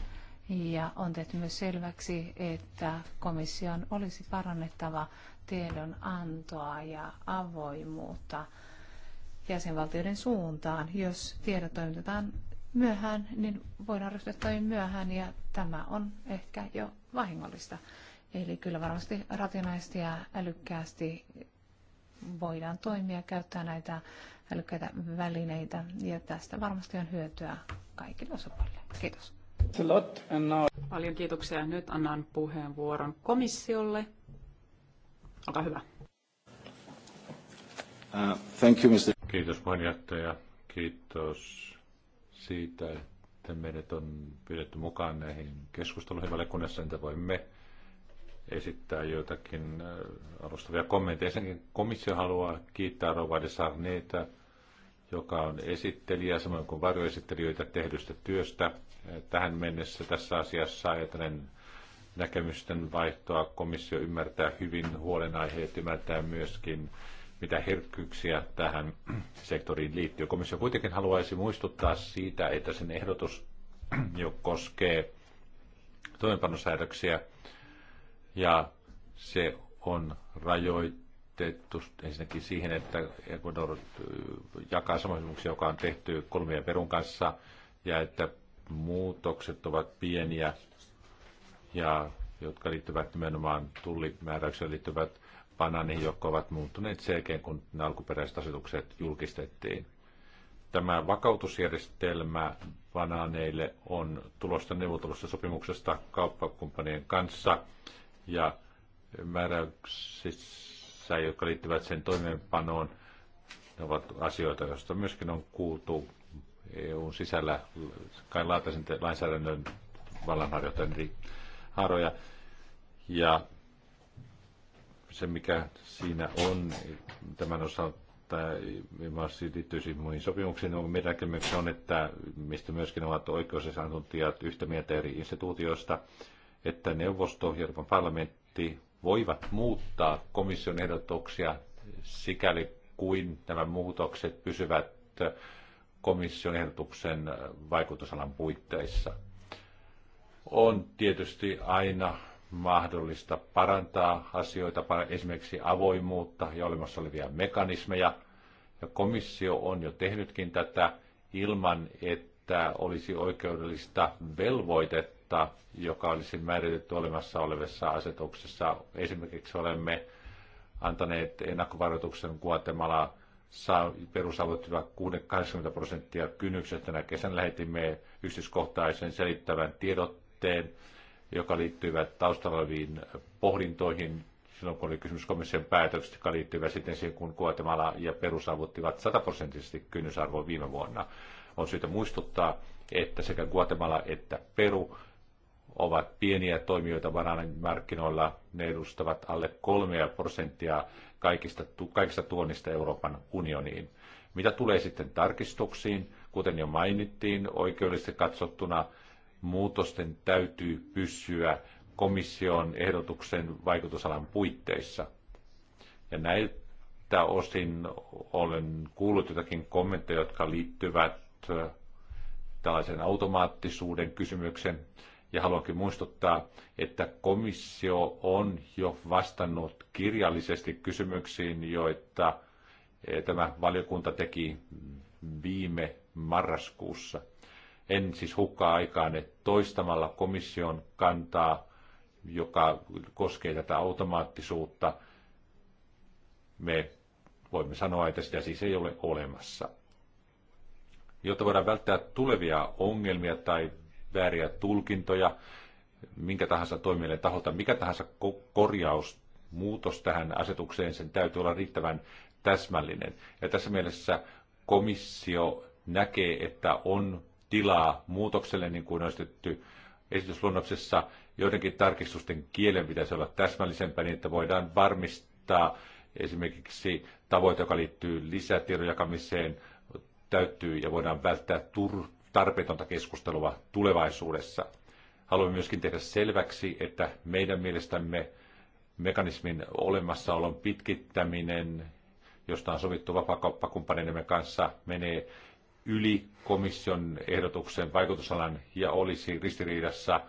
Ja on tehty myös selväksi, että komission olisi parannettava tiedon antoa ja avoimuutta jäsenvaltioiden suuntaan, jos tiedot toimitetaan myöhään, niin voidaan ryhtyä toimiin myöhään ja tämä on ehkä jo vahingollista. Eli kyllä varmasti rationaalisesti ja älykkäästi voidaan toimia, käyttää näitä älykkäitä välineitä ja tästä varmasti on hyötyä kaikille osapuolille. Kiitos. Paljon kiitoksia. Nyt annan puheenvuoron komissiolle. Olkaa hyvä. Uh, thank you, Mr. Kiitos puheenjohtaja. Kiitos siitä, että meidät on pidetty mukaan näihin keskusteluihin valiokunnassa, niin että voimme esittää joitakin äh, alustavia kommentteja. Ensinnäkin komissio haluaa kiittää Rova de Sarneita, joka on esittelijä, samoin kuin varjoesittelijöitä tehdystä työstä äh, tähän mennessä tässä asiassa ajatellen näkemysten vaihtoa. Komissio ymmärtää hyvin huolenaiheet, ymmärtää myöskin mitä herkkyyksiä tähän sektoriin liittyy. Komissio kuitenkin haluaisi muistuttaa siitä, että sen ehdotus jo koskee toimenpanosäädöksiä ja se on rajoitettu ensinnäkin siihen, että Ecuador äh, jakaa sopimuksia, joka on tehty kolmien perun kanssa ja että muutokset ovat pieniä ja jotka liittyvät nimenomaan tullimääräykseen liittyvät pannaan niihin, jotka ovat muuttuneet sen jälkeen, kun ne alkuperäiset asetukset julkistettiin. Tämä vakautusjärjestelmä banaaneille on tulosta neuvotelusta sopimuksesta kauppakumppanien kanssa ja määräyksissä, jotka liittyvät sen toimeenpanoon, ne ovat asioita, joista myöskin on kuultu EUn sisällä kai laataisen lainsäädännön vallanharjoittajien haaroja. Ja se, mikä siinä on tämän osalta, liittyisi muihin sopimuksiin, on no, meidän näkemyksessä on, että mistä myöskin ovat oikeusasiantuntijat yhtä mieltä eri instituutioista, että neuvosto ja Euroopan parlamentti voivat muuttaa komission ehdotuksia sikäli kuin nämä muutokset pysyvät komission ehdotuksen vaikutusalan puitteissa. On tietysti aina mahdollista parantaa asioita, esimerkiksi avoimuutta ja olemassa olevia mekanismeja. Ja komissio on jo tehnytkin tätä ilman, että olisi oikeudellista velvoitetta, joka olisi määritetty olemassa olevassa asetuksessa. Esimerkiksi olemme antaneet ennakkovaroituksen Guatemala saa perusavoittiva 80 prosenttia kynnyksestä. Tänä kesän lähetimme yksityiskohtaisen selittävän tiedotteen joka liittyivät taustalla oleviin pohdintoihin silloin, kun oli kysymys komission päätöksistä, joka liittyivät sitten siihen, kun Guatemala ja Peru saavuttivat sataprosenttisesti kynnysarvoa viime vuonna. On syytä muistuttaa, että sekä Guatemala että Peru ovat pieniä toimijoita banaanimarkkinoilla. Ne edustavat alle 3 prosenttia kaikista, kaikista tuonnista Euroopan unioniin. Mitä tulee sitten tarkistuksiin, kuten jo mainittiin, oikeudellisesti katsottuna – muutosten täytyy pysyä komission ehdotuksen vaikutusalan puitteissa. Ja näiltä osin olen kuullut jotakin kommentteja, jotka liittyvät äh, tällaisen automaattisuuden kysymyksen. Ja haluankin muistuttaa, että komissio on jo vastannut kirjallisesti kysymyksiin, joita äh, tämä valiokunta teki viime marraskuussa – en siis hukkaa että toistamalla komission kantaa, joka koskee tätä automaattisuutta. Me voimme sanoa, että sitä siis ei ole olemassa. Jotta voidaan välttää tulevia ongelmia tai vääriä tulkintoja, minkä tahansa toimijoiden taholta, mikä tahansa ko- korjaus, muutos tähän asetukseen, sen täytyy olla riittävän täsmällinen. Ja tässä mielessä komissio näkee, että on tilaa muutokselle, niin kuin on esitetty esitysluonnoksessa. Joidenkin tarkistusten kielen pitäisi olla täsmällisempää, niin että voidaan varmistaa esimerkiksi tavoite, joka liittyy lisätiedon jakamiseen, täyttyy ja voidaan välttää tur- tarpeetonta keskustelua tulevaisuudessa. Haluamme myöskin tehdä selväksi, että meidän mielestämme mekanismin olemassaolon pitkittäminen, josta on sovittu vapakauppakumppaneidemme kanssa, menee yli komission ehdotuksen vaikutusalan ja olisi ristiriidassa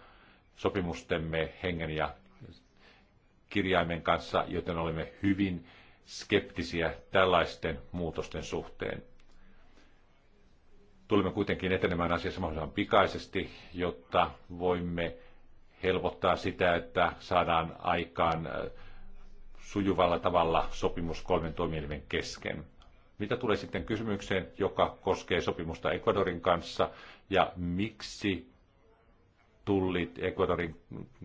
sopimustemme hengen ja kirjaimen kanssa, joten olemme hyvin skeptisiä tällaisten muutosten suhteen. Tulemme kuitenkin etenemään asiassa mahdollisimman pikaisesti, jotta voimme helpottaa sitä, että saadaan aikaan äh, sujuvalla tavalla sopimus kolmen toimielimen kesken. Mitä tulee sitten kysymykseen, joka koskee sopimusta Ecuadorin kanssa ja miksi tullit Ecuadorin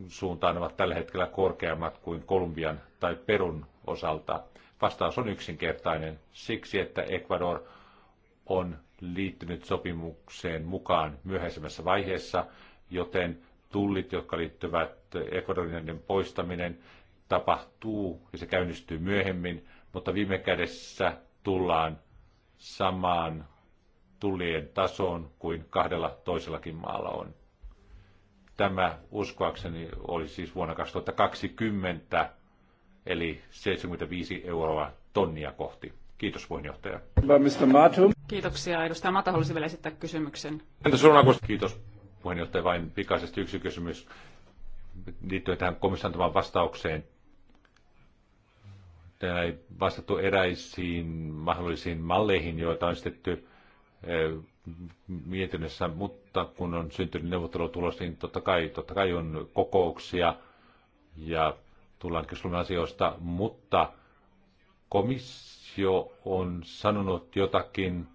suuntaan ovat tällä hetkellä korkeammat kuin Kolumbian tai Perun osalta? Vastaus on yksinkertainen. Siksi, että Ecuador on liittynyt sopimukseen mukaan myöhäisemmässä vaiheessa, joten tullit, jotka liittyvät Ecuadorin poistaminen, tapahtuu ja se käynnistyy myöhemmin, mutta viime kädessä tullaan samaan tullien tasoon kuin kahdella toisellakin maalla on. Tämä uskoakseni oli siis vuonna 2020, eli 75 euroa tonnia kohti. Kiitos puheenjohtaja. Kiitoksia. Edustaja Mata halusi vielä esittää kysymyksen. Entä sinulla, kiitos puheenjohtaja, vain pikaisesti yksi kysymys liittyen tähän komission vastaukseen Siinä ei vastattu eräisiin mahdollisiin malleihin, joita on esitetty eh, mietinnössä, mutta kun on syntynyt neuvottelutulos, niin totta kai, totta kai on kokouksia ja tullaan keskustelemaan asioista, mutta komissio on sanonut jotakin,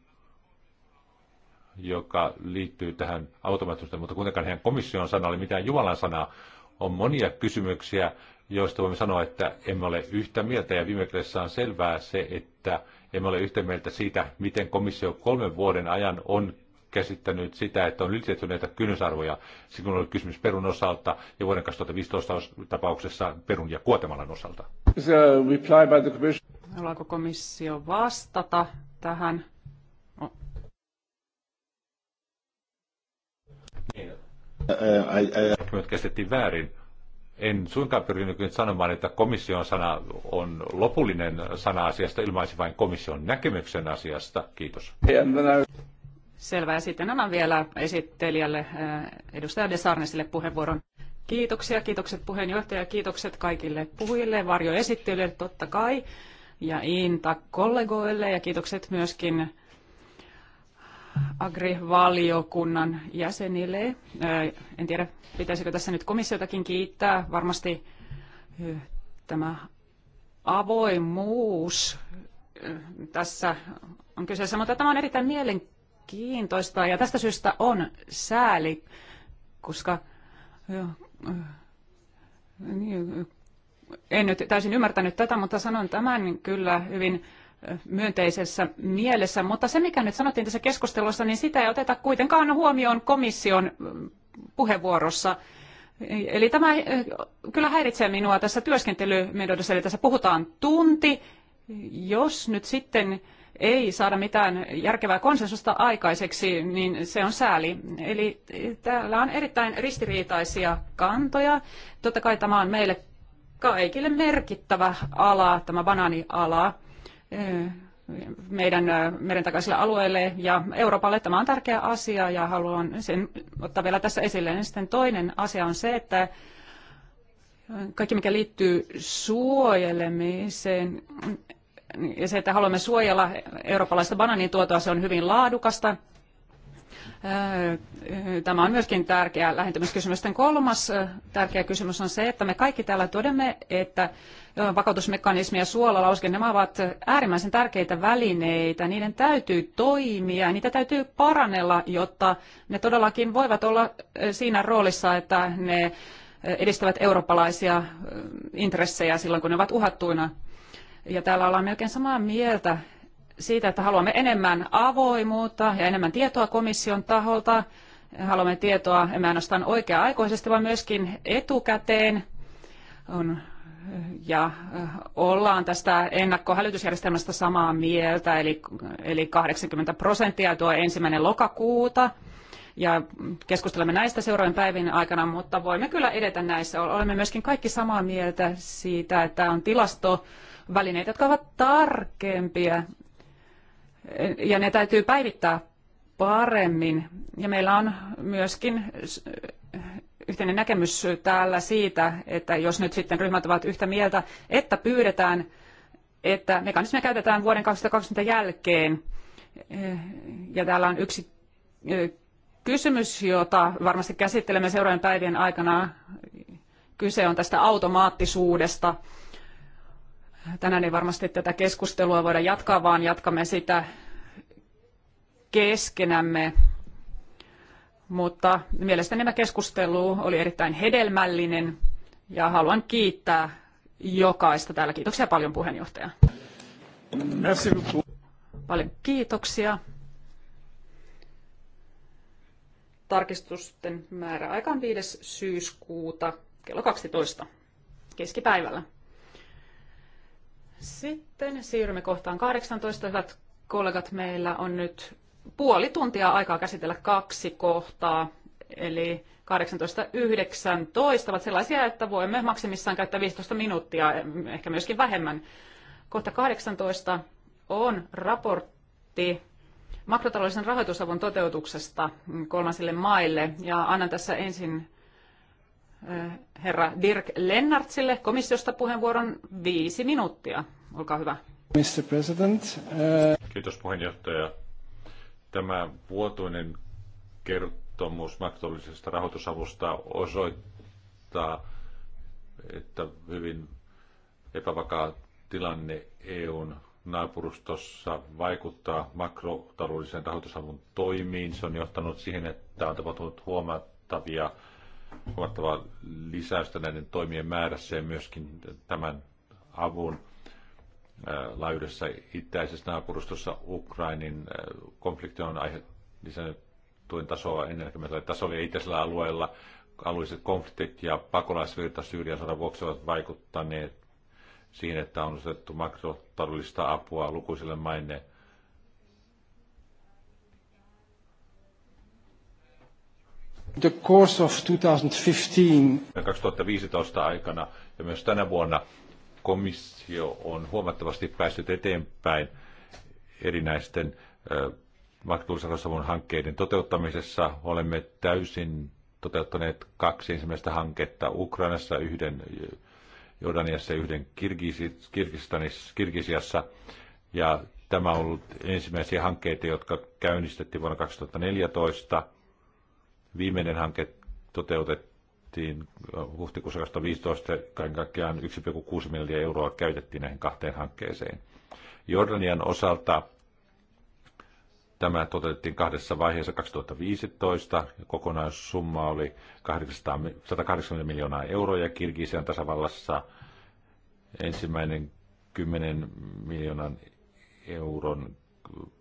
joka liittyy tähän automaattisuuteen, mutta kuitenkaan heidän komission sana oli mitään Jumalan sanaa. On monia kysymyksiä, joista voimme sanoa, että emme ole yhtä mieltä. Ja viime kädessä on selvää se, että emme ole yhtä mieltä siitä, miten komissio kolmen vuoden ajan on käsittänyt sitä, että on ylitetty näitä kynnysarvoja, kun oli kysymys Perun osalta ja vuoden 2015 tapauksessa Perun ja Kuotemalan osalta. Haluaako komissio vastata tähän? Oh. Niin. Äh, uh, äh, I, äh. I... ää. Me käsitettiin väärin en suinkaan pyrkinyt nyt sanomaan, että komission sana on lopullinen sana asiasta, ilmaisi vain komission näkemyksen asiasta. Kiitos. Selvä. Ja sitten annan vielä esittelijälle, eh, edustaja Desarnesille puheenvuoron. Kiitoksia, kiitokset puheenjohtaja, kiitokset kaikille puhujille, varjoesittelijöille totta kai, ja Inta-kollegoille, ja kiitokset myöskin agrivaliokunnan jäsenille. Äh, en tiedä, pitäisikö tässä nyt komissiotakin kiittää. Varmasti äh, tämä avoimuus äh, tässä on kyseessä, mutta tämä on erittäin mielenkiintoista ja tästä syystä on sääli, koska niin, en nyt täysin ymmärtänyt tätä, mutta sanon tämän kyllä hyvin myönteisessä mielessä, mutta se mikä nyt sanottiin tässä keskustelussa, niin sitä ei oteta kuitenkaan huomioon komission puheenvuorossa. Eli tämä eh, kyllä häiritsee minua tässä työskentelymetodossa, eli tässä puhutaan tunti. Jos nyt sitten ei saada mitään järkevää konsensusta aikaiseksi, niin se on sääli. Eli eh, täällä on erittäin ristiriitaisia kantoja. Totta kai tämä on meille kaikille merkittävä ala, tämä banaaniala meidän meren takaisille alueille ja Euroopalle tämä on tärkeä asia ja haluan sen ottaa vielä tässä esille. Ja sitten toinen asia on se, että kaikki mikä liittyy suojelemiseen ja se, että haluamme suojella eurooppalaista bananin tuotoa, se on hyvin laadukasta. Tämä on myöskin tärkeä lähentymiskysymys. Sitten kolmas tärkeä kysymys on se, että me kaikki täällä todemme, että vakautusmekanismia ja suolalauseke, nämä ovat äärimmäisen tärkeitä välineitä. Niiden täytyy toimia ja niitä täytyy parannella, jotta ne todellakin voivat olla siinä roolissa, että ne edistävät eurooppalaisia intressejä silloin, kun ne ovat uhattuina. Ja täällä ollaan melkein samaa mieltä siitä, että haluamme enemmän avoimuutta ja enemmän tietoa komission taholta. Haluamme tietoa emme ainoastaan oikea-aikaisesti, vaan myöskin etukäteen. On ja ollaan tästä ennakkohälytysjärjestelmästä samaa mieltä, eli, eli 80 prosenttia tuo ensimmäinen lokakuuta. Ja keskustelemme näistä seuraavien päivien aikana, mutta voimme kyllä edetä näissä. Olemme myöskin kaikki samaa mieltä siitä, että on tilastovälineitä, jotka ovat tarkempia ja ne täytyy päivittää paremmin. Ja meillä on myöskin yhteinen näkemys täällä siitä, että jos nyt sitten ryhmät ovat yhtä mieltä, että pyydetään, että mekanismia käytetään vuoden 2020 jälkeen. Eh, ja täällä on yksi eh, kysymys, jota varmasti käsittelemme seuraavien päivien aikana. Kyse on tästä automaattisuudesta. Tänään ei varmasti tätä keskustelua voida jatkaa, vaan jatkamme sitä keskenämme mutta mielestäni tämä keskustelu oli erittäin hedelmällinen ja haluan kiittää jokaista täällä. Kiitoksia paljon puheenjohtaja. Merci paljon kiitoksia. Tarkistusten määrä on 5. syyskuuta kello 12 keskipäivällä. Sitten siirrymme kohtaan 18. Hyvät kollegat, meillä on nyt puoli tuntia aikaa käsitellä kaksi kohtaa, eli 18.19 ovat sellaisia, että voimme maksimissaan käyttää 15 minuuttia, ehkä myöskin vähemmän. Kohta 18 on raportti makrotaloudellisen rahoitusavun toteutuksesta kolmansille maille. Ja annan tässä ensin eh, herra Dirk Lennartsille komissiosta puheenvuoron viisi minuuttia. Olkaa hyvä. Mr. President, uh... Kiitos puheenjohtaja. Tämä vuotuinen kertomus maksullisesta rahoitusavusta osoittaa, että hyvin epävakaa tilanne EUn naapurustossa vaikuttaa makrotaloudellisen rahoitusavun toimiin. Se on johtanut siihen, että on tapahtunut huomattavia, huomattavaa lisäystä näiden toimien määrässä ja myöskin tämän avun Äh, laajuudessa itäisessä naapurustossa Ukrainin äh, konflikti on lisännyt tuen tasoa ennennäkemättömällä tasolla ja itäisellä alueella alueelliset konfliktit ja pakolaisvirta Syyrian sodan vuoksi ovat vaikuttaneet siihen, että on osoitettu makrotaloudellista apua lukuisille maille. The course of 2015. 2015 aikana ja myös tänä vuonna komissio on huomattavasti päässyt eteenpäin erinäisten vakuutusarvosavun hankkeiden toteuttamisessa. Olemme täysin toteuttaneet kaksi ensimmäistä hanketta Ukrainassa, yhden Jordaniassa ja yhden Kirgisiassa. Ja tämä on ollut ensimmäisiä hankkeita, jotka käynnistettiin vuonna 2014. Viimeinen hanke toteutettiin käytettiin äh, huhtikuussa 2015 kaiken kaikkiaan 1,6 miljardia euroa käytettiin näihin kahteen hankkeeseen. Jordanian osalta tämä toteutettiin kahdessa vaiheessa 2015. Kokonaissumma oli 800, 180 miljoonaa euroa ja Kirgisian tasavallassa ensimmäinen 10 miljoonan euron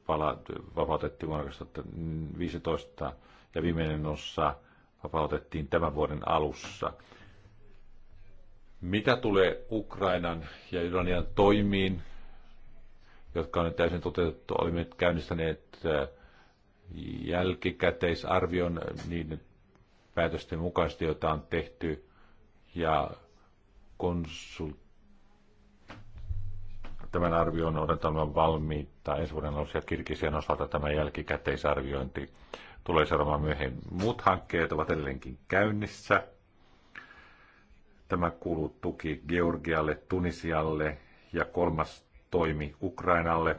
pala vapautettiin vuonna 2015 ja viimeinen osa vapautettiin tämän vuoden alussa. Mitä tulee Ukrainan ja Jordanian toimiin, jotka on nyt täysin toteutettu, olimme käynnistäneet äh, jälkikäteisarvion niin päätösten mukaisesti, joita on tehty, ja konsult... tämän arvion odotamme valmiita ensi vuoden alussa ja Kirkisien osalta tämä jälkikäteisarviointi tulee seuraamaan myöhemmin. Muut hankkeet ovat edelleenkin käynnissä. Tämä kuuluu tuki Georgialle, Tunisialle ja kolmas toimi Ukrainalle.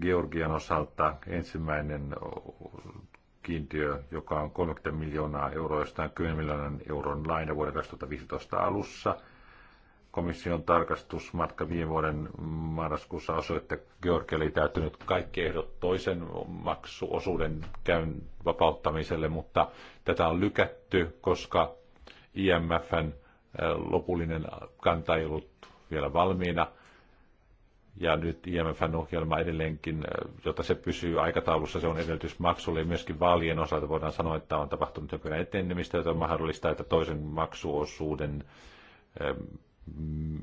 Georgian osalta ensimmäinen kiintiö, joka on 30 miljoonaa euroa, jostain 10 miljoonan euron laina vuoden 2015 alussa – komission tarkastusmatka viime vuoden marraskuussa osui, että Georgia oli täyttynyt kaikki ehdot toisen maksuosuuden käyn vapauttamiselle, mutta tätä on lykätty, koska IMFn lopullinen kanta ei ollut vielä valmiina. Ja nyt IMFn ohjelma edelleenkin, jotta se pysyy aikataulussa, se on edellytys maksulle. Ja myöskin vaalien osalta voidaan sanoa, että on tapahtunut jonkinlainen etenemistä, jota on mahdollista, että toisen maksuosuuden Mm,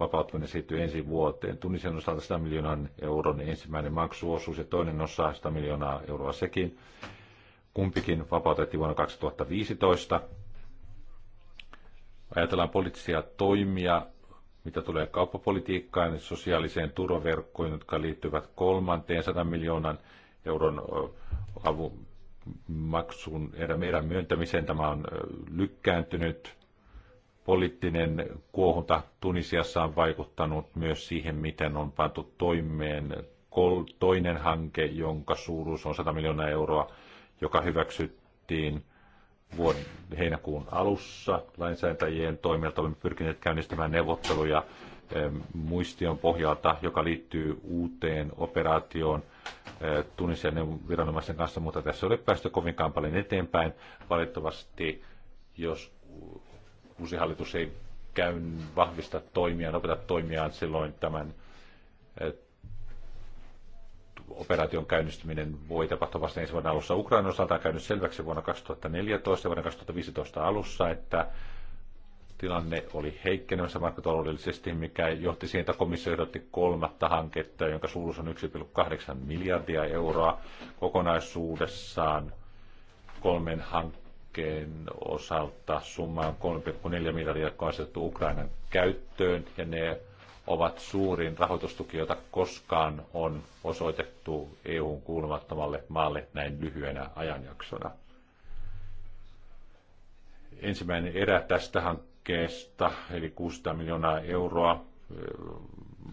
Vapautuminen siirtyy ensi vuoteen. Tunisian osalta 100 miljoonan euron ensimmäinen maksuosuus ja toinen osa 100 miljoonaa euroa sekin. Kumpikin vapautettiin vuonna 2015. Ajatellaan poliittisia toimia, mitä tulee kauppapolitiikkaan ja sosiaaliseen turvaverkkoon, jotka liittyvät kolmanteen 100 miljoonan euron avun maksun erän myöntämiseen. Tämä on lykkääntynyt poliittinen kuohunta Tunisiassa on vaikuttanut myös siihen, miten on pantu toimeen toinen hanke, jonka suuruus on 100 miljoonaa euroa, joka hyväksyttiin vuoden heinäkuun alussa lainsäätäjien toimialta. Olemme pyrkineet käynnistämään neuvotteluja eh, muistion pohjalta, joka liittyy uuteen operaatioon eh, Tunisian viranomaisen kanssa, mutta tässä ei ole päästy kovinkaan paljon eteenpäin. Valitettavasti, jos uusi hallitus ei käy vahvista toimia, nopeuta toimiaan silloin tämän eh, operaation käynnistyminen voi tapahtua vasta ensi vuoden alussa. Ukraina osalta on käynyt selväksi vuonna 2014 ja vuonna 2015 alussa, että tilanne oli heikkenemässä makrotaloudellisesti, mikä johti siihen, että komissio ehdotti kolmatta hanketta, jonka suuruus on 1,8 miljardia euroa kokonaisuudessaan kolmen hankkeen hankkeen osalta summa on 3,4 miljardia, jotka on asetettu Ukrainan käyttöön, ja ne ovat suurin rahoitustuki, jota koskaan on osoitettu EUn kuulumattomalle maalle näin lyhyenä ajanjaksona. Ensimmäinen erä tästä hankkeesta, eli 600 miljoonaa euroa, eh,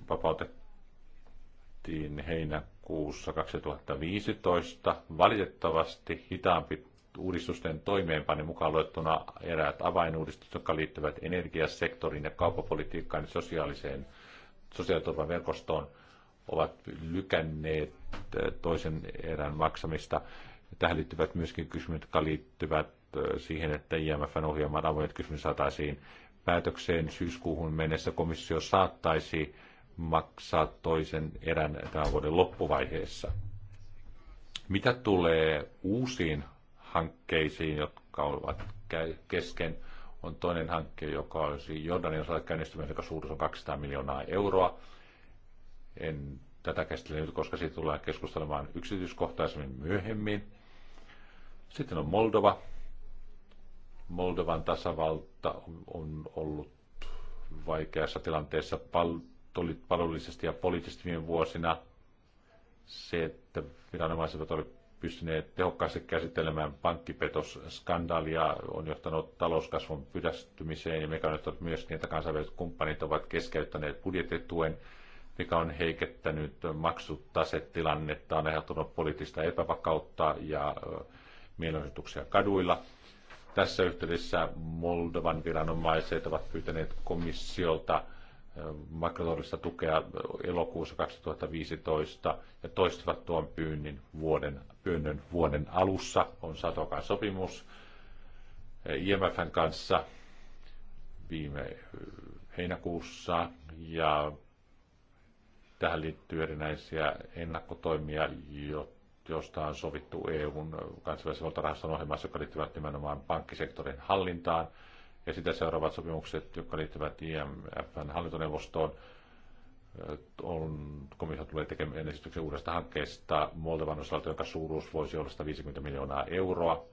vapautettiin heinäkuussa 2015. Valitettavasti hitaampi uudistusten toimeenpanne mukaan luettuna eräät avainuudistukset, jotka liittyvät energiasektoriin ja kauppapolitiikkaan ja sosiaaliseen sosiaaliturvaverkostoon, ovat lykänneet toisen erän maksamista. Tähän liittyvät myöskin kysymykset, jotka liittyvät siihen, että IMFn ohjelman avoimet kysymys saataisiin päätökseen syyskuuhun mennessä. Komissio saattaisi maksaa toisen erän tämän vuoden loppuvaiheessa. Mitä tulee uusiin hankkeisiin, jotka ovat kesken. On toinen hankke, joka olisi Jordanin osalta käynnistymässä, joka suuruus on 200 miljoonaa euroa. En tätä käsittele nyt, koska siitä tullaan keskustelemaan yksityiskohtaisemmin myöhemmin. Sitten on Moldova. Moldovan tasavalta on ollut vaikeassa tilanteessa palvelullisesti ja poliittisesti viime vuosina. Se, että viranomaiset ovat pystyneet tehokkaasti käsittelemään pankkipetosskandaalia, on johtanut talouskasvun pydästymiseen ja mikä on johtanut myös niin, että kansainväliset kumppanit ovat keskeyttäneet budjetituen, mikä on heikentänyt maksutasetilannetta, on aiheuttanut poliittista epävakautta ja mielenosoituksia kaduilla. Tässä yhteydessä Moldovan viranomaiset ovat pyytäneet komissiolta makrotaloudellista tukea elokuussa 2015 ja toistivat tuon pyynnin vuoden pyynnön vuoden alussa on satokan sopimus eh, IMFn kanssa viime eh, heinäkuussa ja tähän liittyy erinäisiä ennakkotoimia, joista on sovittu EUn kansainvälisen valtarahaston ohjelmassa, jotka liittyvät nimenomaan pankkisektorin hallintaan ja sitä seuraavat sopimukset, jotka liittyvät IMFn hallintoneuvostoon, on, komissio tulee tekemään esityksen uudesta hankkeesta Moldovan osalta, jonka suuruus voisi olla 150 miljoonaa euroa,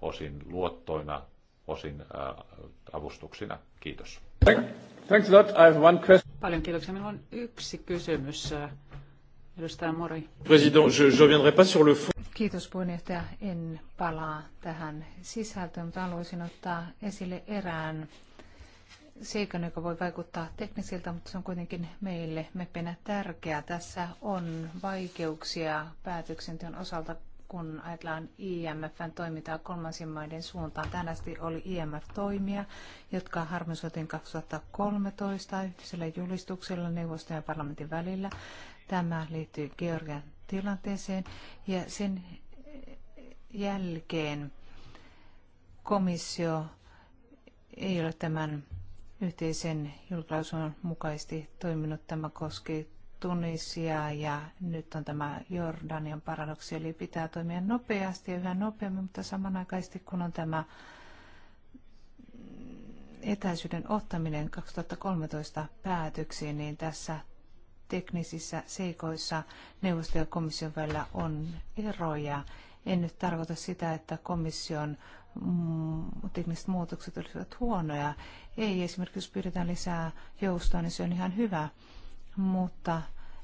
osin luottoina, osin äh, avustuksina. Kiitos. Thanks a lot. I have one question. Paljon kiitoksia. Minulla on yksi kysymys. Äh, edustaja Mori. President, je, je viendrai pas sur le fond. Kiitos puheenjohtaja. En palaa tähän sisältöön, mutta haluaisin ottaa esille erään seikan, joka voi vaikuttaa teknisiltä, mutta se on kuitenkin meille meppinä tärkeää. Tässä on vaikeuksia päätöksenteon osalta, kun ajatellaan IMFn toimintaa kolmansien maiden suuntaan. Tänä asti oli IMF-toimia, jotka harmonisoitiin 2013 yhteisellä julistuksella neuvoston ja parlamentin välillä. Tämä liittyy Georgian tilanteeseen ja sen jälkeen komissio ei ole tämän yhteisen julkaisun mukaisesti toiminut. Tämä koski Tunisiaa ja nyt on tämä Jordanian paradoksi, eli pitää toimia nopeasti ja yhä nopeammin, mutta samanaikaisesti kun on tämä etäisyyden ottaminen 2013 päätöksiin, niin tässä teknisissä seikoissa neuvostojen ja komission välillä on eroja. En nyt tarkoita sitä, että komission Mm, tekniset muutokset olisivat huonoja. Ei esimerkiksi, jos pyydetään lisää joustoa, niin se on ihan hyvä, mutta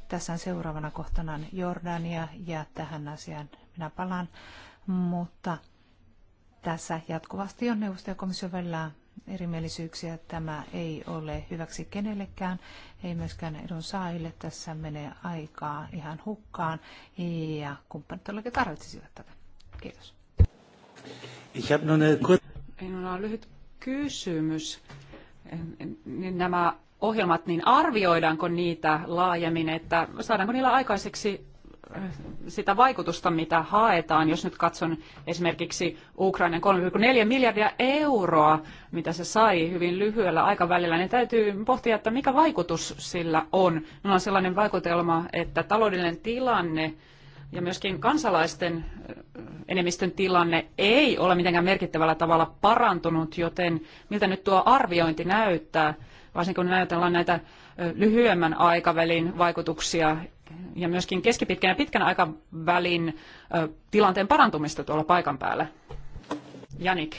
tässä on seuraavana kohtana Jordania ja tähän asiaan minä palaan, mutta tässä jatkuvasti on neuvosto ja komission välillä erimielisyyksiä. Tämä ei ole hyväksi kenellekään, ei myöskään edun saajille. Tässä menee aikaa ihan hukkaan ja kumppanit tarvitsisivat tätä. Kiitos. Minulla on lyhyt kysymys. Niin nämä ohjelmat, niin arvioidaanko niitä laajemmin, että saadaanko niillä aikaiseksi äh, sitä vaikutusta, mitä haetaan, jos nyt katson esimerkiksi Ukrainan 3,4 miljardia euroa, mitä se sai hyvin lyhyellä aikavälillä, niin täytyy pohtia, että mikä vaikutus sillä on. Minulla on sellainen vaikutelma, että taloudellinen tilanne ja myöskin kansalaisten enemmistön tilanne ei ole mitenkään merkittävällä tavalla parantunut, joten miltä nyt tuo arviointi näyttää, varsinkin kun ajatellaan näitä lyhyemmän aikavälin vaikutuksia ja myöskin keskipitkän ja pitkän aikavälin tilanteen parantumista tuolla paikan päällä. Janik.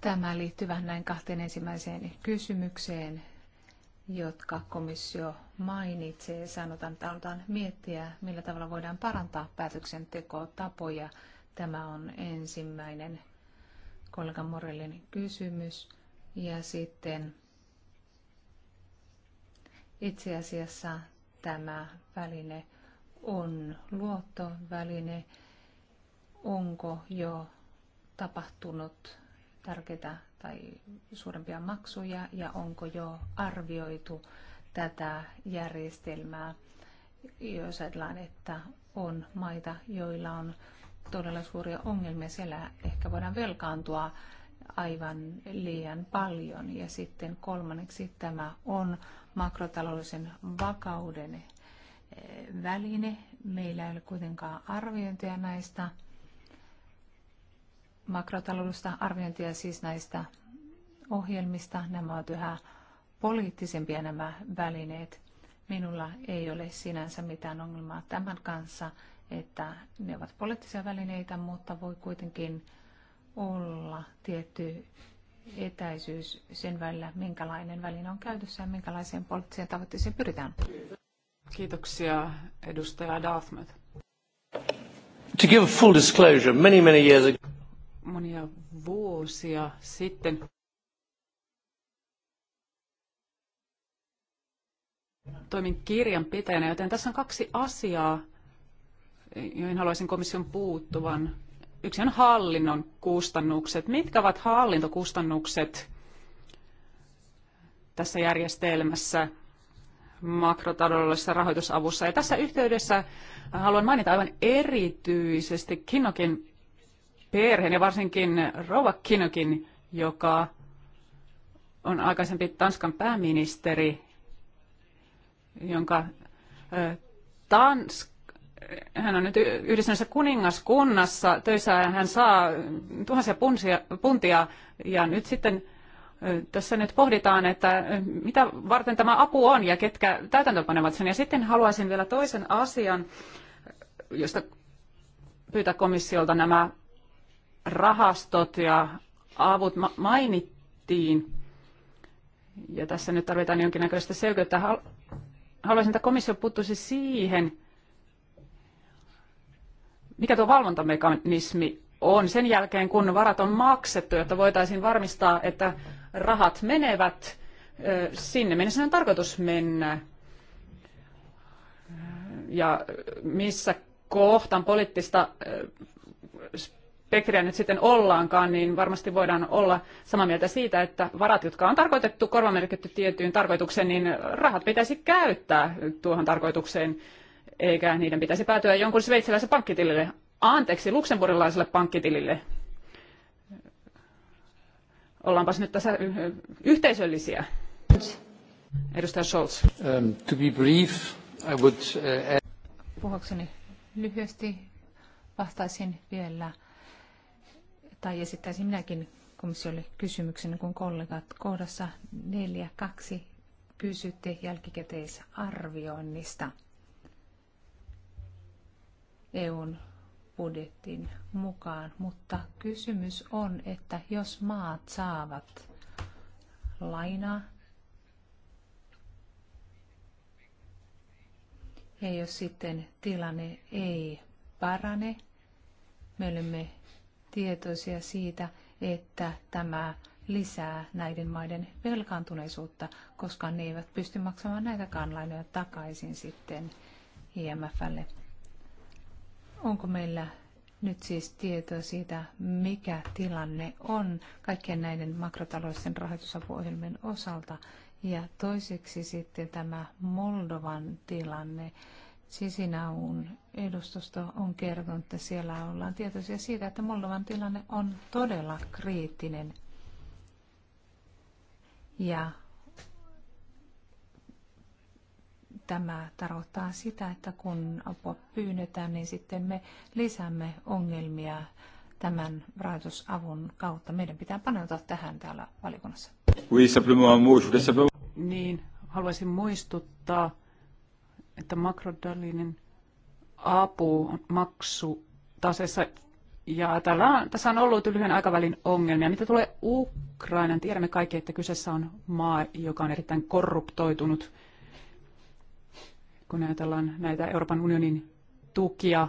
Tämä liittyy vähän näin kahteen ensimmäiseen kysymykseen jotka komissio mainitsee. Sanotaan, että halutaan miettiä, millä tavalla voidaan parantaa päätöksentekotapoja. Tämä on ensimmäinen kollega Morellin kysymys. Ja sitten itse asiassa tämä väline on luottoväline. Onko jo tapahtunut tärkeitä tai suurempia maksuja ja onko jo arvioitu tätä järjestelmää, jos ajatellaan, että on maita, joilla on todella suuria ongelmia. Siellä ehkä voidaan velkaantua aivan liian paljon. Ja sitten kolmanneksi tämä on makrotaloudellisen vakauden eh, väline. Meillä ei ole kuitenkaan arviointia näistä makrotaloudellista arviointia siis näistä ohjelmista. Nämä ovat yhä poliittisempia nämä välineet. Minulla ei ole sinänsä mitään ongelmaa tämän kanssa, että ne ovat poliittisia välineitä, mutta voi kuitenkin olla tietty etäisyys sen välillä, minkälainen väline on käytössä ja minkälaiseen poliittiseen tavoitteeseen pyritään. Kiitoksia, edustaja Dartmouth. To give full disclosure, many, many years ago monia vuosia sitten. Toimin kirjanpitäjänä, joten tässä on kaksi asiaa, joihin haluaisin komission puuttuvan. Yksi on hallinnon kustannukset. Mitkä ovat hallintokustannukset tässä järjestelmässä? makrotaloudellisessa rahoitusavussa. Ja tässä yhteydessä haluan mainita aivan erityisesti Kinnokin perheen ja varsinkin Rova Kinokin, joka on aikaisempi Tanskan pääministeri, jonka Tans hän on nyt yhdessä kuningaskunnassa töissä ja hän saa tuhansia punsia, puntia ja nyt sitten tässä nyt pohditaan, että mitä varten tämä apu on ja ketkä täytäntöpanevat sen. Ja sitten haluaisin vielä toisen asian, josta pyytää komissiolta nämä rahastot ja avut ma- mainittiin. Ja tässä nyt tarvitaan jonkinnäköistä selkeyttä. Haluaisin, että komissio puuttuisi siihen, mikä tuo valvontamekanismi on sen jälkeen, kun varat on maksettu, jotta voitaisiin varmistaa, että rahat menevät sinne, minne sen on tarkoitus mennä. Ja missä kohtaan poliittista pekriä nyt sitten ollaankaan, niin varmasti voidaan olla samaa mieltä siitä, että varat, jotka on tarkoitettu, korvamerkitty tiettyyn tarkoitukseen, niin rahat pitäisi käyttää tuohon tarkoitukseen, eikä niiden pitäisi päätyä jonkun sveitsiläisen pankkitilille, anteeksi, luksemburilaiselle pankkitilille. Ollaanpas nyt tässä yhteisöllisiä. Edustaja Scholz. Um, to be brief, I would, uh, add... lyhyesti vastaisin vielä tai esittäisin minäkin komissiolle kysymyksen, kun kollegat kohdassa 4.2 kysytte jälkikäteisarvioinnista EUn budjetin mukaan, mutta kysymys on, että jos maat saavat lainaa ja jos sitten tilanne ei parane, me olemme tietoisia siitä, että tämä lisää näiden maiden velkaantuneisuutta, koska ne eivät pysty maksamaan näitäkään lainoja takaisin sitten IMFlle. Onko meillä nyt siis tietoa siitä, mikä tilanne on kaikkien näiden makrotaloudellisten rahoitusapuohjelmien osalta. Ja toiseksi sitten tämä Moldovan tilanne. Sisinaun edustusto on kertonut, että siellä ollaan tietoisia siitä, että Moldovan tilanne on todella kriittinen. Ja tämä tarkoittaa sitä, että kun apua pyynnetään, niin sitten me lisäämme ongelmia tämän rahoitusavun kautta. Meidän pitää paneutua tähän täällä valikunnassa. Niin, haluaisin muistuttaa että makrodallinen apu maksu tasessa ja tällä on, tässä on ollut lyhyen aikavälin ongelmia. Mitä tulee Ukrainan, tiedämme kaikki, että kyseessä on maa, joka on erittäin korruptoitunut. Kun ajatellaan näitä Euroopan unionin tukia,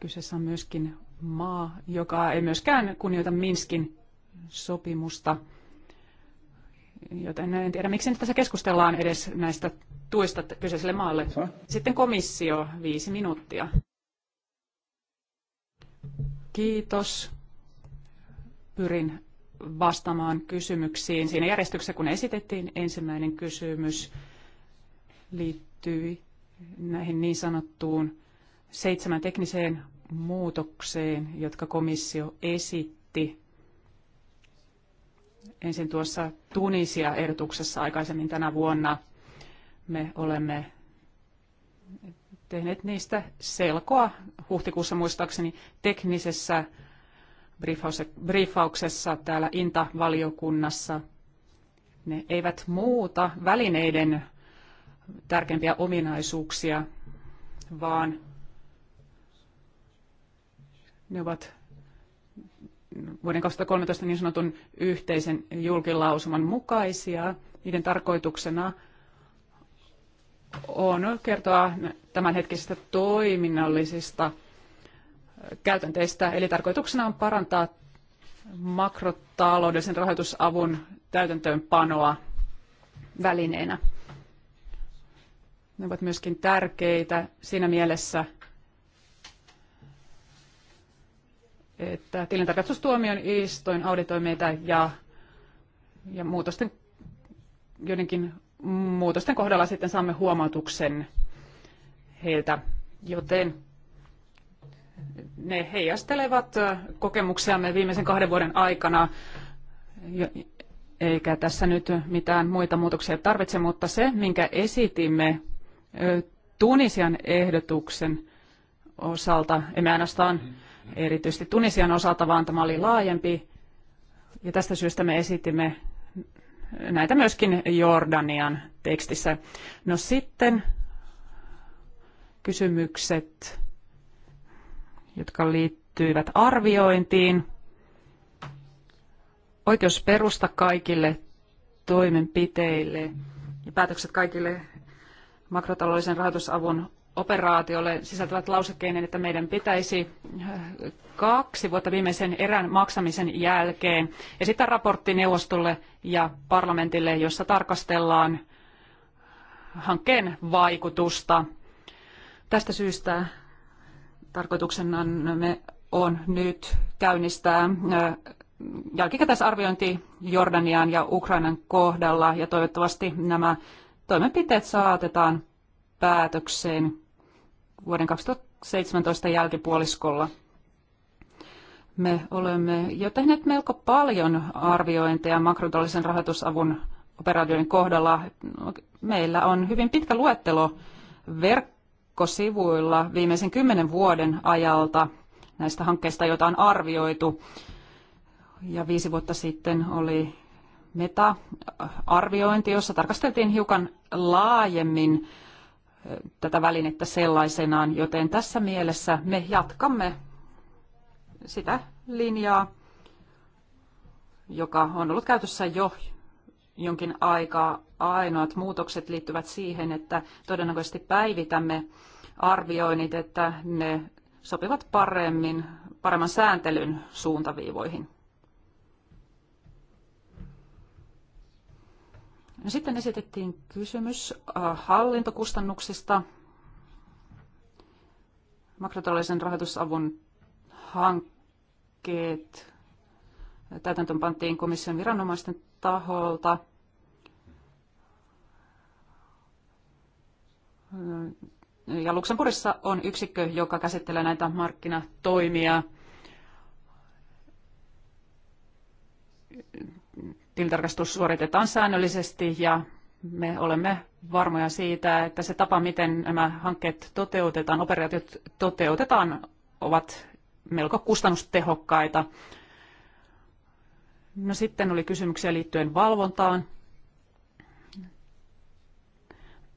kyseessä on myöskin maa, joka ei myöskään kunnioita Minskin sopimusta. Joten en tiedä, miksi nyt tässä keskustellaan edes näistä tuista kyseiselle maalle. Sitten komissio, viisi minuuttia. Kiitos. Pyrin vastaamaan kysymyksiin. Siinä järjestyksessä, kun esitettiin ensimmäinen kysymys, liittyi näihin niin sanottuun seitsemän tekniseen muutokseen, jotka komissio esitti ensin tuossa Tunisia-ehdotuksessa aikaisemmin tänä vuonna me olemme tehneet niistä selkoa huhtikuussa muistaakseni teknisessä briefauksessa täällä INTA-valiokunnassa. Ne eivät muuta välineiden tärkeimpiä ominaisuuksia, vaan ne ovat vuoden 2013 niin sanotun yhteisen julkilausuman mukaisia. Niiden tarkoituksena on kertoa tämänhetkisistä toiminnallisista käytänteistä, eli tarkoituksena on parantaa makrotaloudellisen rahoitusavun täytäntöönpanoa välineenä. Ne ovat myöskin tärkeitä siinä mielessä, että tilintarkastustuomion istuin auditoi meitä ja, ja muutosten, joidenkin muutosten kohdalla sitten saamme huomautuksen heiltä, joten ne heijastelevat kokemuksiamme viimeisen kahden vuoden aikana, eikä tässä nyt mitään muita muutoksia tarvitse, mutta se, minkä esitimme Tunisian ehdotuksen osalta, emme ainoastaan mm erityisesti Tunisian osalta, vaan tämä oli laajempi. Ja tästä syystä me esitimme näitä myöskin Jordanian tekstissä. No sitten kysymykset, jotka liittyivät arviointiin. Oikeus perusta kaikille toimenpiteille ja päätökset kaikille makrotaloudellisen rahoitusavun operaatiolle sisältävät lausekkeineen, että meidän pitäisi äh, kaksi vuotta viimeisen erän maksamisen jälkeen esittää raportti neuvostolle ja parlamentille, jossa tarkastellaan hankkeen vaikutusta. Tästä syystä tarkoituksenamme on nyt käynnistää äh, jälkikäteisarviointi Jordanian ja Ukrainan kohdalla ja toivottavasti nämä toimenpiteet saatetaan päätökseen vuoden 2017 jälkipuoliskolla. Me olemme jo tehneet melko paljon arviointeja makrotalisen rahoitusavun operaatioiden kohdalla. Meillä on hyvin pitkä luettelo verkkosivuilla viimeisen kymmenen vuoden ajalta näistä hankkeista, joita on arvioitu. Ja viisi vuotta sitten oli meta-arviointi, jossa tarkasteltiin hiukan laajemmin tätä välinettä sellaisenaan, joten tässä mielessä me jatkamme sitä linjaa, joka on ollut käytössä jo jonkin aikaa. Ainoat muutokset liittyvät siihen, että todennäköisesti päivitämme arvioinnit, että ne sopivat paremmin, paremman sääntelyn suuntaviivoihin. No sitten esitettiin kysymys äh, hallintokustannuksista makrotaloudellisen rahoitusavun hankkeet täytäntöön pantiin komission viranomaisten taholta. Ja Luxemburgissa on yksikkö, joka käsittelee näitä markkinatoimia. tilintarkastus suoritetaan säännöllisesti ja me olemme varmoja siitä, että se tapa, miten nämä hankkeet toteutetaan, operaatiot toteutetaan, ovat melko kustannustehokkaita. No sitten oli kysymyksiä liittyen valvontaan.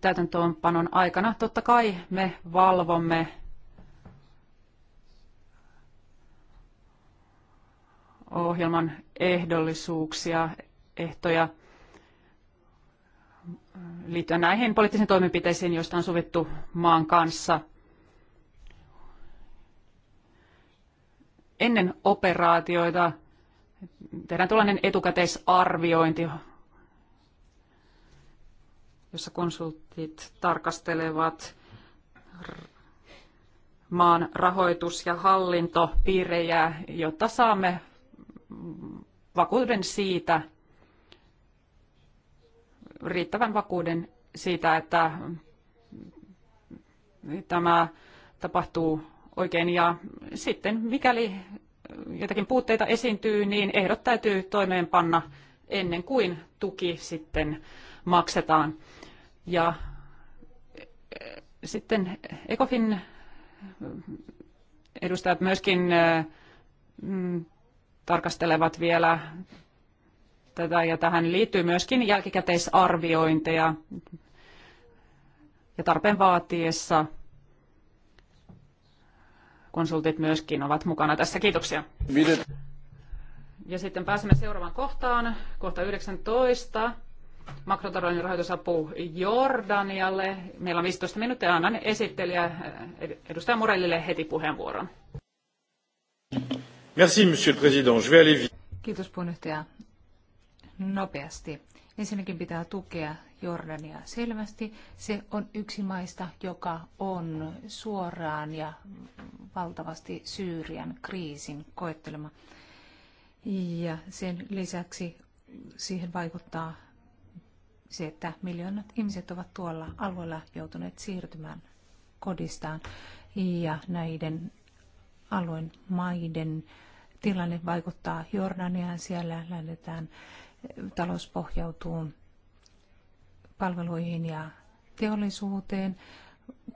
Täytäntöönpanon aikana totta kai me valvomme ohjelman ehdollisuuksia ehtoja liittyen näihin poliittisiin toimenpiteisiin, joista on sovittu maan kanssa. Ennen operaatioita tehdään tällainen etukäteisarviointi, jossa konsultit tarkastelevat maan rahoitus- ja hallintopiirejä, jotta saamme vakuuden siitä, riittävän vakuuden siitä, että tämä tapahtuu oikein. Ja sitten mikäli jotakin puutteita esiintyy, niin ehdot täytyy toimeenpanna ennen kuin tuki sitten maksetaan. Ja eh, sitten ECOFIN edustajat myöskin eh, mm, tarkastelevat vielä tätä ja tähän liittyy myöskin jälkikäteisarviointeja ja tarpeen vaatiessa konsultit myöskin ovat mukana tässä. Kiitoksia. Ja sitten pääsemme seuraavaan kohtaan, kohta 19. Makrotalouden rahoitusapu Jordanialle. Meillä on 15 minuuttia. Annan esittelijä edustaja Morellille heti puheenvuoron. Merci, monsieur le président. Je vais aller vite. Kiitos puheenjohtaja nopeasti. Ensinnäkin pitää tukea Jordania selvästi. Se on yksi maista, joka on suoraan ja valtavasti Syyrian kriisin koettelema. Ja sen lisäksi siihen vaikuttaa se, että miljoonat ihmiset ovat tuolla alueella joutuneet siirtymään kodistaan ja näiden alueen maiden tilanne vaikuttaa Jordaniaan. Siellä lähdetään talous pohjautuu palveluihin ja teollisuuteen,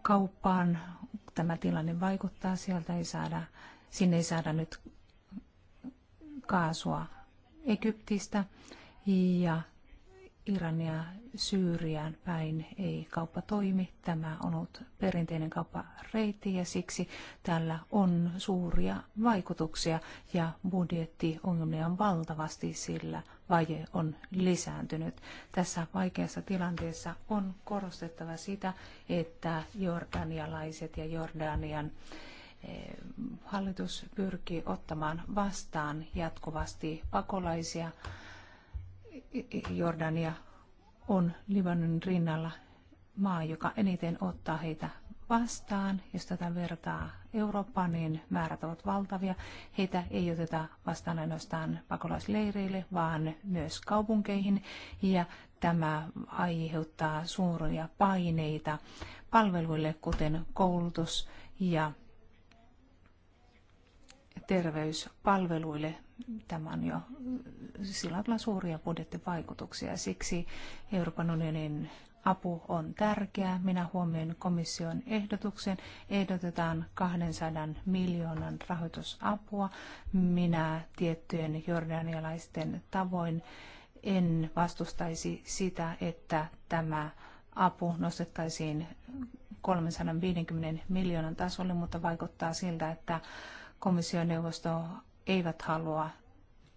kauppaan. Tämä tilanne vaikuttaa, sieltä ei saada, sinne ei saada nyt kaasua Egyptistä ja Irania Syyriään päin ei kauppa toimi. Tämä on ollut perinteinen kauppareitti ja siksi tällä on suuria vaikutuksia ja budjettiongelmia on valtavasti, sillä vaje on lisääntynyt. Tässä vaikeassa tilanteessa on korostettava sitä, että jordanialaiset ja Jordanian eh, hallitus pyrkii ottamaan vastaan jatkuvasti pakolaisia. Jordania on Libanonin rinnalla maa, joka eniten ottaa heitä vastaan. Jos tätä vertaa Eurooppaan, niin määrät ovat valtavia. Heitä ei oteta vastaan ainoastaan pakolaisleireille, vaan myös kaupunkeihin. Ja tämä aiheuttaa suuria paineita palveluille, kuten koulutus ja terveyspalveluille. Tämä on jo sillä tavalla suuria budjettivaikutuksia. Siksi Euroopan unionin apu on tärkeää. Minä huomioin komission ehdotuksen. Ehdotetaan 200 miljoonan rahoitusapua. Minä tiettyjen jordanialaisten tavoin en vastustaisi sitä, että tämä apu nostettaisiin 350 miljoonan tasolle, mutta vaikuttaa siltä, että komissioneuvosto eivät halua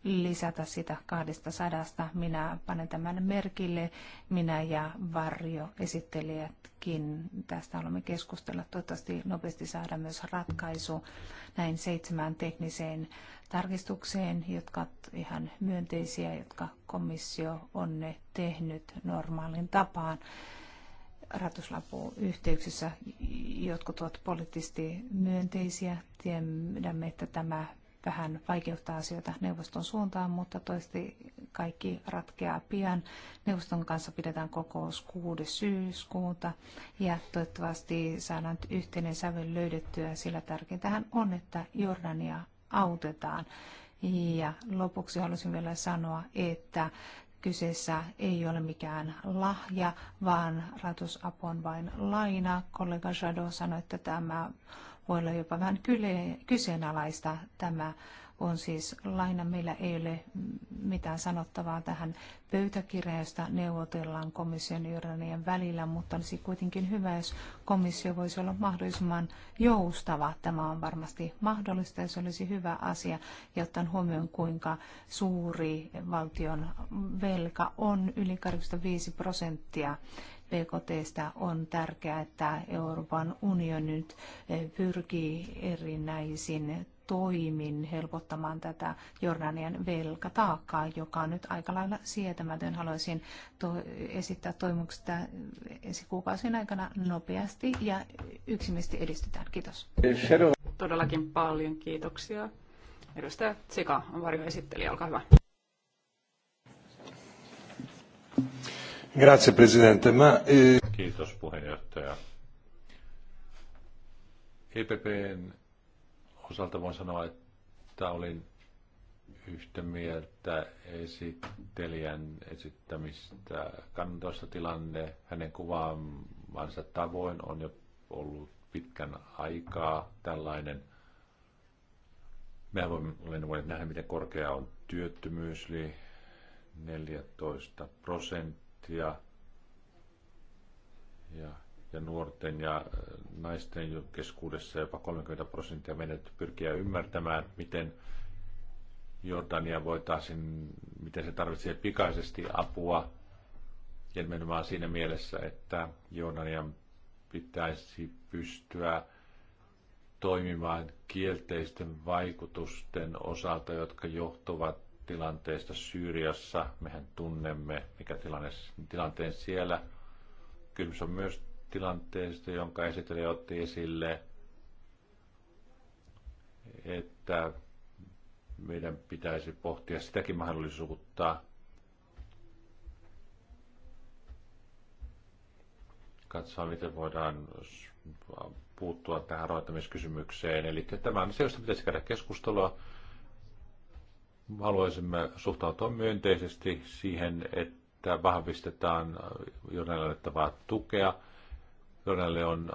lisätä sitä 200. Minä panen tämän merkille, minä ja Varjo esittelijätkin. Tästä haluamme keskustella. Toivottavasti nopeasti saada myös ratkaisu näin seitsemään tekniseen tarkistukseen, jotka ovat ihan myönteisiä, jotka komissio on ne tehnyt normaalin tapaan yhteyksissä, jotkut ovat poliittisesti myönteisiä. Tiedämme, että tämä vähän vaikeuttaa asioita neuvoston suuntaan, mutta toivottavasti kaikki ratkeaa pian. Neuvoston kanssa pidetään kokous 6. syyskuuta ja toivottavasti saadaan yhteinen sävy löydettyä, sillä tärkeintähän on, että Jordania autetaan. Ja lopuksi haluaisin vielä sanoa, että kyseessä ei ole mikään lahja, vaan ratusapu on vain laina. Kollega Jado sanoi, että tämä voi olla jopa vähän kyseenalaista. Tämä on siis laina, meillä ei ole mitään sanottavaa tähän pöytäkirjasta neuvotellaan komission Jordanian välillä, mutta olisi kuitenkin hyvä, jos komissio voisi olla mahdollisimman joustava. Tämä on varmasti mahdollista ja se olisi hyvä asia, ja ottaen huomioon kuinka suuri valtion velka on yli 85 prosenttia BKTstä on tärkeää, että Euroopan unioni nyt eh, pyrkii erinäisin toimin helpottamaan tätä Jordanian velkataakkaa, joka on nyt aika lailla sietämätön. Haluaisin to- esittää toimuksesta eh, ensi kuukausien aikana nopeasti ja yksimielisesti edistetään. Kiitos. Todellakin paljon kiitoksia. Edustaja Tsika on varjoesittelijä, olkaa hyvä. Grazie, presidente. Ma, eh, Kiitos, puheenjohtaja. EPPn osalta voin sanoa, että olin yhtä mieltä esittelijän esittämistä kannatoista tilanne. Hänen kuvaamansa tavoin on jo ollut pitkän aikaa tällainen. Me olemme voineet nähdä, miten korkea on työttömyys, eli 14 prosenttia ja, ja, ja nuorten ja äh, naisten keskuudessa jopa 30 prosenttia menet pyrkiä ymmärtämään, miten Jordania voitaisiin, miten se tarvitsee pikaisesti apua ja nimenomaan siinä mielessä, että Jordanian pitäisi pystyä toimimaan kielteisten vaikutusten osalta, jotka johtuvat tilanteesta Syyriassa. Mehän tunnemme, mikä tilanne, tilanteen siellä. Kysymys on myös tilanteesta, jonka esittelijä otti esille, että meidän pitäisi pohtia sitäkin mahdollisuutta. Katsoa, miten voidaan puuttua tähän rahoittamiskysymykseen. Eli tämä on se, josta pitäisi käydä keskustelua haluaisimme suhtautua myönteisesti siihen, että vahvistetaan Jordanille annettavaa tukea. Jordanille on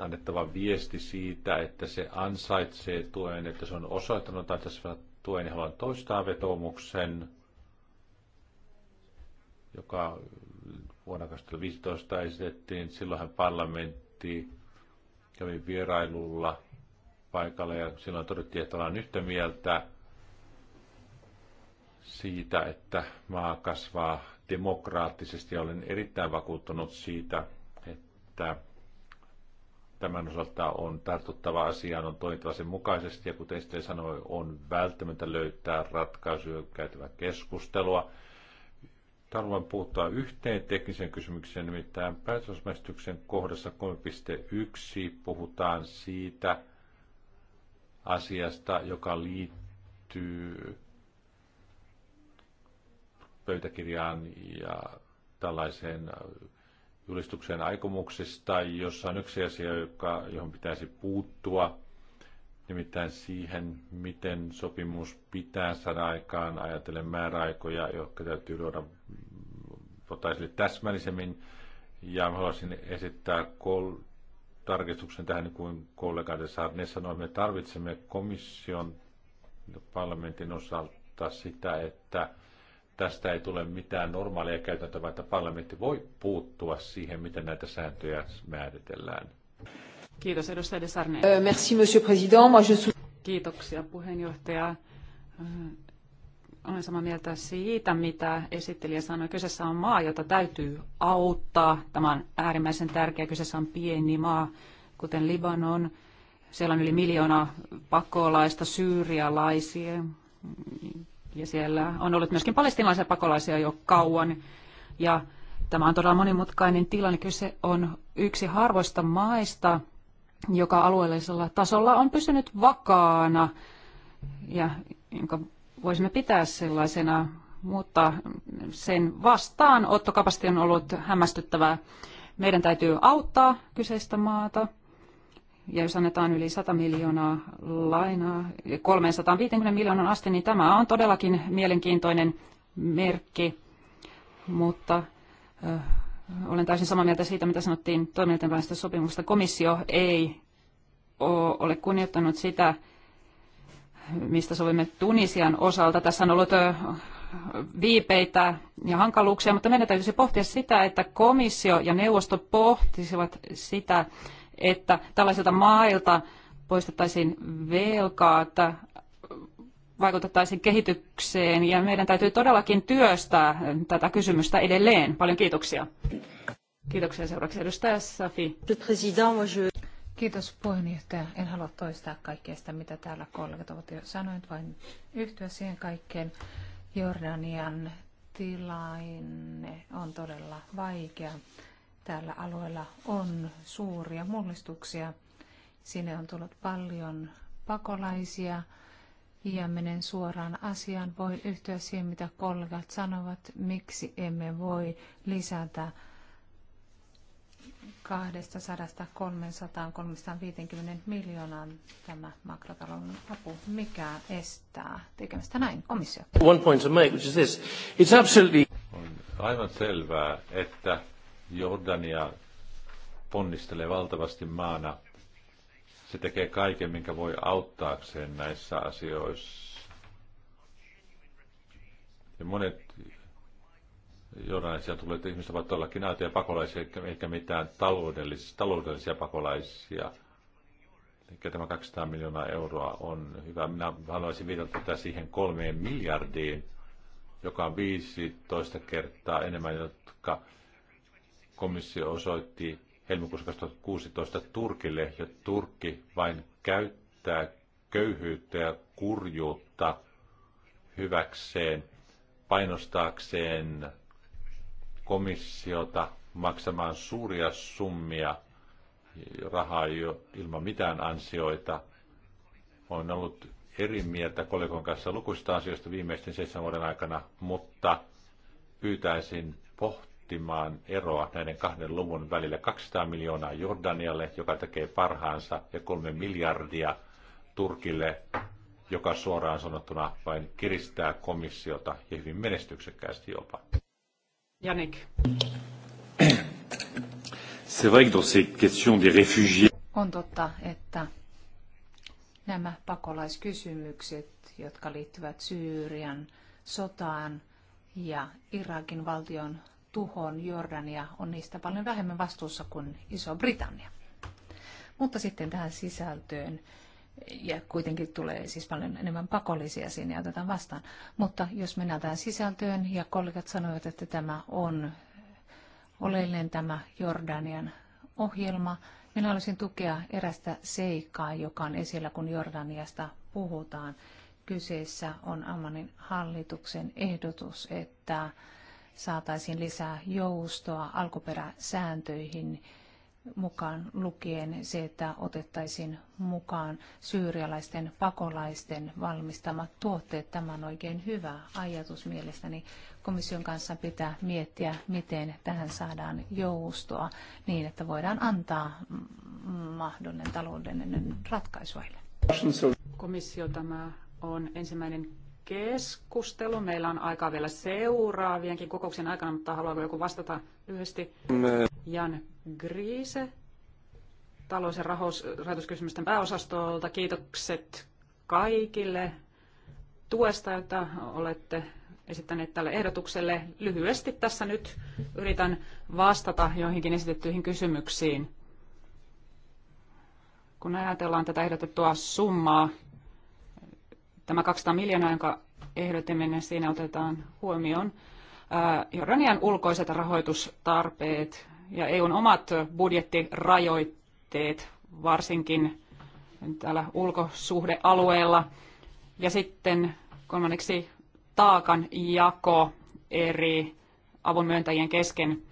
annettava viesti siitä, että se ansaitsee tuen, että se on osoittanut ansaitsevan tuen ja haluan toistaa vetoomuksen, joka vuonna 2015 esitettiin. Silloinhan parlamentti kävi vierailulla paikalla ja silloin todettiin, että ollaan yhtä mieltä – siitä, että maa kasvaa demokraattisesti. Olen erittäin vakuuttunut siitä, että tämän osalta on tartuttava asiaan, on toimittava sen mukaisesti ja kuten sitten sanoi, on välttämättä löytää ratkaisuja, käytävä keskustelua. Haluan puuttua yhteen tekniseen kysymykseen, nimittäin päätösmäistyksen kohdassa 3.1 puhutaan siitä asiasta, joka liittyy pöytäkirjaan ja tällaiseen julistukseen aikomuksista, jossa on yksi asia, joka, johon pitäisi puuttua, nimittäin siihen, miten sopimus pitää saada aikaan, ajatellen määräaikoja, jotka täytyy luoda ottaisille täsmällisemmin. Ja haluaisin esittää kol- tarkistuksen tähän, niin kuin kollega de Sarne sanoi, me tarvitsemme komission parlamentin osalta sitä, että tästä ei tule mitään normaalia käytäntöä, vaan että parlamentti voi puuttua siihen, miten näitä sääntöjä määritellään. Kiitos edustaja Desarne. Euh, merci, monsieur président. Moi, je Kiitoksia puheenjohtaja. Olen samaa mieltä siitä, mitä esittelijä sanoi. Kyseessä on maa, jota täytyy auttaa. Tämä on äärimmäisen tärkeä. Kyseessä on pieni maa, kuten Libanon. Siellä on yli miljoona pakolaista, syyrialaisia, ja siellä on ollut myöskin palestinaisia pakolaisia jo kauan. Ja tämä on todella monimutkainen tilanne. Kyse on yksi harvoista maista, joka alueellisella tasolla on pysynyt vakaana ja jonka voisimme pitää sellaisena, mutta sen vastaan vastaanottokapasiteetti on ollut hämmästyttävää. Meidän täytyy auttaa kyseistä maata – ja jos annetaan yli 100 miljoonaa lainaa 350 miljoonan asti, niin tämä on todellakin mielenkiintoinen merkki, mutta äh, olen täysin samaa mieltä siitä, mitä sanottiin toimijoiden välistä sopimusta. Komissio ei ole kunnioittanut sitä, mistä sovimme Tunisian osalta. Tässä on ollut eh, viipeitä ja hankaluuksia, mutta meidän täytyisi pohtia sitä, että komissio ja neuvosto pohtisivat sitä, että tällaisilta mailta poistettaisiin velkaa, että vaikutettaisiin kehitykseen ja meidän täytyy todellakin työstää tätä kysymystä edelleen. Paljon kiitoksia. Kiitoksia seuraavaksi edustaja Safi. Kiitos puheenjohtaja. En halua toistaa kaikkea sitä, mitä täällä kollegat ovat jo sanoneet, vain yhtyä siihen kaikkeen. Jordanian tilanne on todella vaikea tällä alueella on suuria mullistuksia. Sinne on tullut paljon pakolaisia ja menen suoraan asiaan. Voin yhtyä siihen, mitä kollegat sanovat, miksi emme voi lisätä 200, 300, 350 miljoonaan tämä makrotalouden apu, mikä estää tekemästä näin komissio. One point to make, which is this. It's absolutely... On aivan selvää, että Jordania ponnistelee valtavasti maana. Se tekee kaiken, minkä voi auttaakseen näissä asioissa. Ja monet jordanaisia tulee, että ihmiset ovat todellakin aitoja pakolaisia, eikä mitään taloudellisia, taloudellisia pakolaisia. Eli tämä 200 miljoonaa euroa on hyvä. Minä haluaisin viitata tätä siihen kolmeen miljardiin, joka on 15 kertaa enemmän, jotka komissio osoitti helmikuussa 2016 Turkille, ja Turkki vain käyttää köyhyyttä ja kurjuutta hyväkseen, painostaakseen komissiota maksamaan suuria summia rahaa jo ilman mitään ansioita. On ollut eri mieltä kollegon kanssa lukuisista asioista viimeisten seitsemän vuoden aikana, mutta pyytäisin pohtimaan, pohtimaan eroa näiden kahden luvun välillä 200 miljoonaa Jordanialle, joka tekee parhaansa, ja kolme miljardia Turkille, joka suoraan sanottuna vain kiristää komissiota ja hyvin menestyksekkäästi jopa. Janik. On totta, että nämä pakolaiskysymykset, jotka liittyvät Syyrian sotaan ja Irakin valtion tuhon Jordania on niistä paljon vähemmän vastuussa kuin Iso-Britannia. Mutta sitten tähän sisältöön, ja kuitenkin tulee siis paljon enemmän pakollisia sinne ja otetaan vastaan. Mutta jos mennään tähän sisältöön, ja kollegat sanoivat, että tämä on oleellinen tämä Jordanian ohjelma, minä haluaisin tukea erästä seikkaa, joka on esillä, kun Jordaniasta puhutaan. Kyseessä on Ammanin hallituksen ehdotus, että saataisiin lisää joustoa alkuperäsääntöihin mukaan lukien se, että otettaisiin mukaan syyrialaisten pakolaisten valmistamat tuotteet. Tämä on oikein hyvä ajatus mielestäni. Komission kanssa pitää miettiä, miten tähän saadaan joustoa niin, että voidaan antaa mahdollinen taloudellinen ratkaisu. Komissio tämä on ensimmäinen keskustelu. Meillä on aikaa vielä seuraavienkin kokouksen aikana, mutta haluaako joku vastata lyhyesti? Jan Griise, talous- ja rahoituskysymysten pääosastolta. Kiitokset kaikille tuesta, jota olette esittäneet tälle ehdotukselle. Lyhyesti tässä nyt yritän vastata joihinkin esitettyihin kysymyksiin. Kun ajatellaan tätä ehdotettua summaa, Tämä 200 miljoonaa, jonka ehdotimme, niin siinä otetaan huomioon äh, Jordanian ulkoiset rahoitustarpeet ja EUn omat budjettirajoitteet, varsinkin täällä ulkosuhdealueella. Ja sitten kolmanneksi taakan jako eri avunmyöntäjien kesken.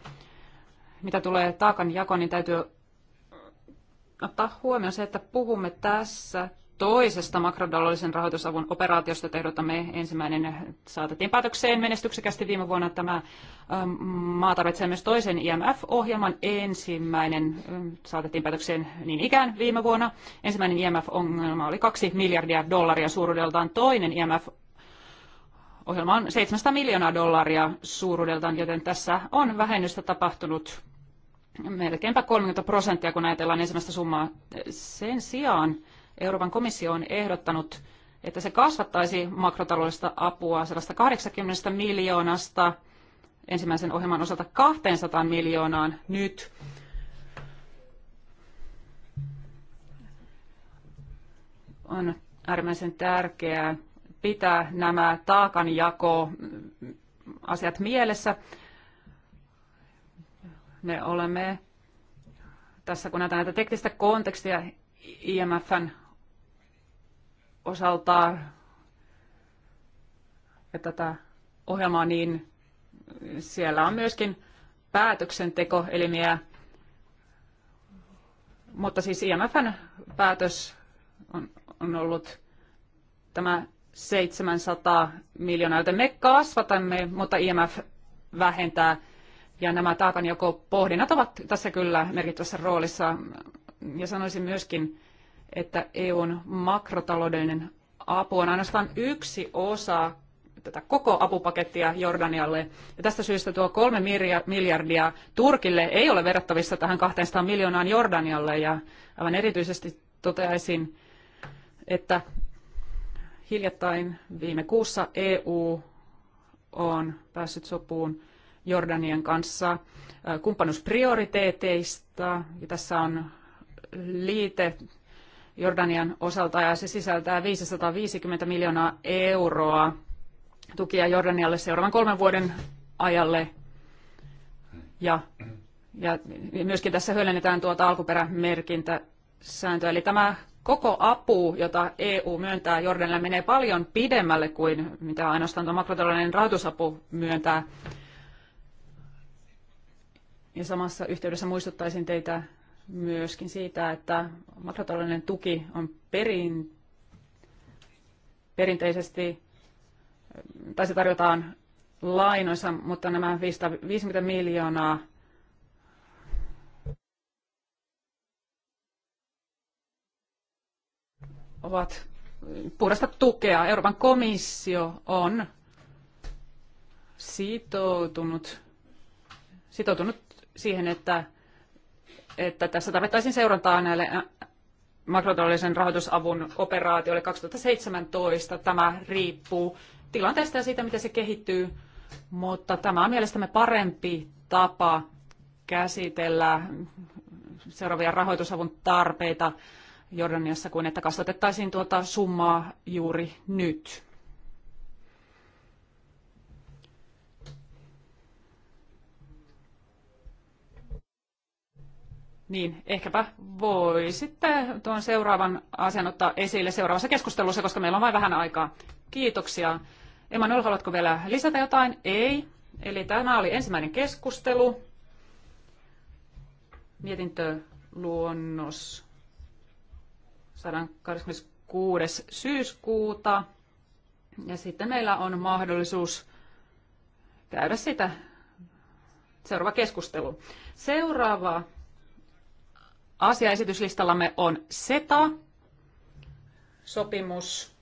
Mitä tulee taakan jakoon, niin täytyy ottaa huomioon se, että puhumme tässä toisesta makrotaloudellisen rahoitusavun operaatiosta, jota ehdotamme ensimmäinen saatettiin päätökseen menestyksekästi viime vuonna. Tämä ähm, maa tarvitsee myös toisen IMF-ohjelman. Ensimmäinen ähm, saatettiin päätökseen niin ikään viime vuonna. Ensimmäinen IMF-ongelma oli 2 miljardia dollaria suuruudeltaan. Toinen IMF ohjelma on 700 miljoonaa dollaria suuruudeltaan, joten tässä on vähennystä tapahtunut melkeinpä 30 prosenttia, kun ajatellaan ensimmäistä summaa. Sen sijaan Euroopan komissio on ehdottanut, että se kasvattaisi makrotaloudellista apua 180 miljoonasta ensimmäisen ohjelman osalta 200 miljoonaan nyt. On äärimmäisen tärkeää pitää nämä taakanjako asiat mielessä. Me olemme tässä, kun näitä, näitä teknistä kontekstia IMFn osaltaan ja tätä ohjelmaa, niin siellä on myöskin päätöksentekoelimiä, mutta siis IMFn päätös on, on ollut tämä 700 miljoonaa, joten me kasvatamme, mutta IMF vähentää. Ja nämä taakanjako-pohdinnat ovat tässä kyllä merkittävässä roolissa. Ja sanoisin myöskin, että EUn makrotaloudellinen apu on ainoastaan yksi osa tätä koko apupakettia Jordanialle. Ja tästä syystä tuo kolme miljardia Turkille ei ole verrattavissa tähän 200 miljoonaan Jordanialle. Ja aivan erityisesti toteaisin, että hiljattain viime kuussa EU on päässyt sopuun Jordanian kanssa kumppanuusprioriteeteista. Ja tässä on liite Jordanian osalta ja se sisältää 550 miljoonaa euroa tukia Jordanialle seuraavan kolmen vuoden ajalle. Ja, ja myöskin tässä höllennetään tuota alkuperämerkintäsääntöä. Eli tämä koko apu, jota EU myöntää Jordanille, menee paljon pidemmälle kuin mitä ainoastaan tuo makrotalouden rahoitusapu myöntää. Ja samassa yhteydessä muistuttaisin teitä myöskin siitä, että makrotaloudellinen tuki on perin, perinteisesti, tai se tarjotaan lainoissa, mutta nämä 50 miljoonaa ovat puhdasta tukea. Euroopan komissio on sitoutunut, sitoutunut siihen, että että tässä tarvittaisiin seurantaa näille äh, makrotaloudellisen rahoitusavun operaatioille 2017. Tämä riippuu tilanteesta ja siitä, miten se kehittyy, mutta tämä on mielestämme parempi tapa käsitellä seuraavia rahoitusavun tarpeita Jordaniassa kuin että kasvatettaisiin tuota summaa juuri nyt. niin ehkäpä sitten tuon seuraavan asian ottaa esille seuraavassa keskustelussa, koska meillä on vain vähän aikaa. Kiitoksia. Emanuel, haluatko vielä lisätä jotain? Ei. Eli tämä oli ensimmäinen keskustelu. luonnos 126. syyskuuta. Ja sitten meillä on mahdollisuus käydä sitä seuraava keskustelu. Seuraava asiaesityslistallamme on SETA, sopimus,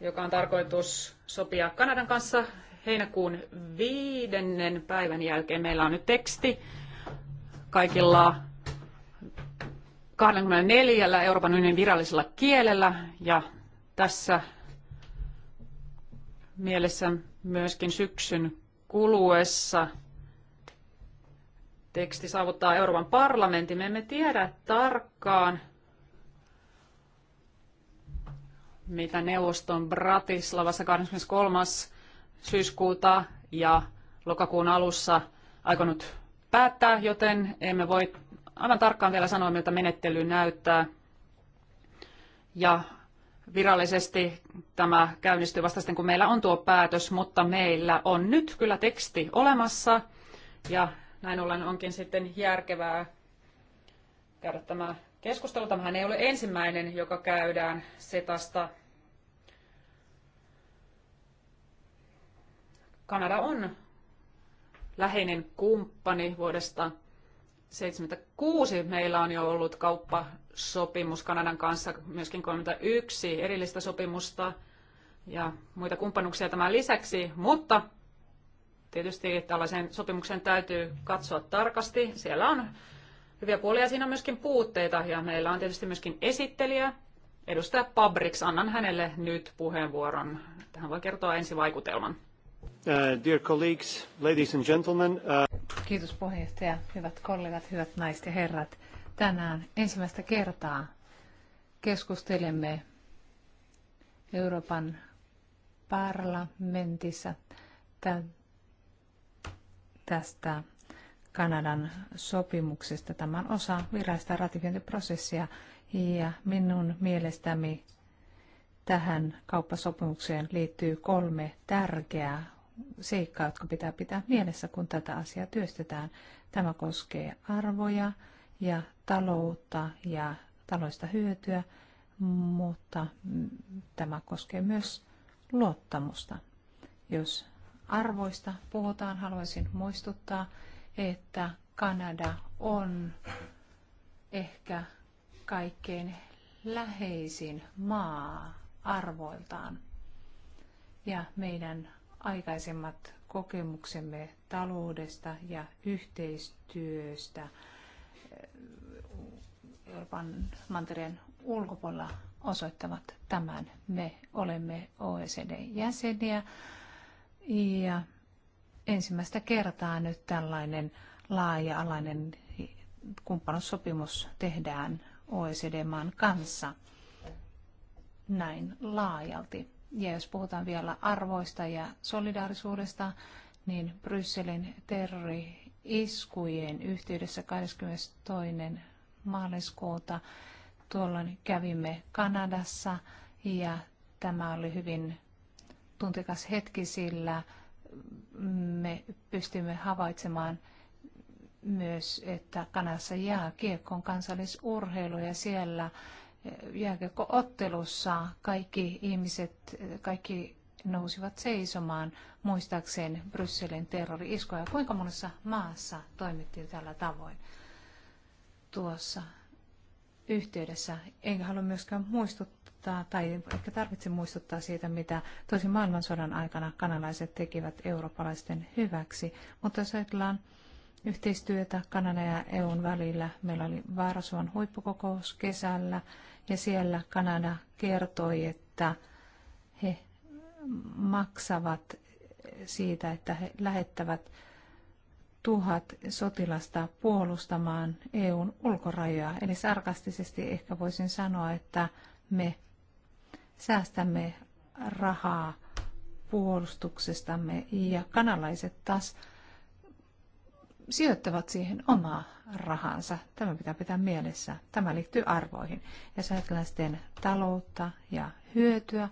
joka on tarkoitus sopia Kanadan kanssa heinäkuun viidennen päivän jälkeen. Meillä on nyt teksti kaikilla 24 Euroopan unionin virallisella kielellä ja tässä mielessä myöskin syksyn kuluessa – teksti saavuttaa Euroopan parlamentin. Me emme tiedä tarkkaan, mitä neuvoston Bratislavassa 23. syyskuuta ja lokakuun alussa aikonut päättää, joten emme voi aivan tarkkaan vielä sanoa, miltä menettely näyttää. Ja virallisesti tämä käynnistyy vasta sitten, kun meillä on tuo päätös, mutta meillä on nyt kyllä teksti olemassa ja näin ollen onkin sitten järkevää käydä tämä keskustelu. Tämähän ei ole ensimmäinen, joka käydään setasta. Kanada on läheinen kumppani vuodesta 1976. Meillä on jo ollut kauppasopimus Kanadan kanssa, myöskin 31 erillistä sopimusta ja muita kumppanuuksia tämän lisäksi, mutta Tietysti tällaisen sopimuksen täytyy katsoa tarkasti. Siellä on hyviä puolia, siinä on myöskin puutteita ja meillä on tietysti myöskin esittelijä, edustaja Pabrix. Annan hänelle nyt puheenvuoron. Tähän voi kertoa vaikutelman. Uh, dear colleagues, ladies and gentlemen. Uh... Kiitos puheenjohtaja, hyvät kollegat, hyvät naiset ja herrat. Tänään ensimmäistä kertaa keskustelemme Euroopan parlamentissa tämän tästä Kanadan sopimuksesta. Tämä on osa virallista ratifiointiprosessia ja minun mielestäni tähän kauppasopimukseen liittyy kolme tärkeää seikkaa, jotka pitää pitää mielessä, kun tätä asiaa työstetään. Tämä koskee arvoja ja taloutta ja taloista hyötyä, mutta tämä koskee myös luottamusta. Jos arvoista puhutaan, haluaisin muistuttaa, että Kanada on ehkä kaikkein läheisin maa arvoiltaan. Ja meidän aikaisemmat kokemuksemme taloudesta ja yhteistyöstä eh, Euroopan mantereen ulkopuolella osoittavat tämän. Me olemme OECD-jäseniä, ja ensimmäistä kertaa nyt tällainen laaja-alainen kumppanussopimus tehdään OECD-maan kanssa näin laajalti. Ja jos puhutaan vielä arvoista ja solidaarisuudesta, niin Brysselin terrori-iskujen yhteydessä 22. maaliskuuta tuolloin kävimme Kanadassa ja tämä oli hyvin tuntikas hetki, sillä me pystymme havaitsemaan myös, että Kanassa jää on kansallisurheilu ja siellä jääkiekkoottelussa kaikki ihmiset, kaikki nousivat seisomaan muistaakseen Brysselin terrori-iskoja. Kuinka monessa maassa toimittiin tällä tavoin? Tuossa yhteydessä. Enkä halua myöskään muistuttaa, tai ehkä tarvitse muistuttaa siitä, mitä tosi maailmansodan aikana kanalaiset tekivät eurooppalaisten hyväksi. Mutta jos ajatellaan yhteistyötä Kanada ja EUn välillä, meillä oli Varsovan huippukokous kesällä, ja siellä Kanada kertoi, että he maksavat siitä, että he lähettävät tuhat sotilasta puolustamaan EUn ulkorajoja. Eli sarkastisesti ehkä voisin sanoa, että me säästämme rahaa puolustuksestamme ja kanalaiset taas sijoittavat siihen omaa rahansa. Tämä pitää pitää mielessä. Tämä liittyy arvoihin. Ja säätläisten taloutta ja hyötyä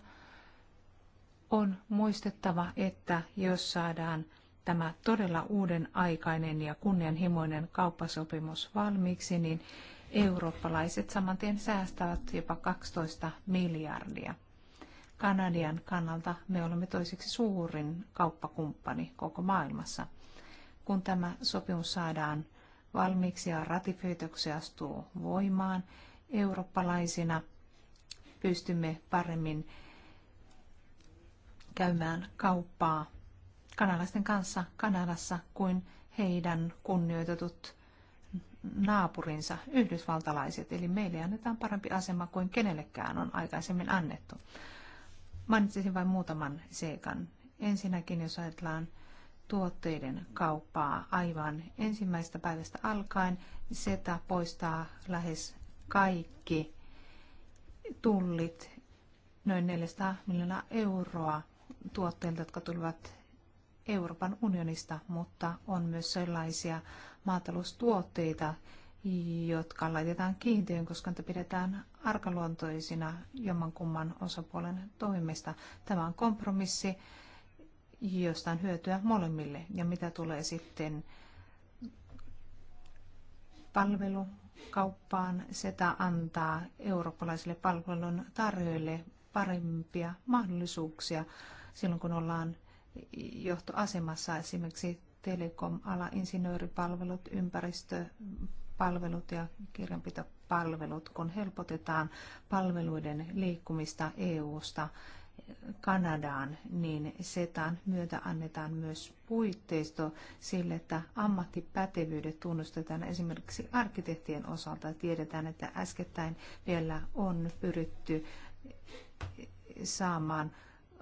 on muistettava, että jos saadaan tämä todella uuden aikainen ja kunnianhimoinen kauppasopimus valmiiksi, niin eurooppalaiset samantien säästävät jopa 12 miljardia. Kanadian kannalta me olemme toiseksi suurin kauppakumppani koko maailmassa. Kun tämä sopimus saadaan valmiiksi ja ratifioituksi astuu voimaan, eurooppalaisina pystymme paremmin käymään kauppaa kanalaisten kanssa Kanadassa kuin heidän kunnioitetut naapurinsa, yhdysvaltalaiset. Eli meille annetaan parempi asema kuin kenellekään on aikaisemmin annettu. Mainitsisin vain muutaman seikan. Ensinnäkin, jos ajatellaan tuotteiden kauppaa aivan ensimmäisestä päivästä alkaen, SETA poistaa lähes kaikki tullit, noin 400 miljoonaa euroa tuotteilta, jotka tulivat Euroopan unionista, mutta on myös sellaisia maataloustuotteita, jotka laitetaan kiintiön, koska niitä pidetään arkaluontoisina jommankumman osapuolen toimesta. Tämä on kompromissi, josta on hyötyä molemmille. Ja mitä tulee sitten palvelukauppaan, se antaa eurooppalaisille palvelun tarjoille parempia mahdollisuuksia silloin, kun ollaan johtoasemassa esimerkiksi telekom-ala, insinööripalvelut, ympäristöpalvelut ja kirjanpitopalvelut, kun helpotetaan palveluiden liikkumista EU-sta Kanadaan, niin SETAn myötä annetaan myös puitteisto sille, että ammattipätevyydet tunnustetaan esimerkiksi arkkitehtien osalta. Tiedetään, että äskettäin vielä on pyritty saamaan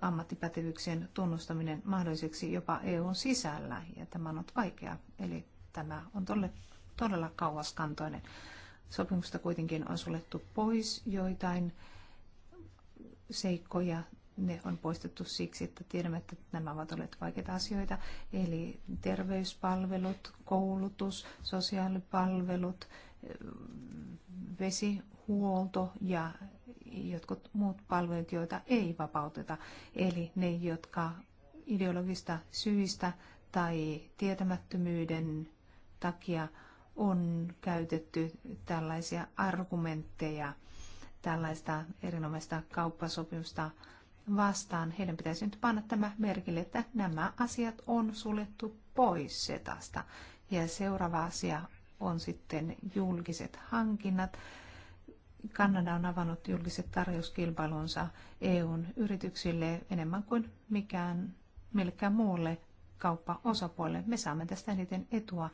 ammattipätevyyksien tunnustaminen mahdolliseksi jopa EUn sisällä, ja tämä on ollut vaikea. Eli tämä on tolle, todella kauaskantoinen. Sopimusta kuitenkin on suljettu pois joitain seikkoja. Ne on poistettu siksi, että tiedämme, että nämä ovat olleet vaikeita asioita, eli terveyspalvelut, koulutus, sosiaalipalvelut, vesihuolto ja jotkut muut palvelut, joita ei vapauteta. Eli ne, jotka ideologista syistä tai tietämättömyyden takia on käytetty tällaisia argumentteja tällaista erinomaista kauppasopimusta vastaan. Heidän pitäisi nyt panna tämä merkille, että nämä asiat on suljettu pois setasta. Ja seuraava asia on sitten julkiset hankinnat. Kanada on avannut julkiset tarjouskilpailunsa EUn yrityksille enemmän kuin mikään, millekään muulle kauppaosapuolelle. Me saamme tästä eniten etua.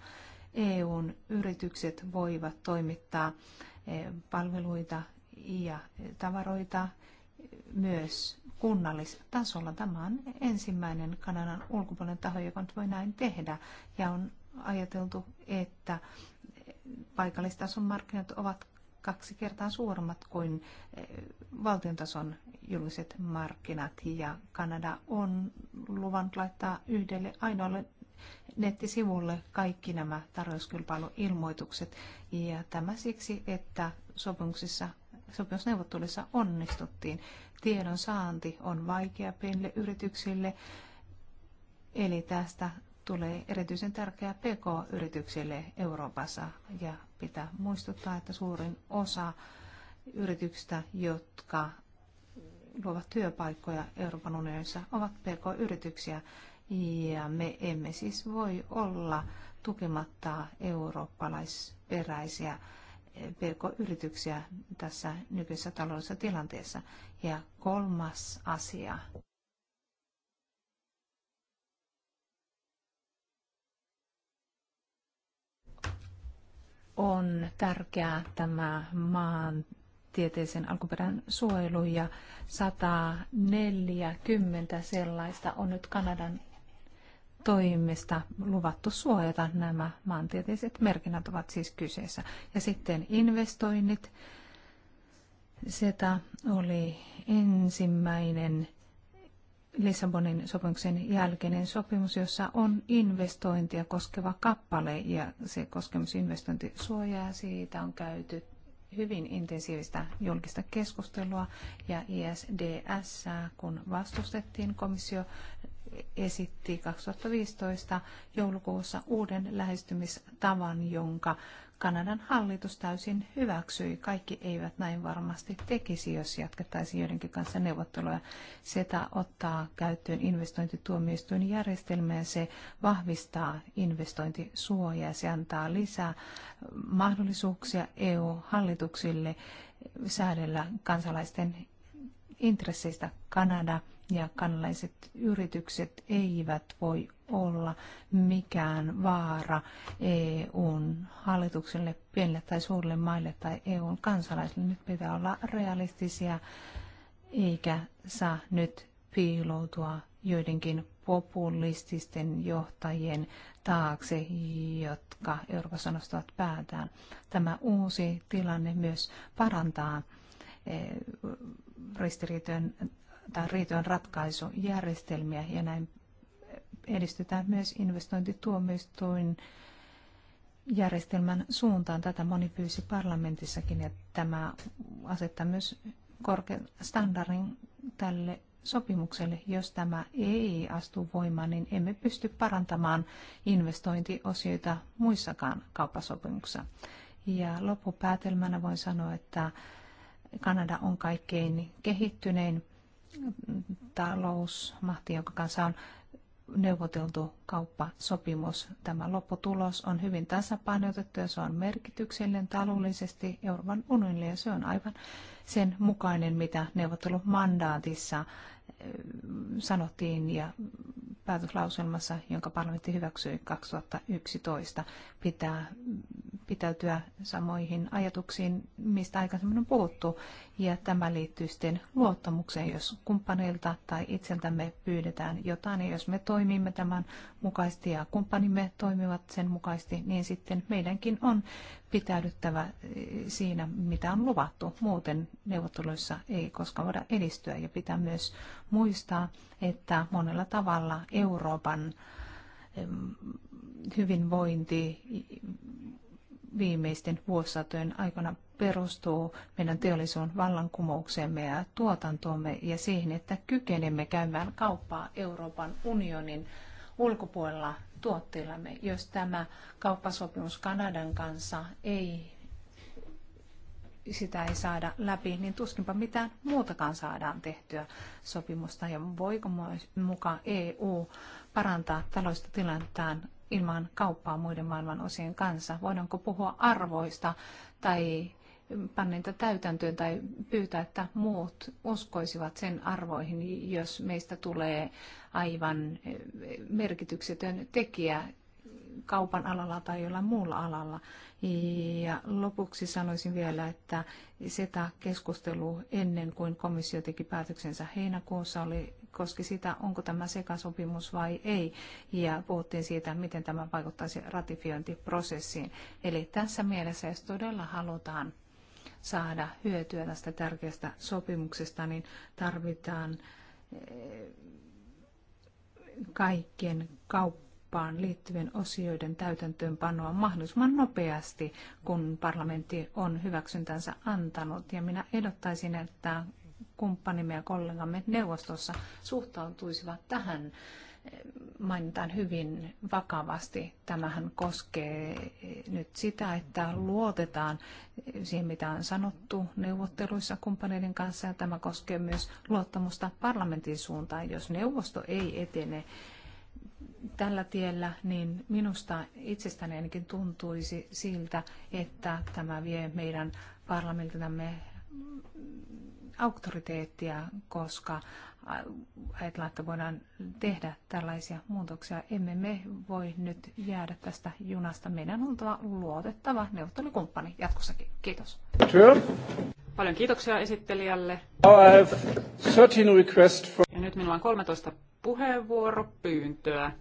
EUn yritykset voivat toimittaa eh, palveluita ja tavaroita myös kunnallistasolla. Tämä on ensimmäinen Kanadan ulkopuolinen taho, joka nyt voi näin tehdä. Ja on ajateltu, että paikallistason markkinat ovat kaksi kertaa suuremmat kuin eh, valtion tason julkiset markkinat ja Kanada on luvannut laittaa yhdelle ainoalle nettisivulle kaikki nämä tarjouskilpailuilmoitukset ja tämä siksi, että sopimuksissa sopimusneuvotteluissa onnistuttiin. Tiedon saanti on vaikea pienille yrityksille, eli tästä tulee erityisen tärkeä PK-yrityksille Euroopassa ja pitää muistuttaa, että suurin osa yrityksistä, jotka luovat työpaikkoja Euroopan unionissa, ovat PK-yrityksiä ja me emme siis voi olla tukematta eurooppalaisperäisiä PK-yrityksiä tässä nykyisessä taloudellisessa tilanteessa. Ja kolmas asia. on tärkeää tämä maan tieteisen alkuperän suojelu ja 140 sellaista on nyt Kanadan toimesta luvattu suojata nämä maantieteiset merkinnät ovat siis kyseessä. Ja sitten investoinnit. Seta oli ensimmäinen Lissabonin sopimuksen jälkeinen sopimus, jossa on investointia koskeva kappale ja se koskemus investointisuojaa. Siitä on käyty hyvin intensiivistä julkista keskustelua ja ISDS, kun vastustettiin, komissio esitti 2015 joulukuussa uuden lähestymistavan, jonka Kanadan hallitus täysin hyväksyi. Kaikki eivät näin varmasti tekisi, jos jatkettaisiin joidenkin kanssa neuvotteluja. SETA ottaa käyttöön investointituomioistuin järjestelmä ja se vahvistaa investointisuojaa. Se antaa lisää mahdollisuuksia EU-hallituksille säädellä kansalaisten intresseistä Kanada ja kanalaiset yritykset eivät voi olla mikään vaara EUn hallitukselle, pienille tai suurille maille tai EUn kansalaisille. Nyt pitää olla realistisia eikä saa nyt piiloutua joidenkin populististen johtajien taakse, jotka Euroopassa nostavat päätään. Tämä uusi tilanne myös parantaa Eh, ristiriitojen tai riitojen ratkaisujärjestelmiä ja näin edistytään myös investointituomioistuin järjestelmän suuntaan. Tätä moni pyysi parlamentissakin ja tämä asettaa myös korkean standardin tälle sopimukselle. Jos tämä ei astu voimaan, niin emme pysty parantamaan investointiosioita muissakaan kauppasopimuksissa. Ja loppupäätelmänä voin sanoa, että Kanada on kaikkein kehittynein talousmahti, jonka kanssa on neuvoteltu kauppasopimus. Tämä lopputulos on hyvin tasapainotettu ja se on merkityksellinen taloudellisesti Euroopan unionille ja se on aivan sen mukainen, mitä neuvottelumandaatissa eh, sanottiin ja päätöslauselmassa, jonka parlamentti hyväksyi 2011, pitää pitäytyä samoihin ajatuksiin, mistä aikaisemmin on puhuttu. Ja tämä liittyy sitten luottamukseen, jos kumppaneilta tai itseltämme pyydetään jotain. Ja jos me toimimme tämän mukaisesti ja kumppanimme toimivat sen mukaisesti, niin sitten meidänkin on pitäydyttävä eh, siinä, mitä on luvattu. Muuten neuvotteluissa ei koskaan voida edistyä. Ja pitää myös muistaa, että monella tavalla Euroopan hyvinvointi viimeisten vuosisatojen aikana perustuu meidän teollisuuden vallankumoukseemme ja tuotantoomme ja siihen, että kykenemme käymään kauppaa Euroopan unionin ulkopuolella tuotteillamme. Jos tämä kauppasopimus Kanadan kanssa ei sitä ei saada läpi, niin tuskinpa mitään muutakaan saadaan tehtyä sopimusta. Ja voiko mukaan EU parantaa taloista tilannettaan? ilman kauppaa muiden maailman osien kanssa? Voidaanko puhua arvoista tai panna niitä täytäntöön tai pyytää, että muut uskoisivat sen arvoihin, jos meistä tulee aivan merkityksetön tekijä kaupan alalla tai jollain muulla alalla. Ja lopuksi sanoisin vielä, että SETA-keskustelu ennen kuin komissio teki päätöksensä heinäkuussa oli koski sitä, onko tämä sekasopimus vai ei, ja puhuttiin siitä, miten tämä vaikuttaisi ratifiointiprosessiin. Eli tässä mielessä, jos todella halutaan saada hyötyä tästä tärkeästä sopimuksesta, niin tarvitaan eh, kaikkien kauppaan liittyvien osioiden täytäntöönpanoa mahdollisimman nopeasti, kun parlamentti on hyväksyntänsä antanut. Ja minä ehdottaisin, että kumppanimme ja kollegamme neuvostossa suhtautuisivat tähän eh, mainitaan hyvin vakavasti. Tämähän koskee nyt sitä, että luotetaan siihen, mitä on sanottu neuvotteluissa kumppaneiden kanssa, ja tämä koskee myös luottamusta parlamentin suuntaan. Jos neuvosto ei etene tällä tiellä, niin minusta itsestäni ainakin tuntuisi siltä, että tämä vie meidän parlamentinamme auktoriteettia, koska ajatellaan, että voidaan tehdä tällaisia muutoksia. Emme me voi nyt jäädä tästä junasta. Meidän on oltava luotettava neuvottelukumppani jatkossakin. Kiitos. Paljon kiitoksia esittelijälle. Ja nyt minulla on 13 puheenvuoropyyntöä.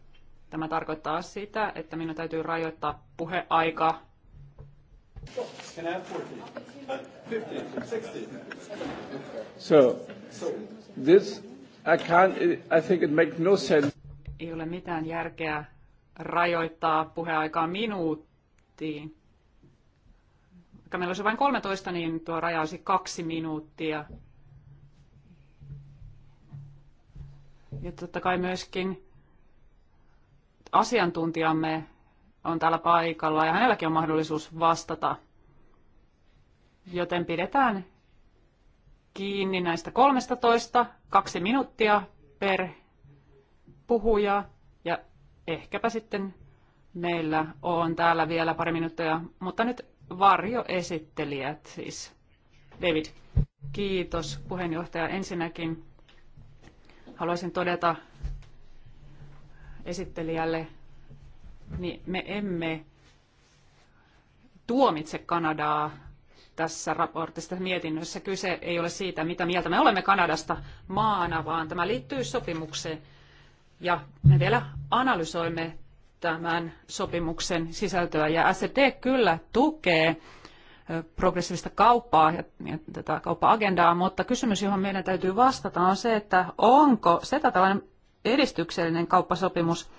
Tämä tarkoittaa sitä, että minun täytyy rajoittaa puheaika Can I have 40? 50, 60. So, this, I can't, I think it makes no sense. Ei ole mitään järkeä rajoittaa puheaikaa minuuttiin. Vaikka meillä olisi vain 13, niin tuo raja olisi kaksi minuuttia. Ja totta kai myöskin asiantuntijamme on täällä paikalla ja hänelläkin on mahdollisuus vastata. Joten pidetään kiinni näistä 13, kaksi minuuttia per puhuja ja ehkäpä sitten meillä on täällä vielä pari minuuttia, mutta nyt varjoesittelijät siis. David, kiitos puheenjohtaja ensinnäkin. Haluaisin todeta esittelijälle niin me emme tuomitse Kanadaa tässä raportissa, tässä mietinnössä. Kyse ei ole siitä, mitä mieltä me olemme Kanadasta maana, vaan tämä liittyy sopimukseen. Ja me vielä analysoimme tämän sopimuksen sisältöä. Ja SED kyllä tukee progressiivista kauppaa ja tätä kauppa-agendaa, mutta kysymys, johon meidän täytyy vastata, on se, että onko se tällainen edistyksellinen kauppasopimus,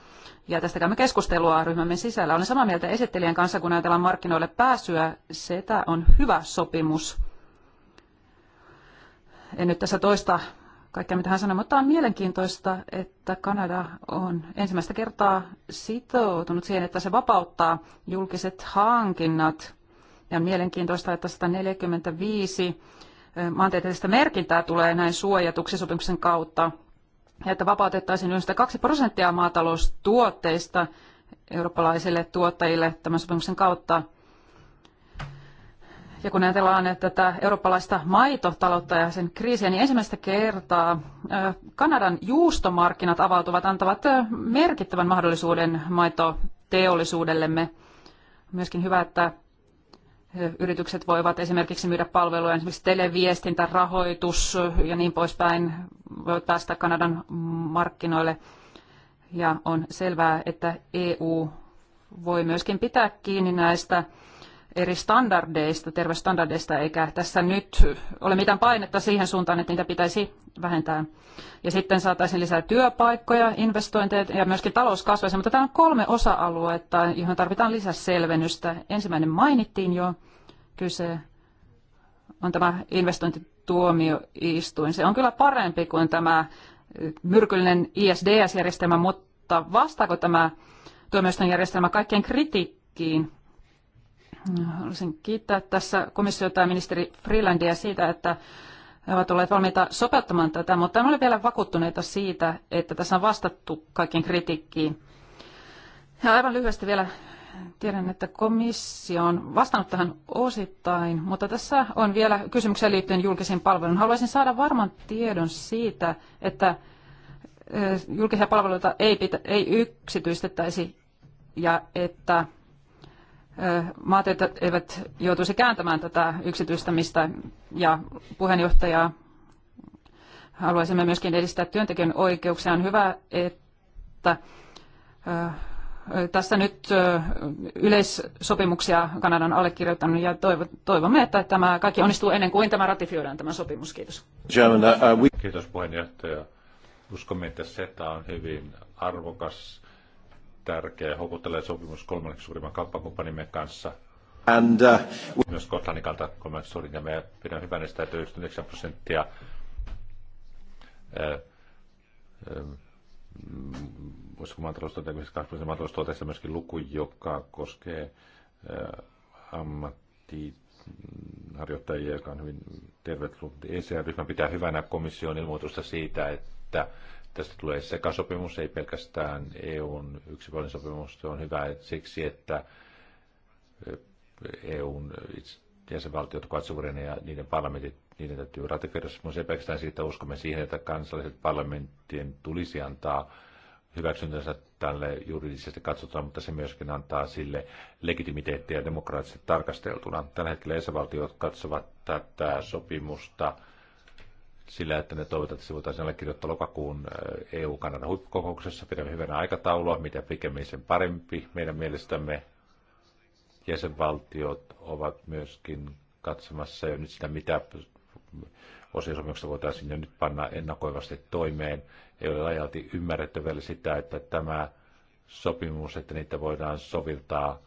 ja tästä käymme keskustelua ryhmämme sisällä. Olen samaa mieltä esittelijän kanssa, kun ajatellaan markkinoille pääsyä. Setä on hyvä sopimus. En nyt tässä toista kaikkea, mitä hän sanoi, mutta on mielenkiintoista, että Kanada on ensimmäistä kertaa sitoutunut siihen, että se vapauttaa julkiset hankinnat. Ja on mielenkiintoista, että 145 maantieteellistä merkintää tulee näin suojatuksi sopimuksen kautta että vapautettaisiin yhdestä kaksi prosenttia maataloustuotteista eurooppalaisille tuottajille tämän sopimuksen kautta. Ja kun ajatellaan että tätä eurooppalaista maitotaloutta ja sen kriisiä, niin ensimmäistä kertaa Kanadan juustomarkkinat avautuvat, antavat merkittävän mahdollisuuden maitoteollisuudellemme. On myöskin hyvä, että Yritykset voivat esimerkiksi myydä palveluja, esimerkiksi televiestintä, rahoitus ja niin poispäin, voivat päästä Kanadan markkinoille. Ja on selvää, että EU voi myöskin pitää kiinni näistä eri standardeista, terveysstandardeista, eikä tässä nyt ole mitään painetta siihen suuntaan, että niitä pitäisi vähentää. Ja sitten saataisiin lisää työpaikkoja, investointeja ja myöskin talous kasvaisi. Mutta täällä on kolme osa-aluetta, johon tarvitaan lisää selvennystä. Ensimmäinen mainittiin jo, kyse on tämä investointituomioistuin. Se on kyllä parempi kuin tämä myrkyllinen ISDS-järjestelmä, mutta vastaako tämä tuomioistuinjärjestelmä kaikkien kritiikkiin? Haluaisin kiittää tässä komissiota ja ministeri Freelandia siitä, että he ovat olleet valmiita sopeuttamaan tätä, mutta en ole vielä vakuuttuneita siitä, että tässä on vastattu kaiken kritiikkiin. Ja aivan lyhyesti vielä tiedän, että komissio on vastannut tähän osittain, mutta tässä on vielä kysymykseen liittyen julkisiin palveluihin. Haluaisin saada varman tiedon siitä, että julkisia palveluita ei, pitä, ei yksityistettäisi ja että maat eivät joutuisi kääntämään tätä yksityistämistä ja puheenjohtajaa haluaisimme myöskin edistää työntekijän oikeuksia. On hyvä, että tässä nyt yleissopimuksia Kanada on allekirjoittanut ja toivomme, että tämä kaikki onnistuu ennen kuin tämä ratifioidaan tämä sopimus. Kiitos. Uh, uh, Kiitos puheenjohtaja. Uskomme, että SETA on hyvin arvokas tärkeä. Houkuttelee sopimus kolmanneksi suurimman kauppakumppanimme kanssa. And, uh, Myös Skotlannin kanta kolmanneksi suurin, ja me pidän hyvänä sitä, että 99 prosenttia ää, ää, voisiko maataloustuotteista, maataloustuotteista myöskin luku, joka koskee ammattiharjoittajia, joka on hyvin tervetullut. ECR-ryhmä pitää hyvänä komission ilmoitusta siitä, että tästä tulee sekasopimus, ei pelkästään EUn yksipuolinen sopimus. Se on hyvä siksi, että EUn jäsenvaltiot ovat suvereneja ja niiden parlamentit, niiden täytyy ratifioida sopimus. Ei pelkästään siitä uskomme siihen, että kansalliset parlamenttien tulisi antaa hyväksyntänsä tälle juridisesti katsotaan, mutta se myöskin antaa sille legitimiteettiä demokraattisesti tarkasteltuna. Tällä hetkellä jäsenvaltiot katsovat tätä sopimusta – sillä, että ne toivotat, että se voitaisiin allekirjoittaa lokakuun äh, EU-Kanadan huippukokouksessa. Pidämme hyvänä aikataulua, mitä pikemmin sen parempi meidän mielestämme. Jäsenvaltiot ovat myöskin katsomassa jo nyt sitä, mitä osiosopimuksesta voitaisiin jo nyt panna ennakoivasti toimeen. Ei ole laajalti ymmärretty vielä sitä, että tämä sopimus, että niitä voidaan soviltaa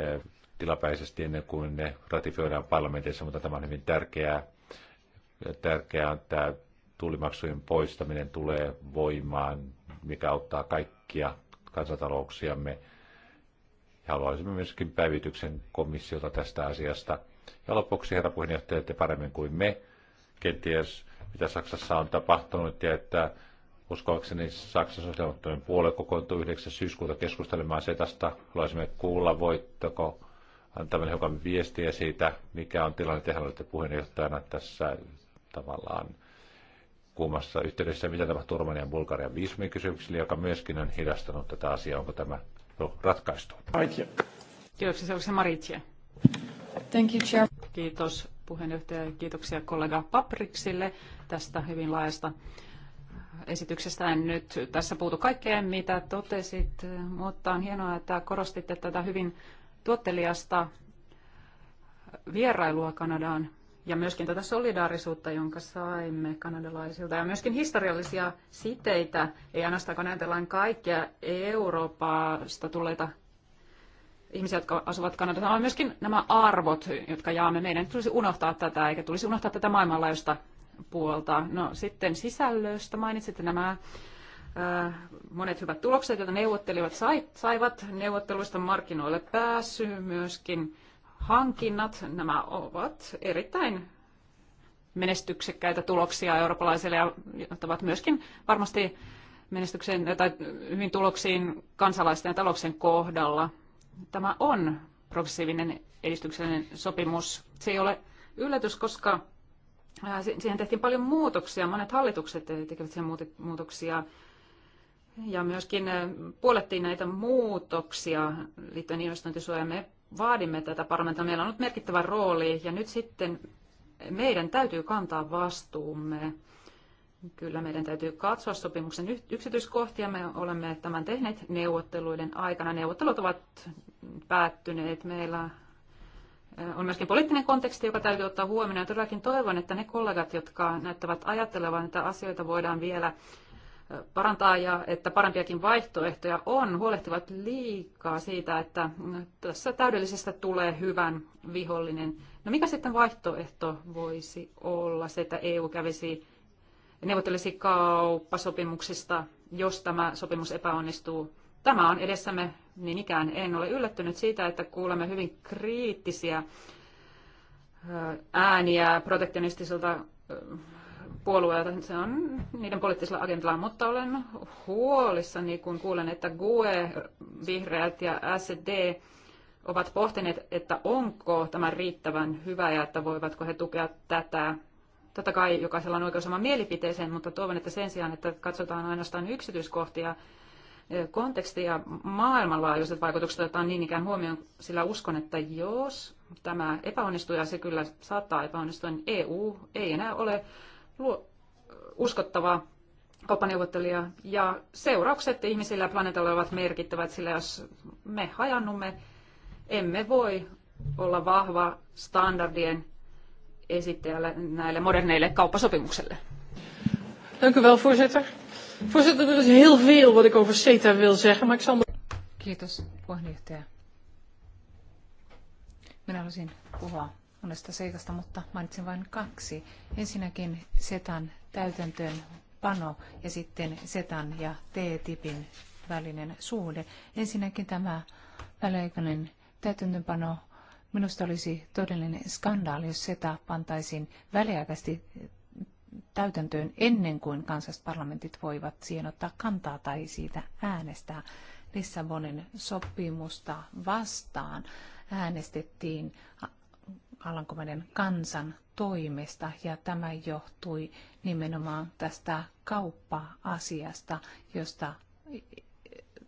äh, tilapäisesti ennen kuin ne ratifioidaan parlamentissa, mutta tämä on hyvin tärkeää Tärkeää on, että tuulimaksujen poistaminen tulee voimaan, mikä auttaa kaikkia kansantalouksiamme. Haluaisimme myöskin päivityksen komissiota tästä asiasta. Ja lopuksi, herra puheenjohtaja, te paremmin kuin me, kenties mitä Saksassa on tapahtunut ja että uskoakseni Saksan sosiaalidemokraattinen puolue kokoontui 9. syyskuuta keskustelemaan setasta. Haluaisimme kuulla, voitteko antaa hiukan viestiä siitä, mikä on tilanne. Tehän puheenjohtajana tässä tavallaan kuumassa yhteydessä, mitä tapahtuu Romanian ja Bulgarian viisumikysymyksille, joka myöskin on hidastanut tätä asiaa. Onko tämä no, ratkaistu? Maritia. Kiitoksia, se on se Maritia. Thank you, Chair. Kiitos puheenjohtaja ja kiitoksia kollega Papriksille tästä hyvin laajasta esityksestä. En nyt tässä puutu kaikkeen, mitä totesit, mutta on hienoa, että korostitte tätä hyvin tuotteliasta vierailua Kanadaan ja myöskin tätä solidaarisuutta, jonka saimme kanadalaisilta ja myöskin historiallisia siteitä, ei ainoastaan kun ajatellaan kaikkia Euroopasta tulleita ihmisiä, jotka asuvat Kanadassa, vaan myöskin nämä arvot, jotka jaamme. Meidän tulisi unohtaa tätä, eikä tulisi unohtaa tätä maailmanlaajuista puolta. No sitten sisällöstä mainitsitte nämä äh, monet hyvät tulokset, joita neuvottelivat saivat neuvotteluista markkinoille pääsy, myöskin hankinnat, nämä ovat erittäin menestyksekkäitä tuloksia eurooppalaisille ja johtavat myöskin varmasti menestykseen tai hyvin tuloksiin kansalaisten ja talouksien kohdalla. Tämä on progressiivinen edistyksellinen sopimus. Se ei ole yllätys, koska siihen tehtiin paljon muutoksia. Monet hallitukset tekevät siihen muutoksia. Ja myöskin puolettiin näitä muutoksia liittyen investointisuojaan. Me vaadimme tätä parlamenttia. Meillä on nyt merkittävä rooli ja nyt sitten meidän täytyy kantaa vastuumme. Kyllä meidän täytyy katsoa sopimuksen yksityiskohtia. Me olemme tämän tehneet neuvotteluiden aikana. Neuvottelut ovat päättyneet. Meillä eh, on myöskin poliittinen konteksti, joka täytyy ottaa huomioon. Ja todellakin toivon, että ne kollegat, jotka näyttävät ajattelevan, että asioita voidaan vielä parantaa ja että parempiakin vaihtoehtoja on, huolehtivat liikaa siitä, että tässä täydellisestä tulee hyvän vihollinen. No mikä sitten vaihtoehto voisi olla se, että EU kävisi neuvottelisi kauppasopimuksista, jos tämä sopimus epäonnistuu? Tämä on edessämme niin ikään. En ole yllättynyt siitä, että kuulemme hyvin kriittisiä ääniä protektionistisilta puolueelta, se on niiden poliittisella agendalla, mutta olen niin kun kuulen, että GUE, vihreät ja SD ovat pohtineet, että onko tämä riittävän hyvä ja että voivatko he tukea tätä. Totta kai jokaisella on oikeus omaan mielipiteeseen, mutta toivon, että sen sijaan, että katsotaan ainoastaan yksityiskohtia, e, konteksti ja maailmanlaajuiset vaikutukset otetaan niin ikään huomioon, sillä uskon, että jos tämä epäonnistuu, ja se kyllä saattaa epäonnistua, niin EU ei enää ole uskottavaa kauppaneuvottelija ja seuraukset ihmisillä ja planeetalla ovat merkittävät, sillä jos me hajannumme, emme voi olla vahva standardien esittäjälle näille moderneille kauppasopimukselle. Dank u wel, voorzitter. Voorzitter, er is heel veel wat ik over CETA wil zeggen, maar ik zal... Kiitos, puheenjohtaja. Minä haluaisin puhua monesta seikasta, mutta mainitsen vain kaksi. Ensinnäkin SETAn täytäntöön pano ja sitten SETAn ja T-tipin välinen suhde. Ensinnäkin tämä väliaikainen täytäntöönpano minusta olisi todellinen skandaali, jos SETA pantaisiin väliaikaisesti täytäntöön ennen kuin parlamentit voivat siihen ottaa kantaa tai siitä äänestää. Lissabonin sopimusta vastaan äänestettiin Alankomaiden kansan toimesta ja tämä johtui nimenomaan tästä kauppa-asiasta, josta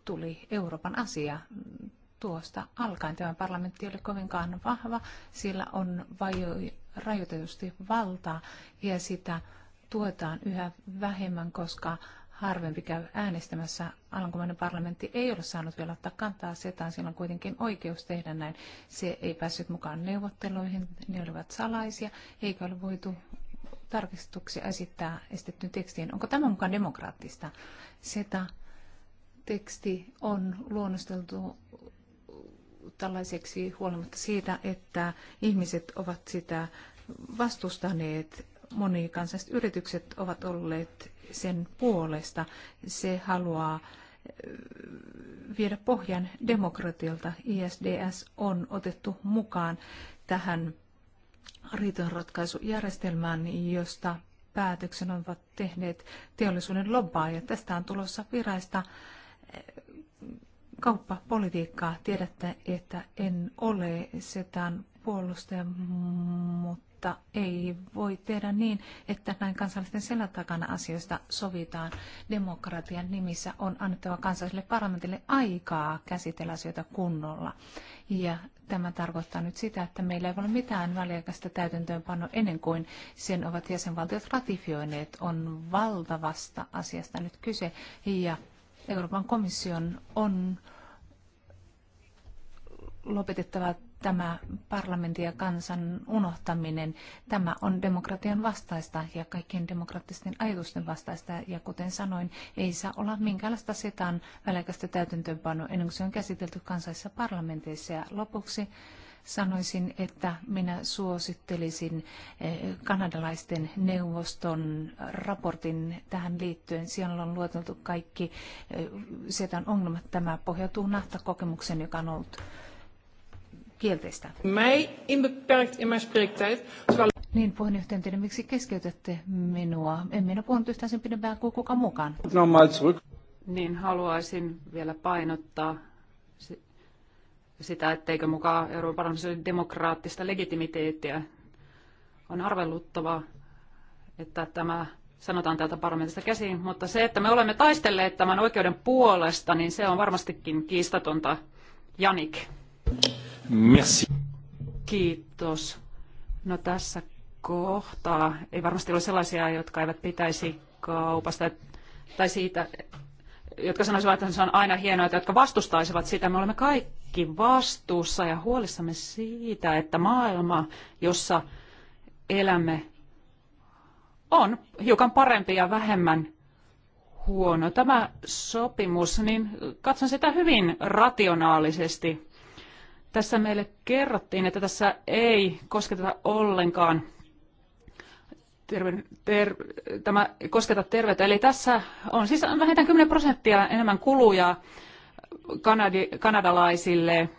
tuli Euroopan asia tuosta alkaen. Tämä parlamentti oli kovinkaan vahva, sillä on vajoi, rajoitetusti valtaa ja sitä tuetaan yhä vähemmän, koska harvempi käy äänestämässä. Alankomainen parlamentti ei ole saanut vielä ottaa kantaa setaan, sillä on kuitenkin oikeus tehdä näin. Se ei päässyt mukaan neuvotteluihin, ne olivat salaisia, eikä ole voitu tarkistuksia esittää estettyyn tekstiin. Onko tämä mukaan demokraattista? Seta teksti on luonnosteltu tällaiseksi huolimatta siitä, että ihmiset ovat sitä vastustaneet monikansalliset yritykset ovat olleet sen puolesta. Se haluaa eh, viedä pohjan demokratialta. ISDS on otettu mukaan tähän riitonratkaisujärjestelmään, josta päätöksen ovat tehneet teollisuuden lobbaajat. Tästä on tulossa viraista eh, kauppapolitiikkaa. Tiedätte, että en ole setään puolustaja, mutta mutta ei voi tehdä niin, että näin kansallisten selän takana asioista sovitaan. Demokratian nimissä on annettava kansalliselle parlamentille aikaa käsitellä asioita kunnolla. Ja tämä tarkoittaa nyt sitä, että meillä ei ole mitään väliaikaista täytäntöönpanoa ennen kuin sen ovat jäsenvaltiot ratifioineet. On valtavasta asiasta nyt kyse ja Euroopan komission on lopetettava tämä parlamentin ja kansan unohtaminen, tämä on demokratian vastaista ja kaikkien demokraattisten ajatusten vastaista. Ja kuten sanoin, ei saa olla minkäänlaista setan väliaikaista täytäntöönpanoa ennen kuin se on käsitelty kansallisissa parlamenteissa. Ja lopuksi sanoisin, että minä suosittelisin eh, kanadalaisten neuvoston raportin tähän liittyen. Siellä on luoteltu kaikki eh, setan ongelmat. Tämä pohjautuu nahtakokemukseen, joka on ollut kielteistä. Niin, puheenjohtaja, en tiedä, miksi keskeytätte minua. En minä puhunut yhtään sen pidempään kuin kukaan mukaan. Niin, haluaisin vielä painottaa sitä, etteikö mukaan Euroopan parlamentin demokraattista legitimiteettiä. On arveluttava, että tämä sanotaan täältä parlamentista käsiin, mutta se, että me olemme taistelleet tämän oikeuden puolesta, niin se on varmastikin kiistatonta. Janik. Merci. Kiitos. No tässä kohtaa ei varmasti ole sellaisia, jotka eivät pitäisi kaupasta tai siitä, jotka sanoisivat, että se on aina hienoa, että jotka vastustaisivat sitä. Me olemme kaikki vastuussa ja huolissamme siitä, että maailma, jossa elämme, on hiukan parempi ja vähemmän huono. Tämä sopimus, niin katson sitä hyvin rationaalisesti. Tässä meille kerrottiin, että tässä ei kosketeta ollenkaan terve, ter, tämä kosketa terveyttä. Eli tässä on siis vähintään 10 prosenttia enemmän kuluja kanadi, kanadalaisille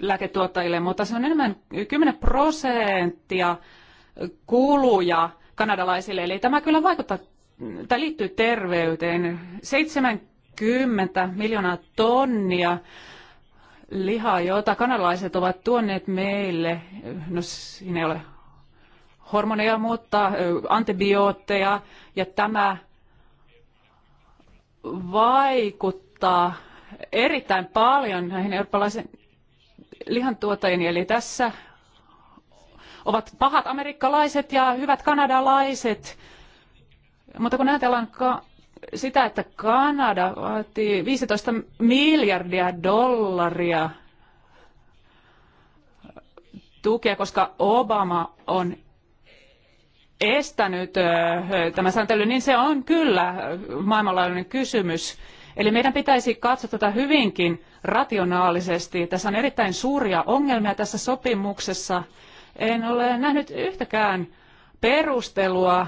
lääketuottajille, mutta se on enemmän 10 prosenttia kuluja kanadalaisille. Eli tämä kyllä vaikuttaa, tämä liittyy terveyteen. 70 miljoonaa tonnia lihaa, jota kanalaiset ovat tuoneet meille. No siinä ei ole hormoneja, mutta antibiootteja ja tämä vaikuttaa erittäin paljon näihin eurooppalaisiin lihantuottajiin. Eli tässä ovat pahat amerikkalaiset ja hyvät kanadalaiset. Mutta kun ajatellaan ka- sitä, että Kanada vaatii 15 miljardia dollaria tukea, koska Obama on estänyt tämän sääntelyn, niin se on kyllä maailmanlaajuinen kysymys. Eli meidän pitäisi katsoa tätä hyvinkin rationaalisesti. Tässä on erittäin suuria ongelmia tässä sopimuksessa. En ole nähnyt yhtäkään perustelua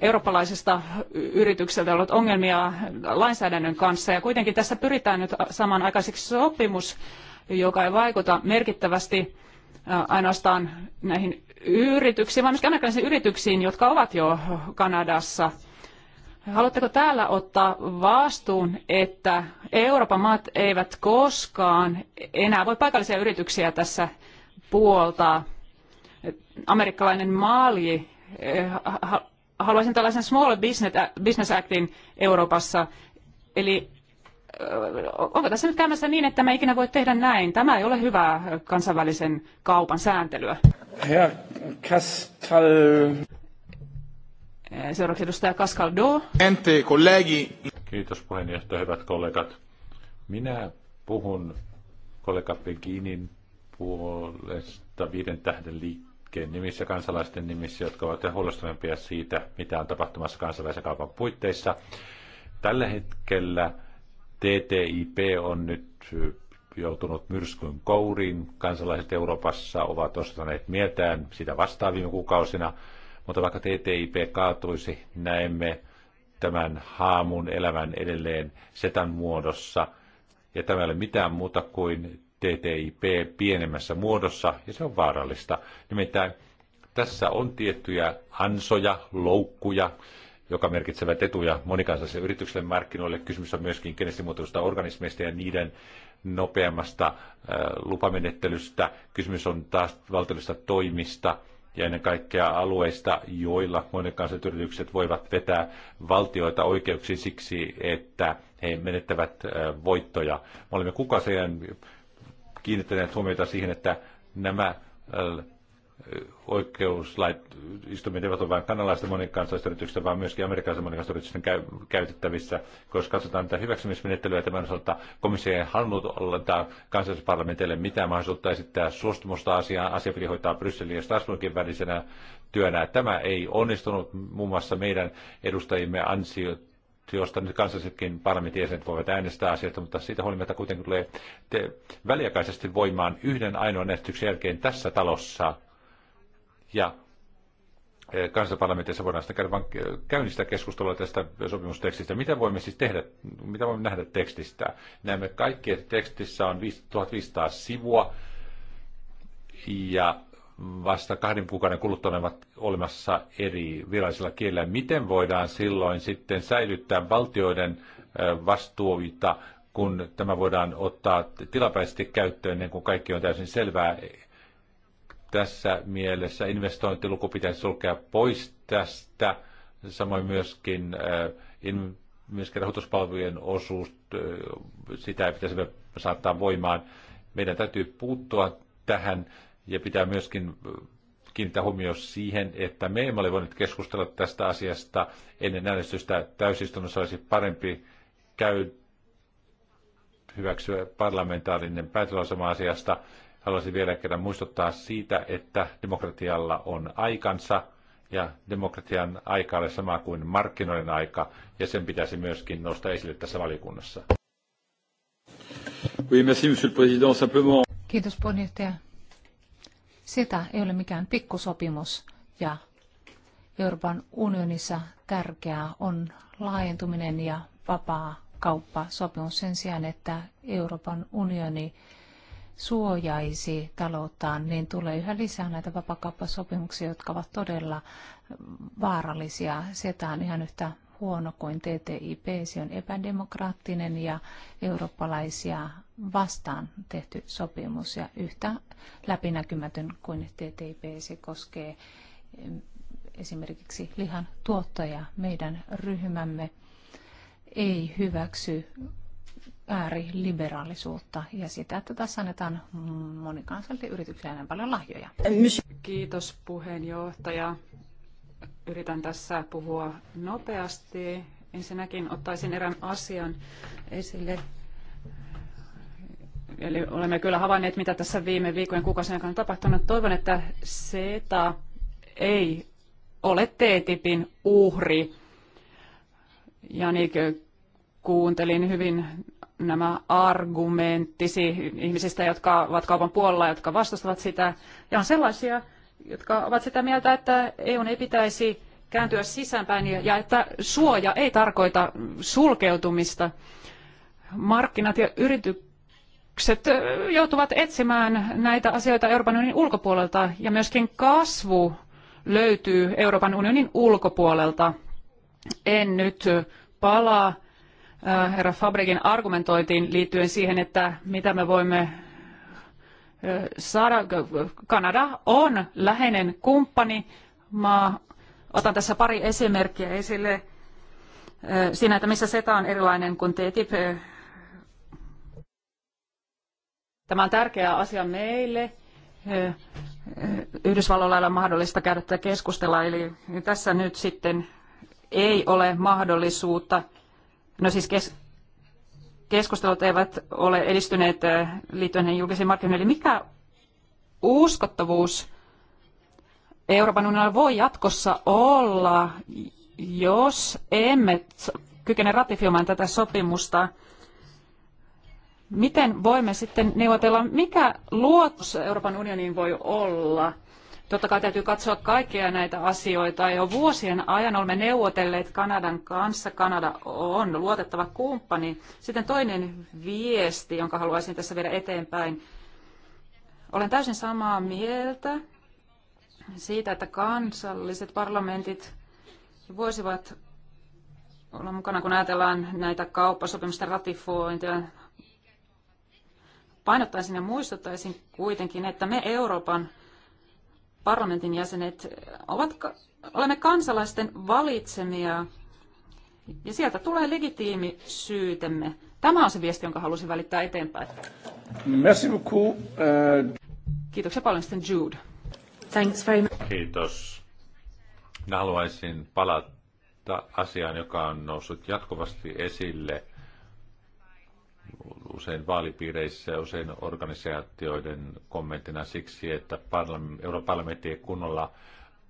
eurooppalaisesta yritykseltä ollut ongelmia lainsäädännön kanssa ja kuitenkin tässä pyritään nyt saman aikaiseksi sopimus, joka ei vaikuta merkittävästi ainoastaan näihin yrityksiin, vaan myös kanadalaisiin yrityksiin, jotka ovat jo Kanadassa. Haluatteko täällä ottaa vastuun, että Euroopan maat eivät koskaan enää voi paikallisia yrityksiä tässä puoltaa? Amerikkalainen maali haluaisin tällaisen Small Business Actin Euroopassa. Eli onko tässä nyt käymässä niin, että me ikinä voi tehdä näin? Tämä ei ole hyvää kansainvälisen kaupan sääntelyä. Herr Kastal... Seuraavaksi edustaja Kaskaldo. Ente, kollegi. Kiitos puheenjohtaja, hyvät kollegat. Minä puhun kollega Peginin puolesta viiden tähden liikkeelle Kenen nimissä, kansalaisten nimissä, jotka ovat huolestuneempia siitä, mitä on tapahtumassa kansainvälisen kaupan puitteissa. Tällä hetkellä TTIP on nyt joutunut myrskyn kouriin. Kansalaiset Euroopassa ovat osoittaneet mieltään sitä vastaan viime kuukausina, mutta vaikka TTIP kaatuisi, näemme tämän haamun elämän edelleen setan muodossa. Ja tämä ei ole mitään muuta kuin TTIP pienemmässä muodossa, ja se on vaarallista. Nimittäin tässä on tiettyjä ansoja, loukkuja, joka merkitsevät etuja monikansallisille yrityksille markkinoille. Kysymys on myöskin genesimuotoilusta organismeista ja niiden nopeammasta äh, lupamenettelystä. Kysymys on taas valtiollisista toimista ja ennen kaikkea alueista, joilla monikansalliset yritykset voivat vetää valtioita oikeuksiin siksi, että he menettävät äh, voittoja. Me olemme kuukausia kiinnittäneet huomiota siihen, että nämä äh, oikeuslait, istuminen eivät ole vain kanalaisten monikansallisten yritysten, vaan myöskin amerikkalaisten monikansallisten yritysten käytettävissä. Koska katsotaan tätä hyväksymismenettelyä tämän osalta, komissio ei halunnut olla kansallisparlamenteille mitään mahdollisuutta esittää suostumusta asiaan. Asia piti hoitaa Brysselin ja Strasbourgin välisenä työnä. Tämä ei onnistunut muun muassa meidän edustajimme ansiot josta nyt kansallisetkin parlamentin jäsenet voivat äänestää asiasta, mutta siitä huolimatta kuitenkin tulee väliaikaisesti voimaan yhden ainoan äänestyksen jälkeen tässä talossa. Ja e, kansanparlamentissa voidaan sitten käydä käynnistää keskustelua tästä sopimustekstistä. Mitä voimme siis tehdä, mitä voimme nähdä tekstistä? Näemme kaikki, että tekstissä on 1500 sivua ja vasta kahden kuukauden kuluttua olemassa eri virallisilla kielillä. Miten voidaan silloin sitten säilyttää valtioiden vastuuita, kun tämä voidaan ottaa tilapäisesti käyttöön ennen kuin kaikki on täysin selvää? Tässä mielessä investointiluku pitäisi sulkea pois tästä, samoin myöskin, myöskin rahoituspalvelujen osuus, sitä ei pitäisi saattaa voimaan. Meidän täytyy puuttua tähän ja pitää myöskin äh, kiinnittää huomio siihen, että me emme ole voineet keskustella tästä asiasta ennen äänestystä. Täysistunnossa olisi parempi käy hyväksyä parlamentaarinen päätöslausema asiasta. Haluaisin vielä kerran muistuttaa siitä, että demokratialla on aikansa ja demokratian aika ole sama kuin markkinoiden aika, ja sen pitäisi myöskin nostaa esille tässä valiokunnassa. Kiitos puheenjohtaja. Sitä ei ole mikään pikkusopimus ja Euroopan unionissa tärkeää on laajentuminen ja vapaa kauppasopimus sen sijaan, että Euroopan unioni suojaisi talouttaan, niin tulee yhä lisää näitä vapakauppasopimuksia, jotka ovat todella vaarallisia. SETA on ihan yhtä huono kuin TTIP, se on epädemokraattinen ja eurooppalaisia vastaan tehty sopimus ja yhtä läpinäkymätön kuin TTIP se koskee esimerkiksi lihan tuottaja. Meidän ryhmämme ei hyväksy ääriliberaalisuutta ja sitä, että tässä annetaan monikansallisille yrityksille enää paljon lahjoja. Kiitos puheenjohtaja. Yritän tässä puhua nopeasti. Ensinnäkin ottaisin erään asian esille, Eli olemme kyllä havainneet, mitä tässä viime viikkojen kuukausien aikana on tapahtunut. Toivon, että CETA ei ole TTIPin uhri. Janik, kuuntelin hyvin nämä argumenttisi ihmisistä, jotka ovat kaupan puolella, jotka vastustavat sitä. Ja on sellaisia, jotka ovat sitä mieltä, että EU ei pitäisi kääntyä sisäänpäin ja että suoja ei tarkoita sulkeutumista. Markkinat ja yritykset yritykset joutuvat etsimään näitä asioita Euroopan unionin ulkopuolelta ja myöskin kasvu löytyy Euroopan unionin ulkopuolelta. En nyt palaa herra Fabrikin argumentointiin liittyen siihen, että mitä me voimme saada. Kanada on läheinen kumppani. Mä otan tässä pari esimerkkiä esille siinä, että missä SETA on erilainen kuin TTIP Tämä on tärkeä asia meille. Yhdysvalloilla on mahdollista käydä tätä keskustella, eli tässä nyt sitten ei ole mahdollisuutta. No siis kes- keskustelut eivät ole edistyneet liittyen julkisiin markkinoihin. Eli mikä uskottavuus Euroopan unionilla voi jatkossa olla, jos emme kykene ratifioimaan tätä sopimusta – miten voimme sitten neuvotella, mikä luotus Euroopan unioniin voi olla? Totta kai täytyy katsoa kaikkia näitä asioita. Jo vuosien ajan olemme neuvotelleet Kanadan kanssa. Kanada on luotettava kumppani. Sitten toinen viesti, jonka haluaisin tässä viedä eteenpäin. Olen täysin samaa mieltä siitä, että kansalliset parlamentit voisivat olla mukana, kun ajatellaan näitä kauppasopimusten ratifointeja Painottaisin ja muistuttaisin kuitenkin, että me Euroopan parlamentin jäsenet ovat, olemme kansalaisten valitsemia ja sieltä tulee legitiimi syytemme. Tämä on se viesti, jonka halusin välittää eteenpäin. Merci beaucoup. Euh, Kiitoksia paljon sitten Jude. Thanks very much. Kiitos. haluaisin palata asiaan, joka on noussut jatkuvasti esille – usein vaalipiireissä ja usein organisaatioiden kommenttina siksi, että Euroopan parlamentti ei kunnolla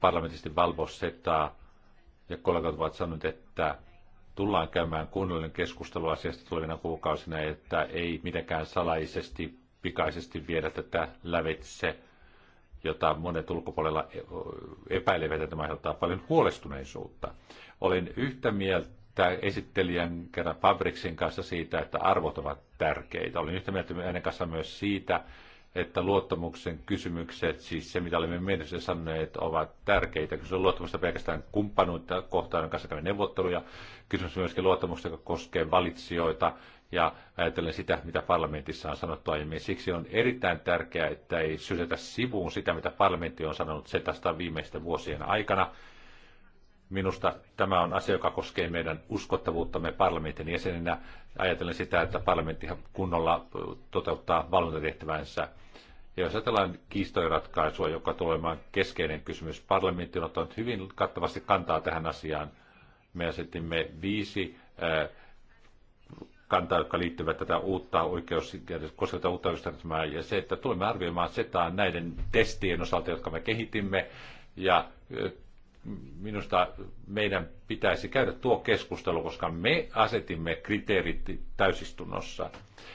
parlamentisti valvo setaa, ja kollegat ovat sanoneet, että tullaan käymään kunnollinen keskustelu asiasta tulevina kuukausina, että ei mitenkään salaisesti pikaisesti viedä tätä lävitse, jota monet ulkopuolella e-, epäilevät, että tämä aiheuttaa paljon huolestuneisuutta. Olen yhtä mieltä tämä esittelijän kerran Fabriksin kanssa siitä, että arvot ovat tärkeitä. Olin yhtä mieltä hänen kanssa myös siitä, että luottamuksen kysymykset, siis se mitä olemme mielessä sanoneet, ovat tärkeitä. Kysymys on luottamusta pelkästään kumppanuutta kohtaan, jonka kanssa käymme neuvotteluja. Kysymys on myöskin luottamusta, joka koskee valitsijoita ja ajatellen sitä, mitä parlamentissa on sanottu aiemmin. Siksi on erittäin tärkeää, että ei sysätä sivuun sitä, mitä parlamentti on sanonut setasta viimeisten vuosien aikana Minusta tämä on asia, joka koskee meidän uskottavuuttamme parlamentin jäsenenä. Ajatellen sitä, että parlamentti kunnolla toteuttaa valvontatehtävänsä. Ja jos ajatellaan kiistojen ratkaisua, joka tulee olemaan keskeinen kysymys, parlamentti on ottanut hyvin kattavasti kantaa tähän asiaan. Me asetimme viisi kantaa, jotka liittyvät tätä uutta oikeus, koskevat uutta oikeusjärjestelmää, ja se, että tulemme arvioimaan setaan näiden testien osalta, jotka me kehitimme, ja minusta meidän pitäisi käydä tuo keskustelu, koska me asetimme kriteerit täysistunnossa.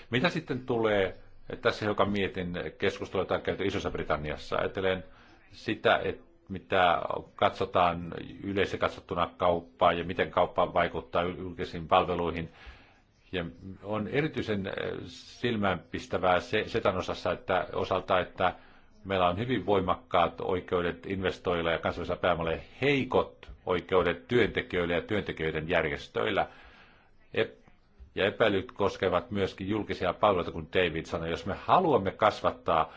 Mitä sitten tulee, tässä joka mietin keskustelua, jota on käyty Isossa Britanniassa, ajattelen sitä, että mitä katsotaan yleisö katsottuna kauppaa ja miten kauppa vaikuttaa julkisiin palveluihin. Ja on erityisen silmäänpistävää se, setan osassa, että osalta, että Meillä on hyvin voimakkaat oikeudet investoilla ja kansallisella pääomalla heikot oikeudet työntekijöille ja työntekijöiden järjestöillä. Ja epäilyt koskevat myöskin julkisia palveluita, kun David sanoi, jos me haluamme kasvattaa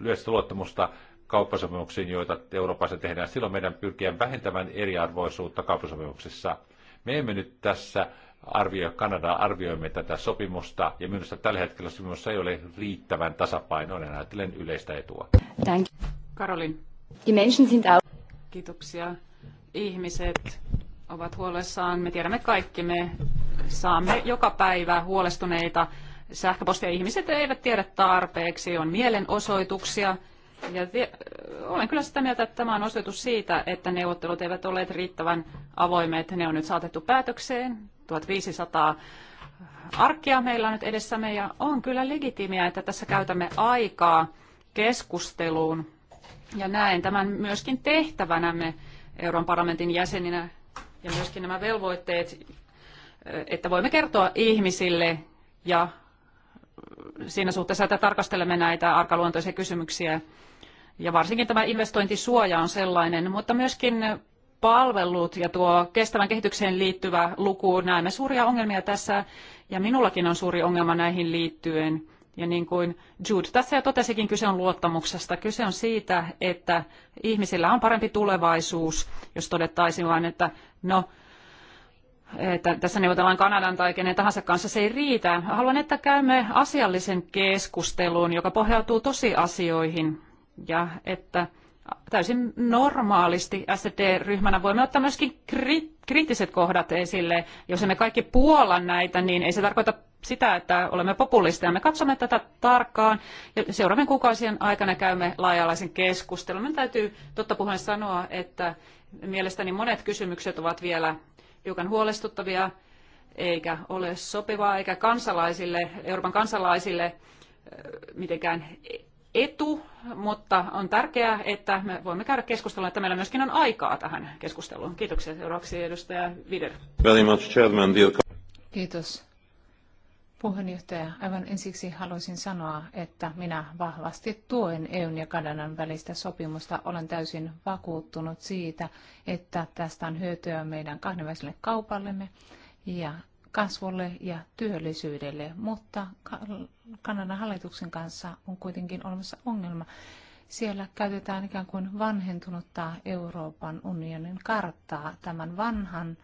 yleistä luottamusta kauppasopimuksiin, joita Euroopassa tehdään, silloin meidän pyrkiä vähentämään eriarvoisuutta kauppasopimuksissa – me emme nyt tässä arvioi Kanadaa, arvioimme tätä sopimusta, ja minusta tällä hetkellä sopimus ei ole riittävän tasapainoinen, ajatellen yleistä etua. Thank you. Karolin. Die Menschen sind auch. Kiitoksia. Ihmiset ovat huolessaan. Me tiedämme kaikki, me saamme joka päivä huolestuneita sähköpostia. Ihmiset eivät tiedä tarpeeksi, on mielenosoituksia. Ja olen kyllä sitä mieltä, että tämä on osoitus siitä, että neuvottelut eivät ole riittävän avoimet, ne on nyt saatettu päätökseen. 1500 arkkia meillä on nyt edessämme ja on kyllä legitimiä, että tässä käytämme aikaa keskusteluun. Ja näen tämän myöskin tehtävänämme Euroopan parlamentin jäseninä ja myöskin nämä velvoitteet, että voimme kertoa ihmisille ja siinä suhteessa, että tarkastelemme näitä arkaluontoisia kysymyksiä. Ja varsinkin tämä investointisuoja on sellainen, mutta myöskin palvelut ja tuo kestävän kehitykseen liittyvä luku, näemme suuria ongelmia tässä ja minullakin on suuri ongelma näihin liittyen. Ja niin kuin Jude tässä jo totesikin, kyse on luottamuksesta. Kyse on siitä, että ihmisillä on parempi tulevaisuus, jos todettaisiin vain, että no, että tässä neuvotellaan Kanadan tai kenen tahansa kanssa, se ei riitä. Haluan, että käymme asiallisen keskustelun, joka pohjautuu tosiasioihin ja että täysin normaalisti STT-ryhmänä voimme ottaa myöskin kri- kriittiset kohdat esille. Jos emme kaikki puolla näitä, niin ei se tarkoita sitä, että olemme populisteja. Me katsomme tätä tarkkaan ja seuraavien kuukausien aikana käymme laajalaisen keskustelun. Minun täytyy totta puheen sanoa, että mielestäni monet kysymykset ovat vielä hiukan huolestuttavia, eikä ole sopivaa, eikä kansalaisille, Euroopan kansalaisille mitenkään etu, mutta on tärkeää, että me voimme käydä keskustelua, että meillä myöskin on aikaa tähän keskusteluun. Kiitoksia. Seuraavaksi edustaja Vider. Very much, chairman, Kiitos. Puheenjohtaja, aivan ensiksi haluaisin sanoa, että minä vahvasti tuen EUn ja Kanadan välistä sopimusta. Olen täysin vakuuttunut siitä, että tästä on hyötyä meidän kahdenväliselle kaupallemme ja kasvulle ja työllisyydelle, mutta Kanadan hallituksen kanssa on kuitenkin olemassa ongelma. Siellä käytetään ikään kuin vanhentunutta Euroopan unionin karttaa tämän vanhan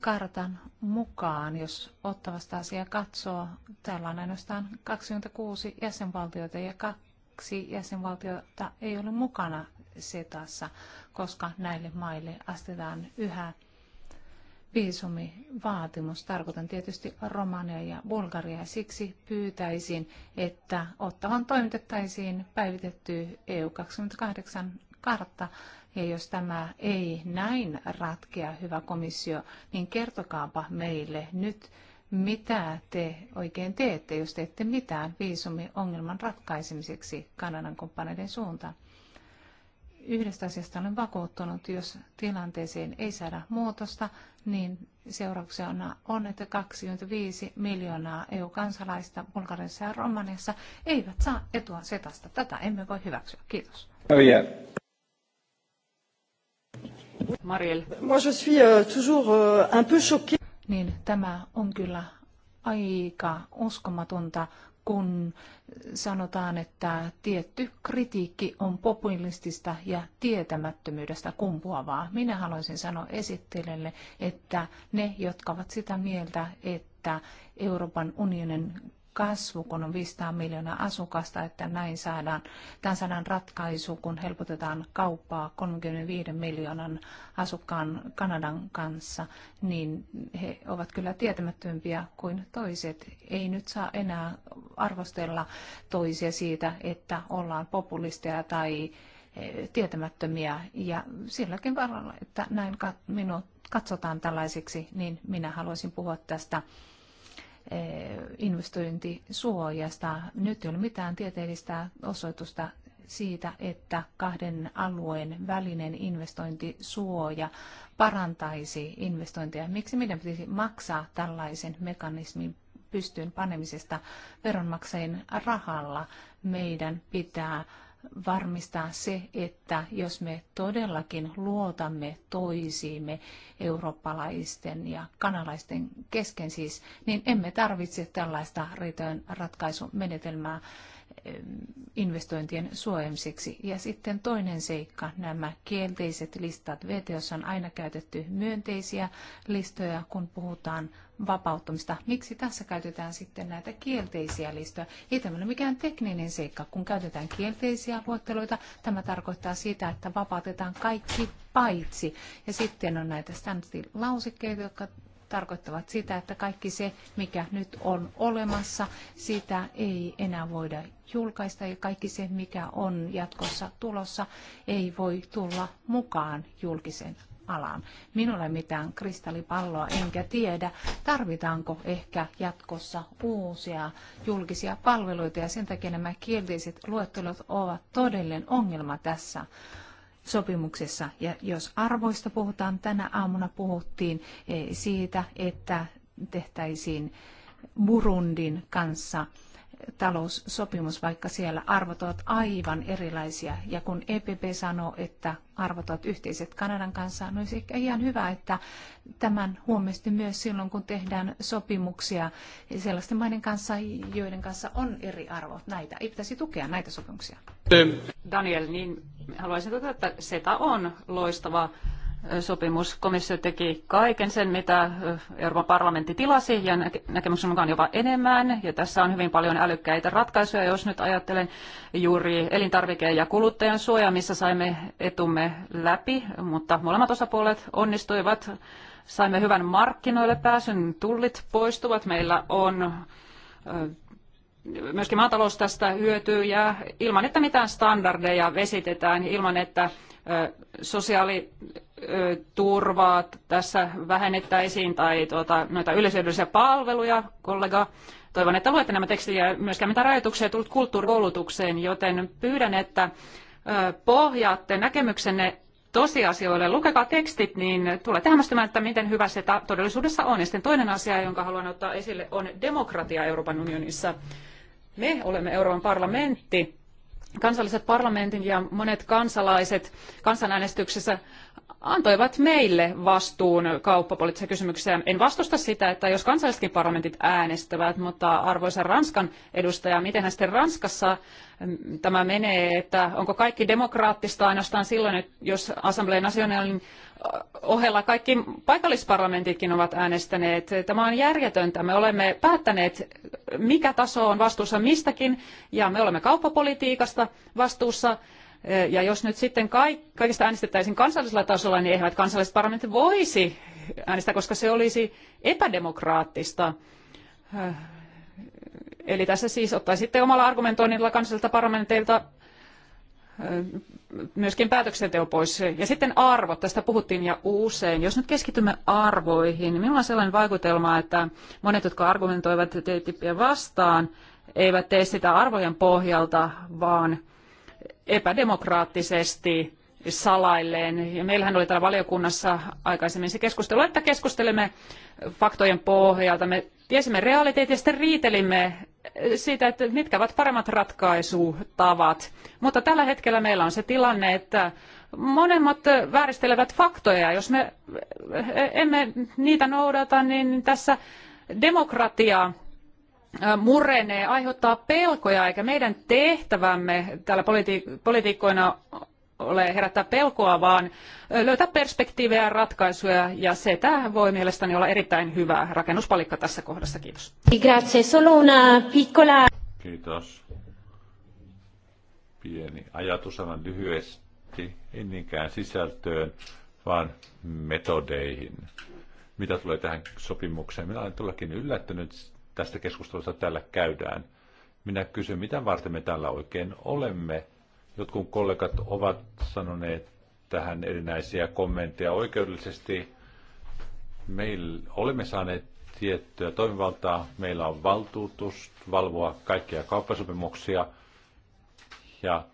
kartan mukaan, jos ottavasta asiaa katsoo, täällä on ainoastaan 26 jäsenvaltiota ja kaksi jäsenvaltiota ei ole mukana setassa, koska näille maille astetaan yhä viisumivaatimus. Tarkoitan tietysti Romania ja Bulgaria. Siksi pyytäisin, että ottavan toimitettaisiin päivitetty EU28 kartta. Ja jos tämä ei näin ratkea, hyvä komissio, niin kertokaapa meille nyt, mitä te oikein teette, jos teette mitään viisumiongelman ratkaisemiseksi Kanadan kumppaneiden suuntaan yhdestä asiasta olen vakuuttunut, jos tilanteeseen ei saada muutosta, niin seurauksena on, että 25 miljoonaa EU-kansalaista Bulgariassa ja Romaniassa eivät saa etua setasta. Tätä emme voi hyväksyä. Kiitos. Oh yeah. Mariel. Moi je suis euh, toujours euh, un peu choquée. Niin tämä on kyllä aika uskomatonta, kun sanotaan, että tietty kritiikki on populistista ja tietämättömyydestä kumpuavaa. Minä haluaisin sanoa esittelijälle, että ne, jotka ovat sitä mieltä, että Euroopan unionin kasvu, kun on 500 miljoonaa asukasta, että näin saadaan, tämän saadaan ratkaisu, kun helpotetaan kauppaa 35 miljoonan asukkaan Kanadan kanssa, niin he ovat kyllä tietämättömpiä kuin toiset. Ei nyt saa enää arvostella toisia siitä, että ollaan populisteja tai eh, tietämättömiä ja silläkin varalla, että näin minut katsotaan tällaisiksi, niin minä haluaisin puhua tästä Eh, investointisuojasta. Nyt ei ole mitään tieteellistä osoitusta siitä, että kahden alueen välinen investointisuoja parantaisi investointeja. Miksi meidän pitäisi maksaa tällaisen mekanismin pystyyn panemisesta veronmaksajien rahalla? Meidän pitää varmistaa se, että jos me todellakin luotamme toisiimme eurooppalaisten ja kanalaisten kesken siis, niin emme tarvitse tällaista riitojen ratkaisumenetelmää investointien suojamiseksi. Ja sitten toinen seikka, nämä kielteiset listat. VTOssa on aina käytetty myönteisiä listoja, kun puhutaan vapauttamista. Miksi tässä käytetään sitten näitä kielteisiä listoja? Ei tämä ole mikään tekninen seikka. Kun käytetään kielteisiä luetteloita, tämä tarkoittaa sitä, että vapautetaan kaikki paitsi. Ja sitten on näitä standstill-lausekkeita, jotka tarkoittavat sitä, että kaikki se, mikä nyt on olemassa, sitä ei enää voida julkaista ja kaikki se, mikä on jatkossa tulossa, ei voi tulla mukaan julkisen alaan. Minulla ei mitään kristallipalloa enkä tiedä, tarvitaanko ehkä jatkossa uusia julkisia palveluita ja sen takia nämä kielteiset luettelot ovat todellinen ongelma tässä sopimuksessa. Ja jos arvoista puhutaan, tänä aamuna puhuttiin eh, siitä, että tehtäisiin Burundin kanssa taloussopimus, vaikka siellä arvot ovat aivan erilaisia. Ja kun EPP sanoo, että arvot ovat yhteiset Kanadan kanssa, niin no siis olisi ehkä ihan hyvä, että tämän huomioisesti myös silloin, kun tehdään sopimuksia sellaisten maiden kanssa, joiden kanssa on eri arvot. Näitä ei pitäisi tukea, näitä sopimuksia. Daniel, niin haluaisin todeta, että SETA on loistava sopimus. Komissio teki kaiken sen, mitä Euroopan parlamentti tilasi ja näkemyksen mukaan jopa enemmän. Ja tässä on hyvin paljon älykkäitä ratkaisuja, jos nyt ajattelen juuri elintarvike- ja kuluttajan suoja, missä saimme etumme läpi, mutta molemmat osapuolet onnistuivat. Saimme hyvän markkinoille pääsyn, tullit poistuvat, meillä on myöskin maatalous tästä hyötyy ja ilman, että mitään standardeja vesitetään, ilman, että sosiaali turvaa tässä vähennettäisiin tai tuota, noita yleisöllisiä palveluja, kollega. Toivon, että luette nämä tekstit ja myöskään mitä rajoituksia tullut kulttuurikoulutukseen, joten pyydän, että pohjaatte näkemyksenne tosiasioille. Lukekaa tekstit, niin tulee hämmästymään, että miten hyvä se todellisuudessa on. Ja sitten toinen asia, jonka haluan ottaa esille, on demokratia Euroopan unionissa. Me olemme Euroopan parlamentti. Kansalliset parlamentin ja monet kansalaiset kansanäänestyksessä antoivat meille vastuun kauppapoliittisia kysymyksiä. En vastusta sitä, että jos kansallisetkin parlamentit äänestävät, mutta arvoisa Ranskan edustaja, mitenhän sitten Ranskassa mm, tämä menee, että onko kaikki demokraattista ainoastaan silloin, että jos Assemblée Nationalin ohella kaikki paikallisparlamentitkin ovat äänestäneet. Tämä on järjetöntä. Me olemme päättäneet, mikä taso on vastuussa mistäkin, ja me olemme kauppapolitiikasta vastuussa, ja jos nyt sitten kaikista äänestettäisiin kansallisella tasolla, niin eivät kansalliset parlamentit voisi äänestää, koska se olisi epädemokraattista. Äh, eli tässä siis ottaisitte omalla argumentoinnilla kansallisilta parlamenteilta äh, myöskin päätöksenteo pois. Ja sitten arvot, tästä puhuttiin ja usein. Jos nyt keskitymme arvoihin, niin minulla on sellainen vaikutelma, että monet, jotka argumentoivat TTIPia vastaan, eivät tee sitä arvojen pohjalta, vaan epädemokraattisesti salailleen. Ja meillähän oli täällä valiokunnassa aikaisemmin se keskustelu, että keskustelemme faktojen pohjalta. Me tiesimme realiteetin ja sitten riitelimme siitä, että mitkä ovat paremmat ratkaisutavat. Mutta tällä hetkellä meillä on se tilanne, että monemmat vääristelevät faktoja. Jos me emme niitä noudata, niin tässä demokratia murenee, aiheuttaa pelkoja, eikä meidän tehtävämme täällä politi- politiikkoina ole herättää pelkoa, vaan löytää perspektiivejä ja ratkaisuja, ja se tämä voi mielestäni olla erittäin hyvä rakennuspalikka tässä kohdassa. Kiitos. Grazie, solo una piccola... Kiitos. Pieni ajatus aivan lyhyesti, ei niinkään sisältöön, vaan metodeihin. Mitä tulee tähän sopimukseen? Minä olen tullakin yllättynyt tästä keskustelusta täällä käydään. Minä kysyn, mitä varten me täällä oikein olemme? Jotkut kollegat ovat sanoneet tähän erinäisiä kommentteja oikeudellisesti. Meillä olemme saaneet tiettyä toimivaltaa. Meillä on valtuutus valvoa kaikkia kauppasopimuksia ja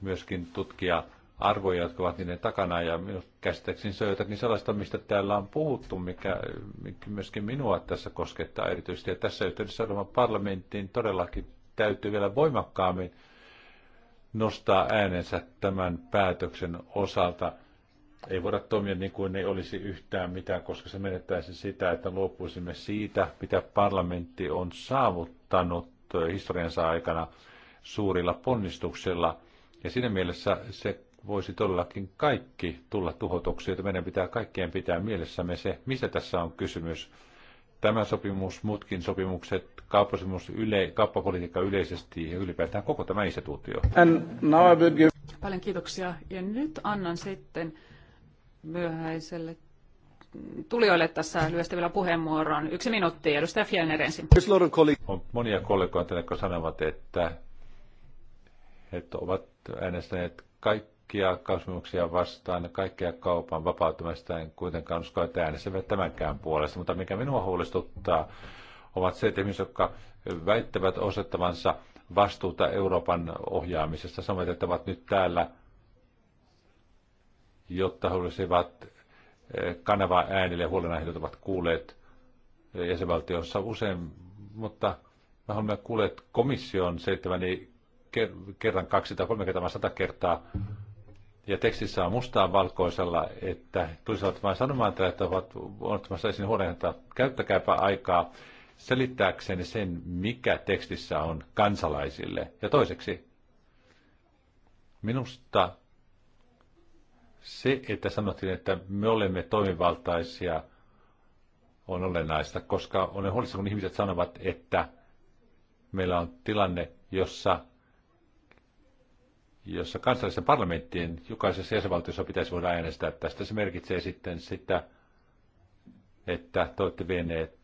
myöskin tutkia arvoja, jotka ovat niiden takana. Ja käsittääkseni se on jotakin sellaista, mistä täällä on puhuttu, mikä, mikä myöskin minua tässä koskettaa erityisesti. Ja tässä yhteydessä Euroopan parlamenttiin todellakin täytyy vielä voimakkaammin nostaa äänensä tämän päätöksen osalta. Ei voida toimia niin kuin ei olisi yhtään mitään, koska se menettäisi sitä, että luopuisimme siitä, mitä parlamentti on saavuttanut historiansa aikana suurilla ponnistuksilla. Ja siinä mielessä se voisi todellakin kaikki tulla tuhotuksi, että meidän pitää kaikkien pitää mielessämme se, mistä tässä on kysymys. Tämä sopimus, muutkin sopimukset, kauppasopimus, yle, kauppapolitiikka yleisesti ja ylipäätään koko tämä instituutio. Give... Paljon kiitoksia. Ja nyt annan sitten myöhäiselle tulijoille tässä lyhyesti vielä puheenvuoron. Yksi minuutti, edustaja Fjellner ensin. On monia kollegoja, jotka sanovat, että, he ovat äänestäneet kaikki kaikkia kasvimuksia vastaan kaikkia kaupan vapautumista. En kuitenkaan usko, että äänestävät tämänkään puolesta. Mutta mikä minua huolestuttaa, ovat se, että ihmiset, jotka väittävät osettavansa vastuuta Euroopan ohjaamisesta, samoin, että ovat nyt täällä, jotta he olisivat eh, kanavaa äänille ja huolenaiheudet ovat kuulleet jäsenvaltiossa usein, mutta me olemme kuulleet komission seitsemän, kerran kaksi tai kolme kertaa, sata kertaa ja tekstissä on mustaa valkoisella, että tulisivat vain sanomaan, että ovat ottamassa esiin huoneen, että käyttäkääpä aikaa selittääkseen sen, mikä tekstissä on kansalaisille. Ja toiseksi, minusta se, että sanottiin, että me olemme toimivaltaisia, on olennaista, koska olen huolissa, kun ihmiset sanovat, että meillä on tilanne, jossa jossa kansallisten parlamenttien jokaisessa jäsenvaltiossa pitäisi voida äänestää tästä. Se merkitsee sitten sitä, että te olette vieneet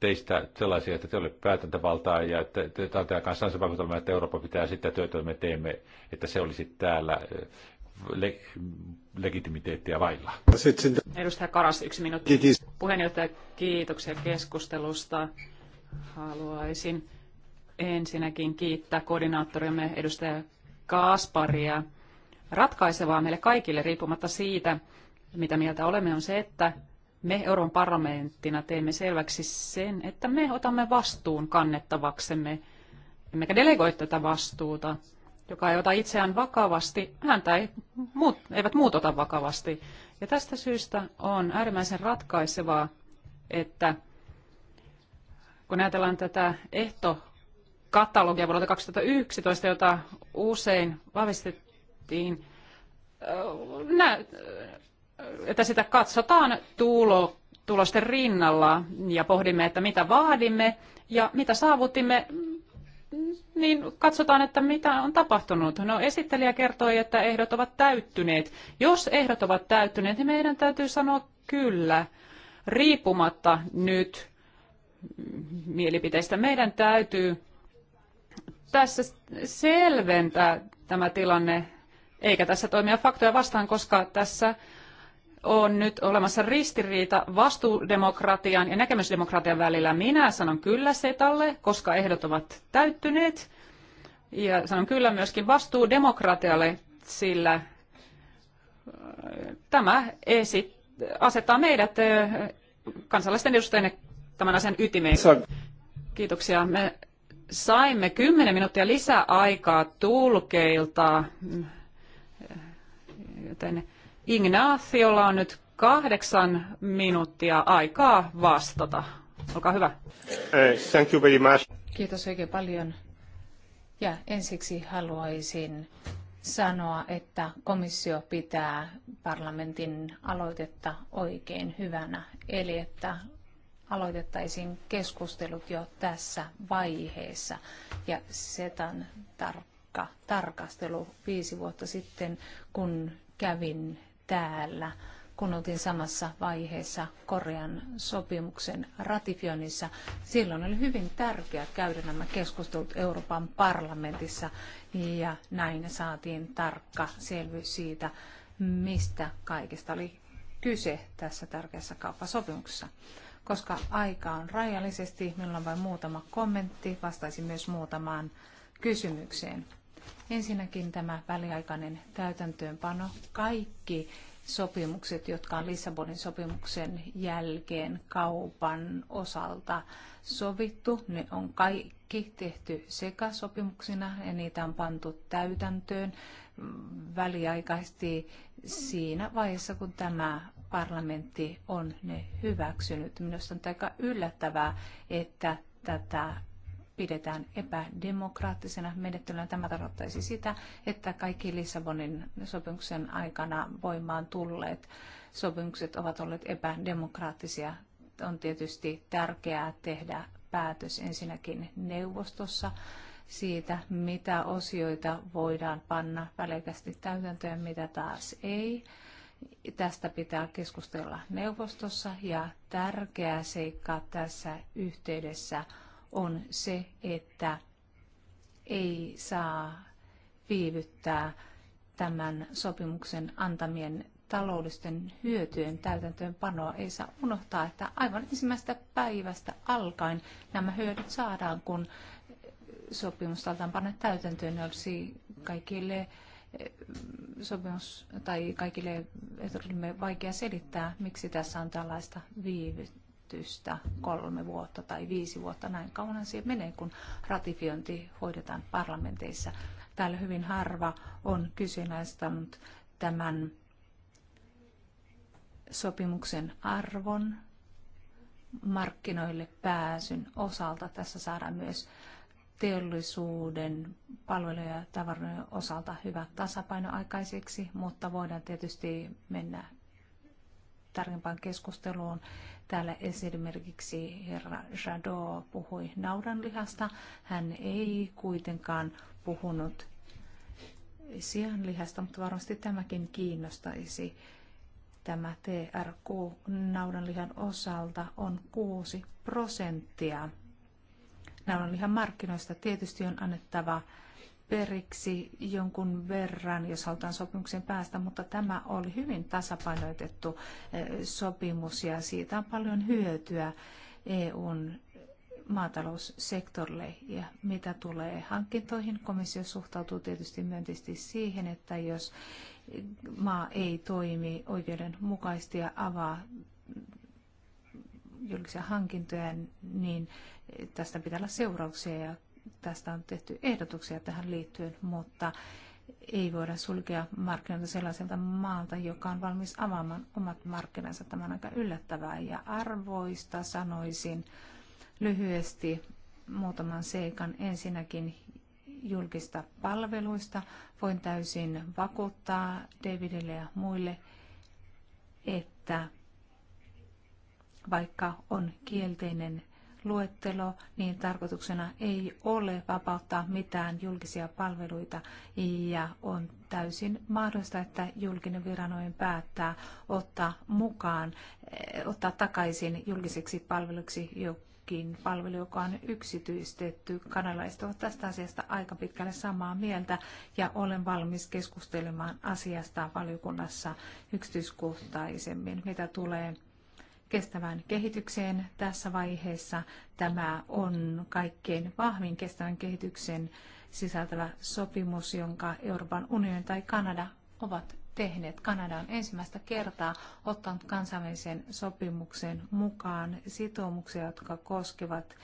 teistä sellaisia, että te olette päätäntävaltaa ja että te antaa sellaisen että Eurooppa pitää sitä työtä, me teemme, että se olisi täällä eh, le- legitimiteettiä vailla. Edustaja Karas, yksi minuutti. Kiitos. Puheenjohtaja, kiitoksia keskustelusta. Haluaisin ensinnäkin kiittää koordinaattoriamme edustaja Kaasparia. Ratkaisevaa meille kaikille, riippumatta siitä, mitä mieltä olemme, on se, että me Euroopan parlamenttina teemme selväksi sen, että me otamme vastuun kannettavaksemme, emmekä delegoi tätä vastuuta. Joka ei ota itseään vakavasti, häntä ei, muut, eivät muut ota vakavasti. Ja tästä syystä on äärimmäisen ratkaisevaa, että kun ajatellaan tätä ehto katalogia vuodelta 2011, jota usein vahvistettiin, että sitä katsotaan tulo, tulosten rinnalla ja pohdimme, että mitä vaadimme ja mitä saavutimme, niin katsotaan, että mitä on tapahtunut. No esittelijä kertoi, että ehdot ovat täyttyneet. Jos ehdot ovat täyttyneet, niin meidän täytyy sanoa kyllä, riippumatta nyt mielipiteistä. Meidän täytyy tässä selventää tämä tilanne, eikä tässä toimia faktoja vastaan, koska tässä on nyt olemassa ristiriita vastuudemokratian ja näkemysdemokratian välillä. Minä sanon kyllä setalle, koska ehdot ovat täyttyneet. Ja sanon kyllä myöskin vastuudemokratialle, sillä äh, tämä esit, asettaa meidät äh, kansalaisten edustajien tämän asian ytimeen. Kiitoksia. Me saimme 10 minuuttia lisää aikaa tulkeilta, joten Ignaciolla on nyt kahdeksan minuuttia aikaa vastata. Olkaa hyvä. Eh, thank you very much. Kiitos oikein paljon. Ja ensiksi haluaisin sanoa, että komissio pitää parlamentin aloitetta oikein hyvänä, eli että aloitettaisiin keskustelut jo tässä vaiheessa. Ja SETAn tarkka tarkastelu viisi vuotta sitten, kun kävin täällä, kun oltiin samassa vaiheessa Korean sopimuksen ratifioinnissa. Silloin oli hyvin tärkeää käydä nämä keskustelut Euroopan parlamentissa ja näin saatiin tarkka selvyys siitä, mistä kaikesta oli kyse tässä tärkeässä kauppasopimuksessa. Koska aika on rajallisesti, minulla on vain muutama kommentti, vastaisin myös muutamaan kysymykseen. Ensinnäkin tämä väliaikainen täytäntöönpano. Kaikki sopimukset, jotka on Lissabonin sopimuksen jälkeen kaupan osalta sovittu. Ne on kaikki tehty sopimuksina ja niitä on pantu täytäntöön väliaikaisesti siinä vaiheessa, kun tämä parlamentti on ne hyväksynyt. Minusta on aika yllättävää, että tätä pidetään epädemokraattisena menettelynä. Tämä tarkoittaisi sitä, että kaikki Lissabonin sopimuksen aikana voimaan tulleet sopimukset ovat olleet epädemokraattisia. On tietysti tärkeää tehdä päätös ensinnäkin neuvostossa siitä, mitä osioita voidaan panna väleikästi täytäntöön, mitä taas ei. Tästä pitää keskustella neuvostossa ja tärkeä seikka tässä yhteydessä on se, että ei saa viivyttää tämän sopimuksen antamien taloudellisten hyötyjen täytäntöönpanoa ei saa unohtaa, että aivan ensimmäisestä päivästä alkaen nämä hyödyt saadaan, kun sopimus saadaan panna täytäntöön, ne olisi kaikille sopimus tai kaikille ehdotuksille vaikea selittää, miksi tässä on tällaista viivytystä kolme vuotta tai viisi vuotta. Näin kauan siihen menee, kun ratifiointi hoidetaan parlamenteissa. Täällä hyvin harva on kyseenalaistanut tämän sopimuksen arvon markkinoille pääsyn osalta. Tässä saadaan myös teollisuuden palveluja ja tavaroiden osalta hyvä tasapaino aikaiseksi, mutta voidaan tietysti mennä tarkempaan keskusteluun. Täällä esimerkiksi herra Jadot puhui naudanlihasta. Hän ei kuitenkaan puhunut sianlihasta, mutta varmasti tämäkin kiinnostaisi. Tämä TRQ naudanlihan osalta on 6 prosenttia Nämä on ihan markkinoista. Tietysti on annettava periksi jonkun verran, jos halutaan sopimuksen päästä, mutta tämä oli hyvin tasapainoitettu eh, sopimus ja siitä on paljon hyötyä EUn maataloussektorille. Ja mitä tulee hankintoihin, komissio suhtautuu tietysti myönteisesti siihen, että jos maa ei toimi oikeudenmukaisesti ja avaa julkisia hankintoja, niin tästä pitää olla seurauksia ja tästä on tehty ehdotuksia tähän liittyen, mutta ei voida sulkea markkinoita sellaiselta maalta, joka on valmis avaamaan omat markkinansa. Tämä on aika yllättävää ja arvoista sanoisin lyhyesti muutaman seikan. Ensinnäkin julkista palveluista. Voin täysin vakuuttaa Davidille ja muille, että vaikka on kielteinen luettelo, niin tarkoituksena ei ole vapauttaa mitään julkisia palveluita ja on täysin mahdollista, että julkinen viranomainen päättää ottaa mukaan, eh, ottaa takaisin julkiseksi palveluksi jokin palvelu, joka on yksityistetty. Kanalaiset ovat tästä asiasta aika pitkälle samaa mieltä ja olen valmis keskustelemaan asiasta valiokunnassa yksityiskohtaisemmin, mitä tulee kestävään kehitykseen tässä vaiheessa. Tämä on kaikkein vahvin kestävän kehityksen sisältävä sopimus, jonka Euroopan unioni tai Kanada ovat tehneet. Kanada on ensimmäistä kertaa ottanut kansainvälisen sopimuksen mukaan sitoumuksia, jotka koskevat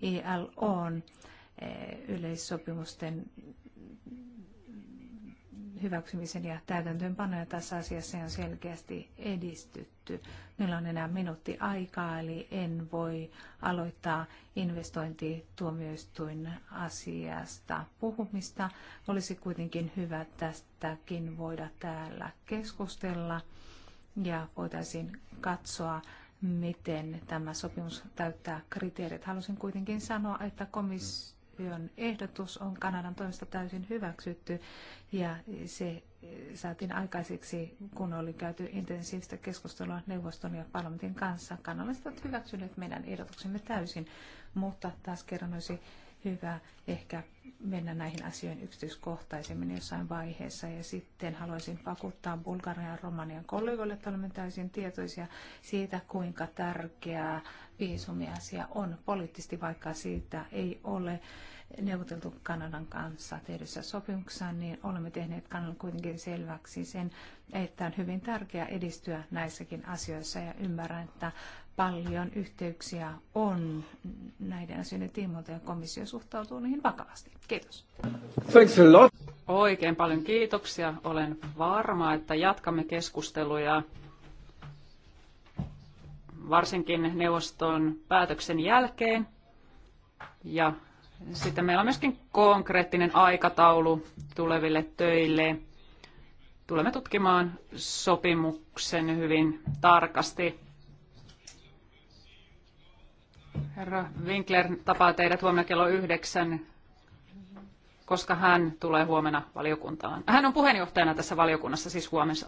ILOn e eh, yleissopimusten hyväksymisen ja täytäntöönpanoja tässä asiassa on selkeästi edistytty. Meillä on enää minuutti aikaa, eli en voi aloittaa investointituomioistuin asiasta puhumista. Olisi kuitenkin hyvä tästäkin voida täällä keskustella ja voitaisiin katsoa, miten tämä sopimus täyttää kriteerit. Haluaisin kuitenkin sanoa, että komissio Yön ehdotus on Kanadan toimesta täysin hyväksytty ja se saatiin aikaiseksi, kun oli käyty intensiivistä keskustelua neuvoston ja parlamentin kanssa. Kanalaiset ovat hyväksyneet meidän ehdotuksemme täysin, mutta taas kerran olisi hyvä ehkä mennä näihin asioihin yksityiskohtaisemmin jossain vaiheessa. Ja sitten haluaisin vakuuttaa Bulgarian ja Romanian kollegoille, että olemme täysin tietoisia siitä, kuinka tärkeää viisumiasia on poliittisesti, vaikka siitä ei ole neuvoteltu Kanadan kanssa tehdyssä sopimuksessa, niin olemme tehneet Kanadan kuitenkin selväksi sen, että on hyvin tärkeää edistyä näissäkin asioissa ja ymmärrän, että paljon yhteyksiä on näiden asioiden tiimoilta ja komissio suhtautuu niihin vakavasti. Kiitos. Thanks a lot. Oikein paljon kiitoksia. Olen varma, että jatkamme keskusteluja varsinkin neuvoston päätöksen jälkeen. Ja sitten meillä on myöskin konkreettinen aikataulu tuleville töille. Tulemme tutkimaan sopimuksen hyvin tarkasti. Herra Winkler tapaa teidät huomenna kello yhdeksän, koska hän tulee huomenna valiokuntaan. Hän on puheenjohtajana tässä valiokunnassa siis huomenna.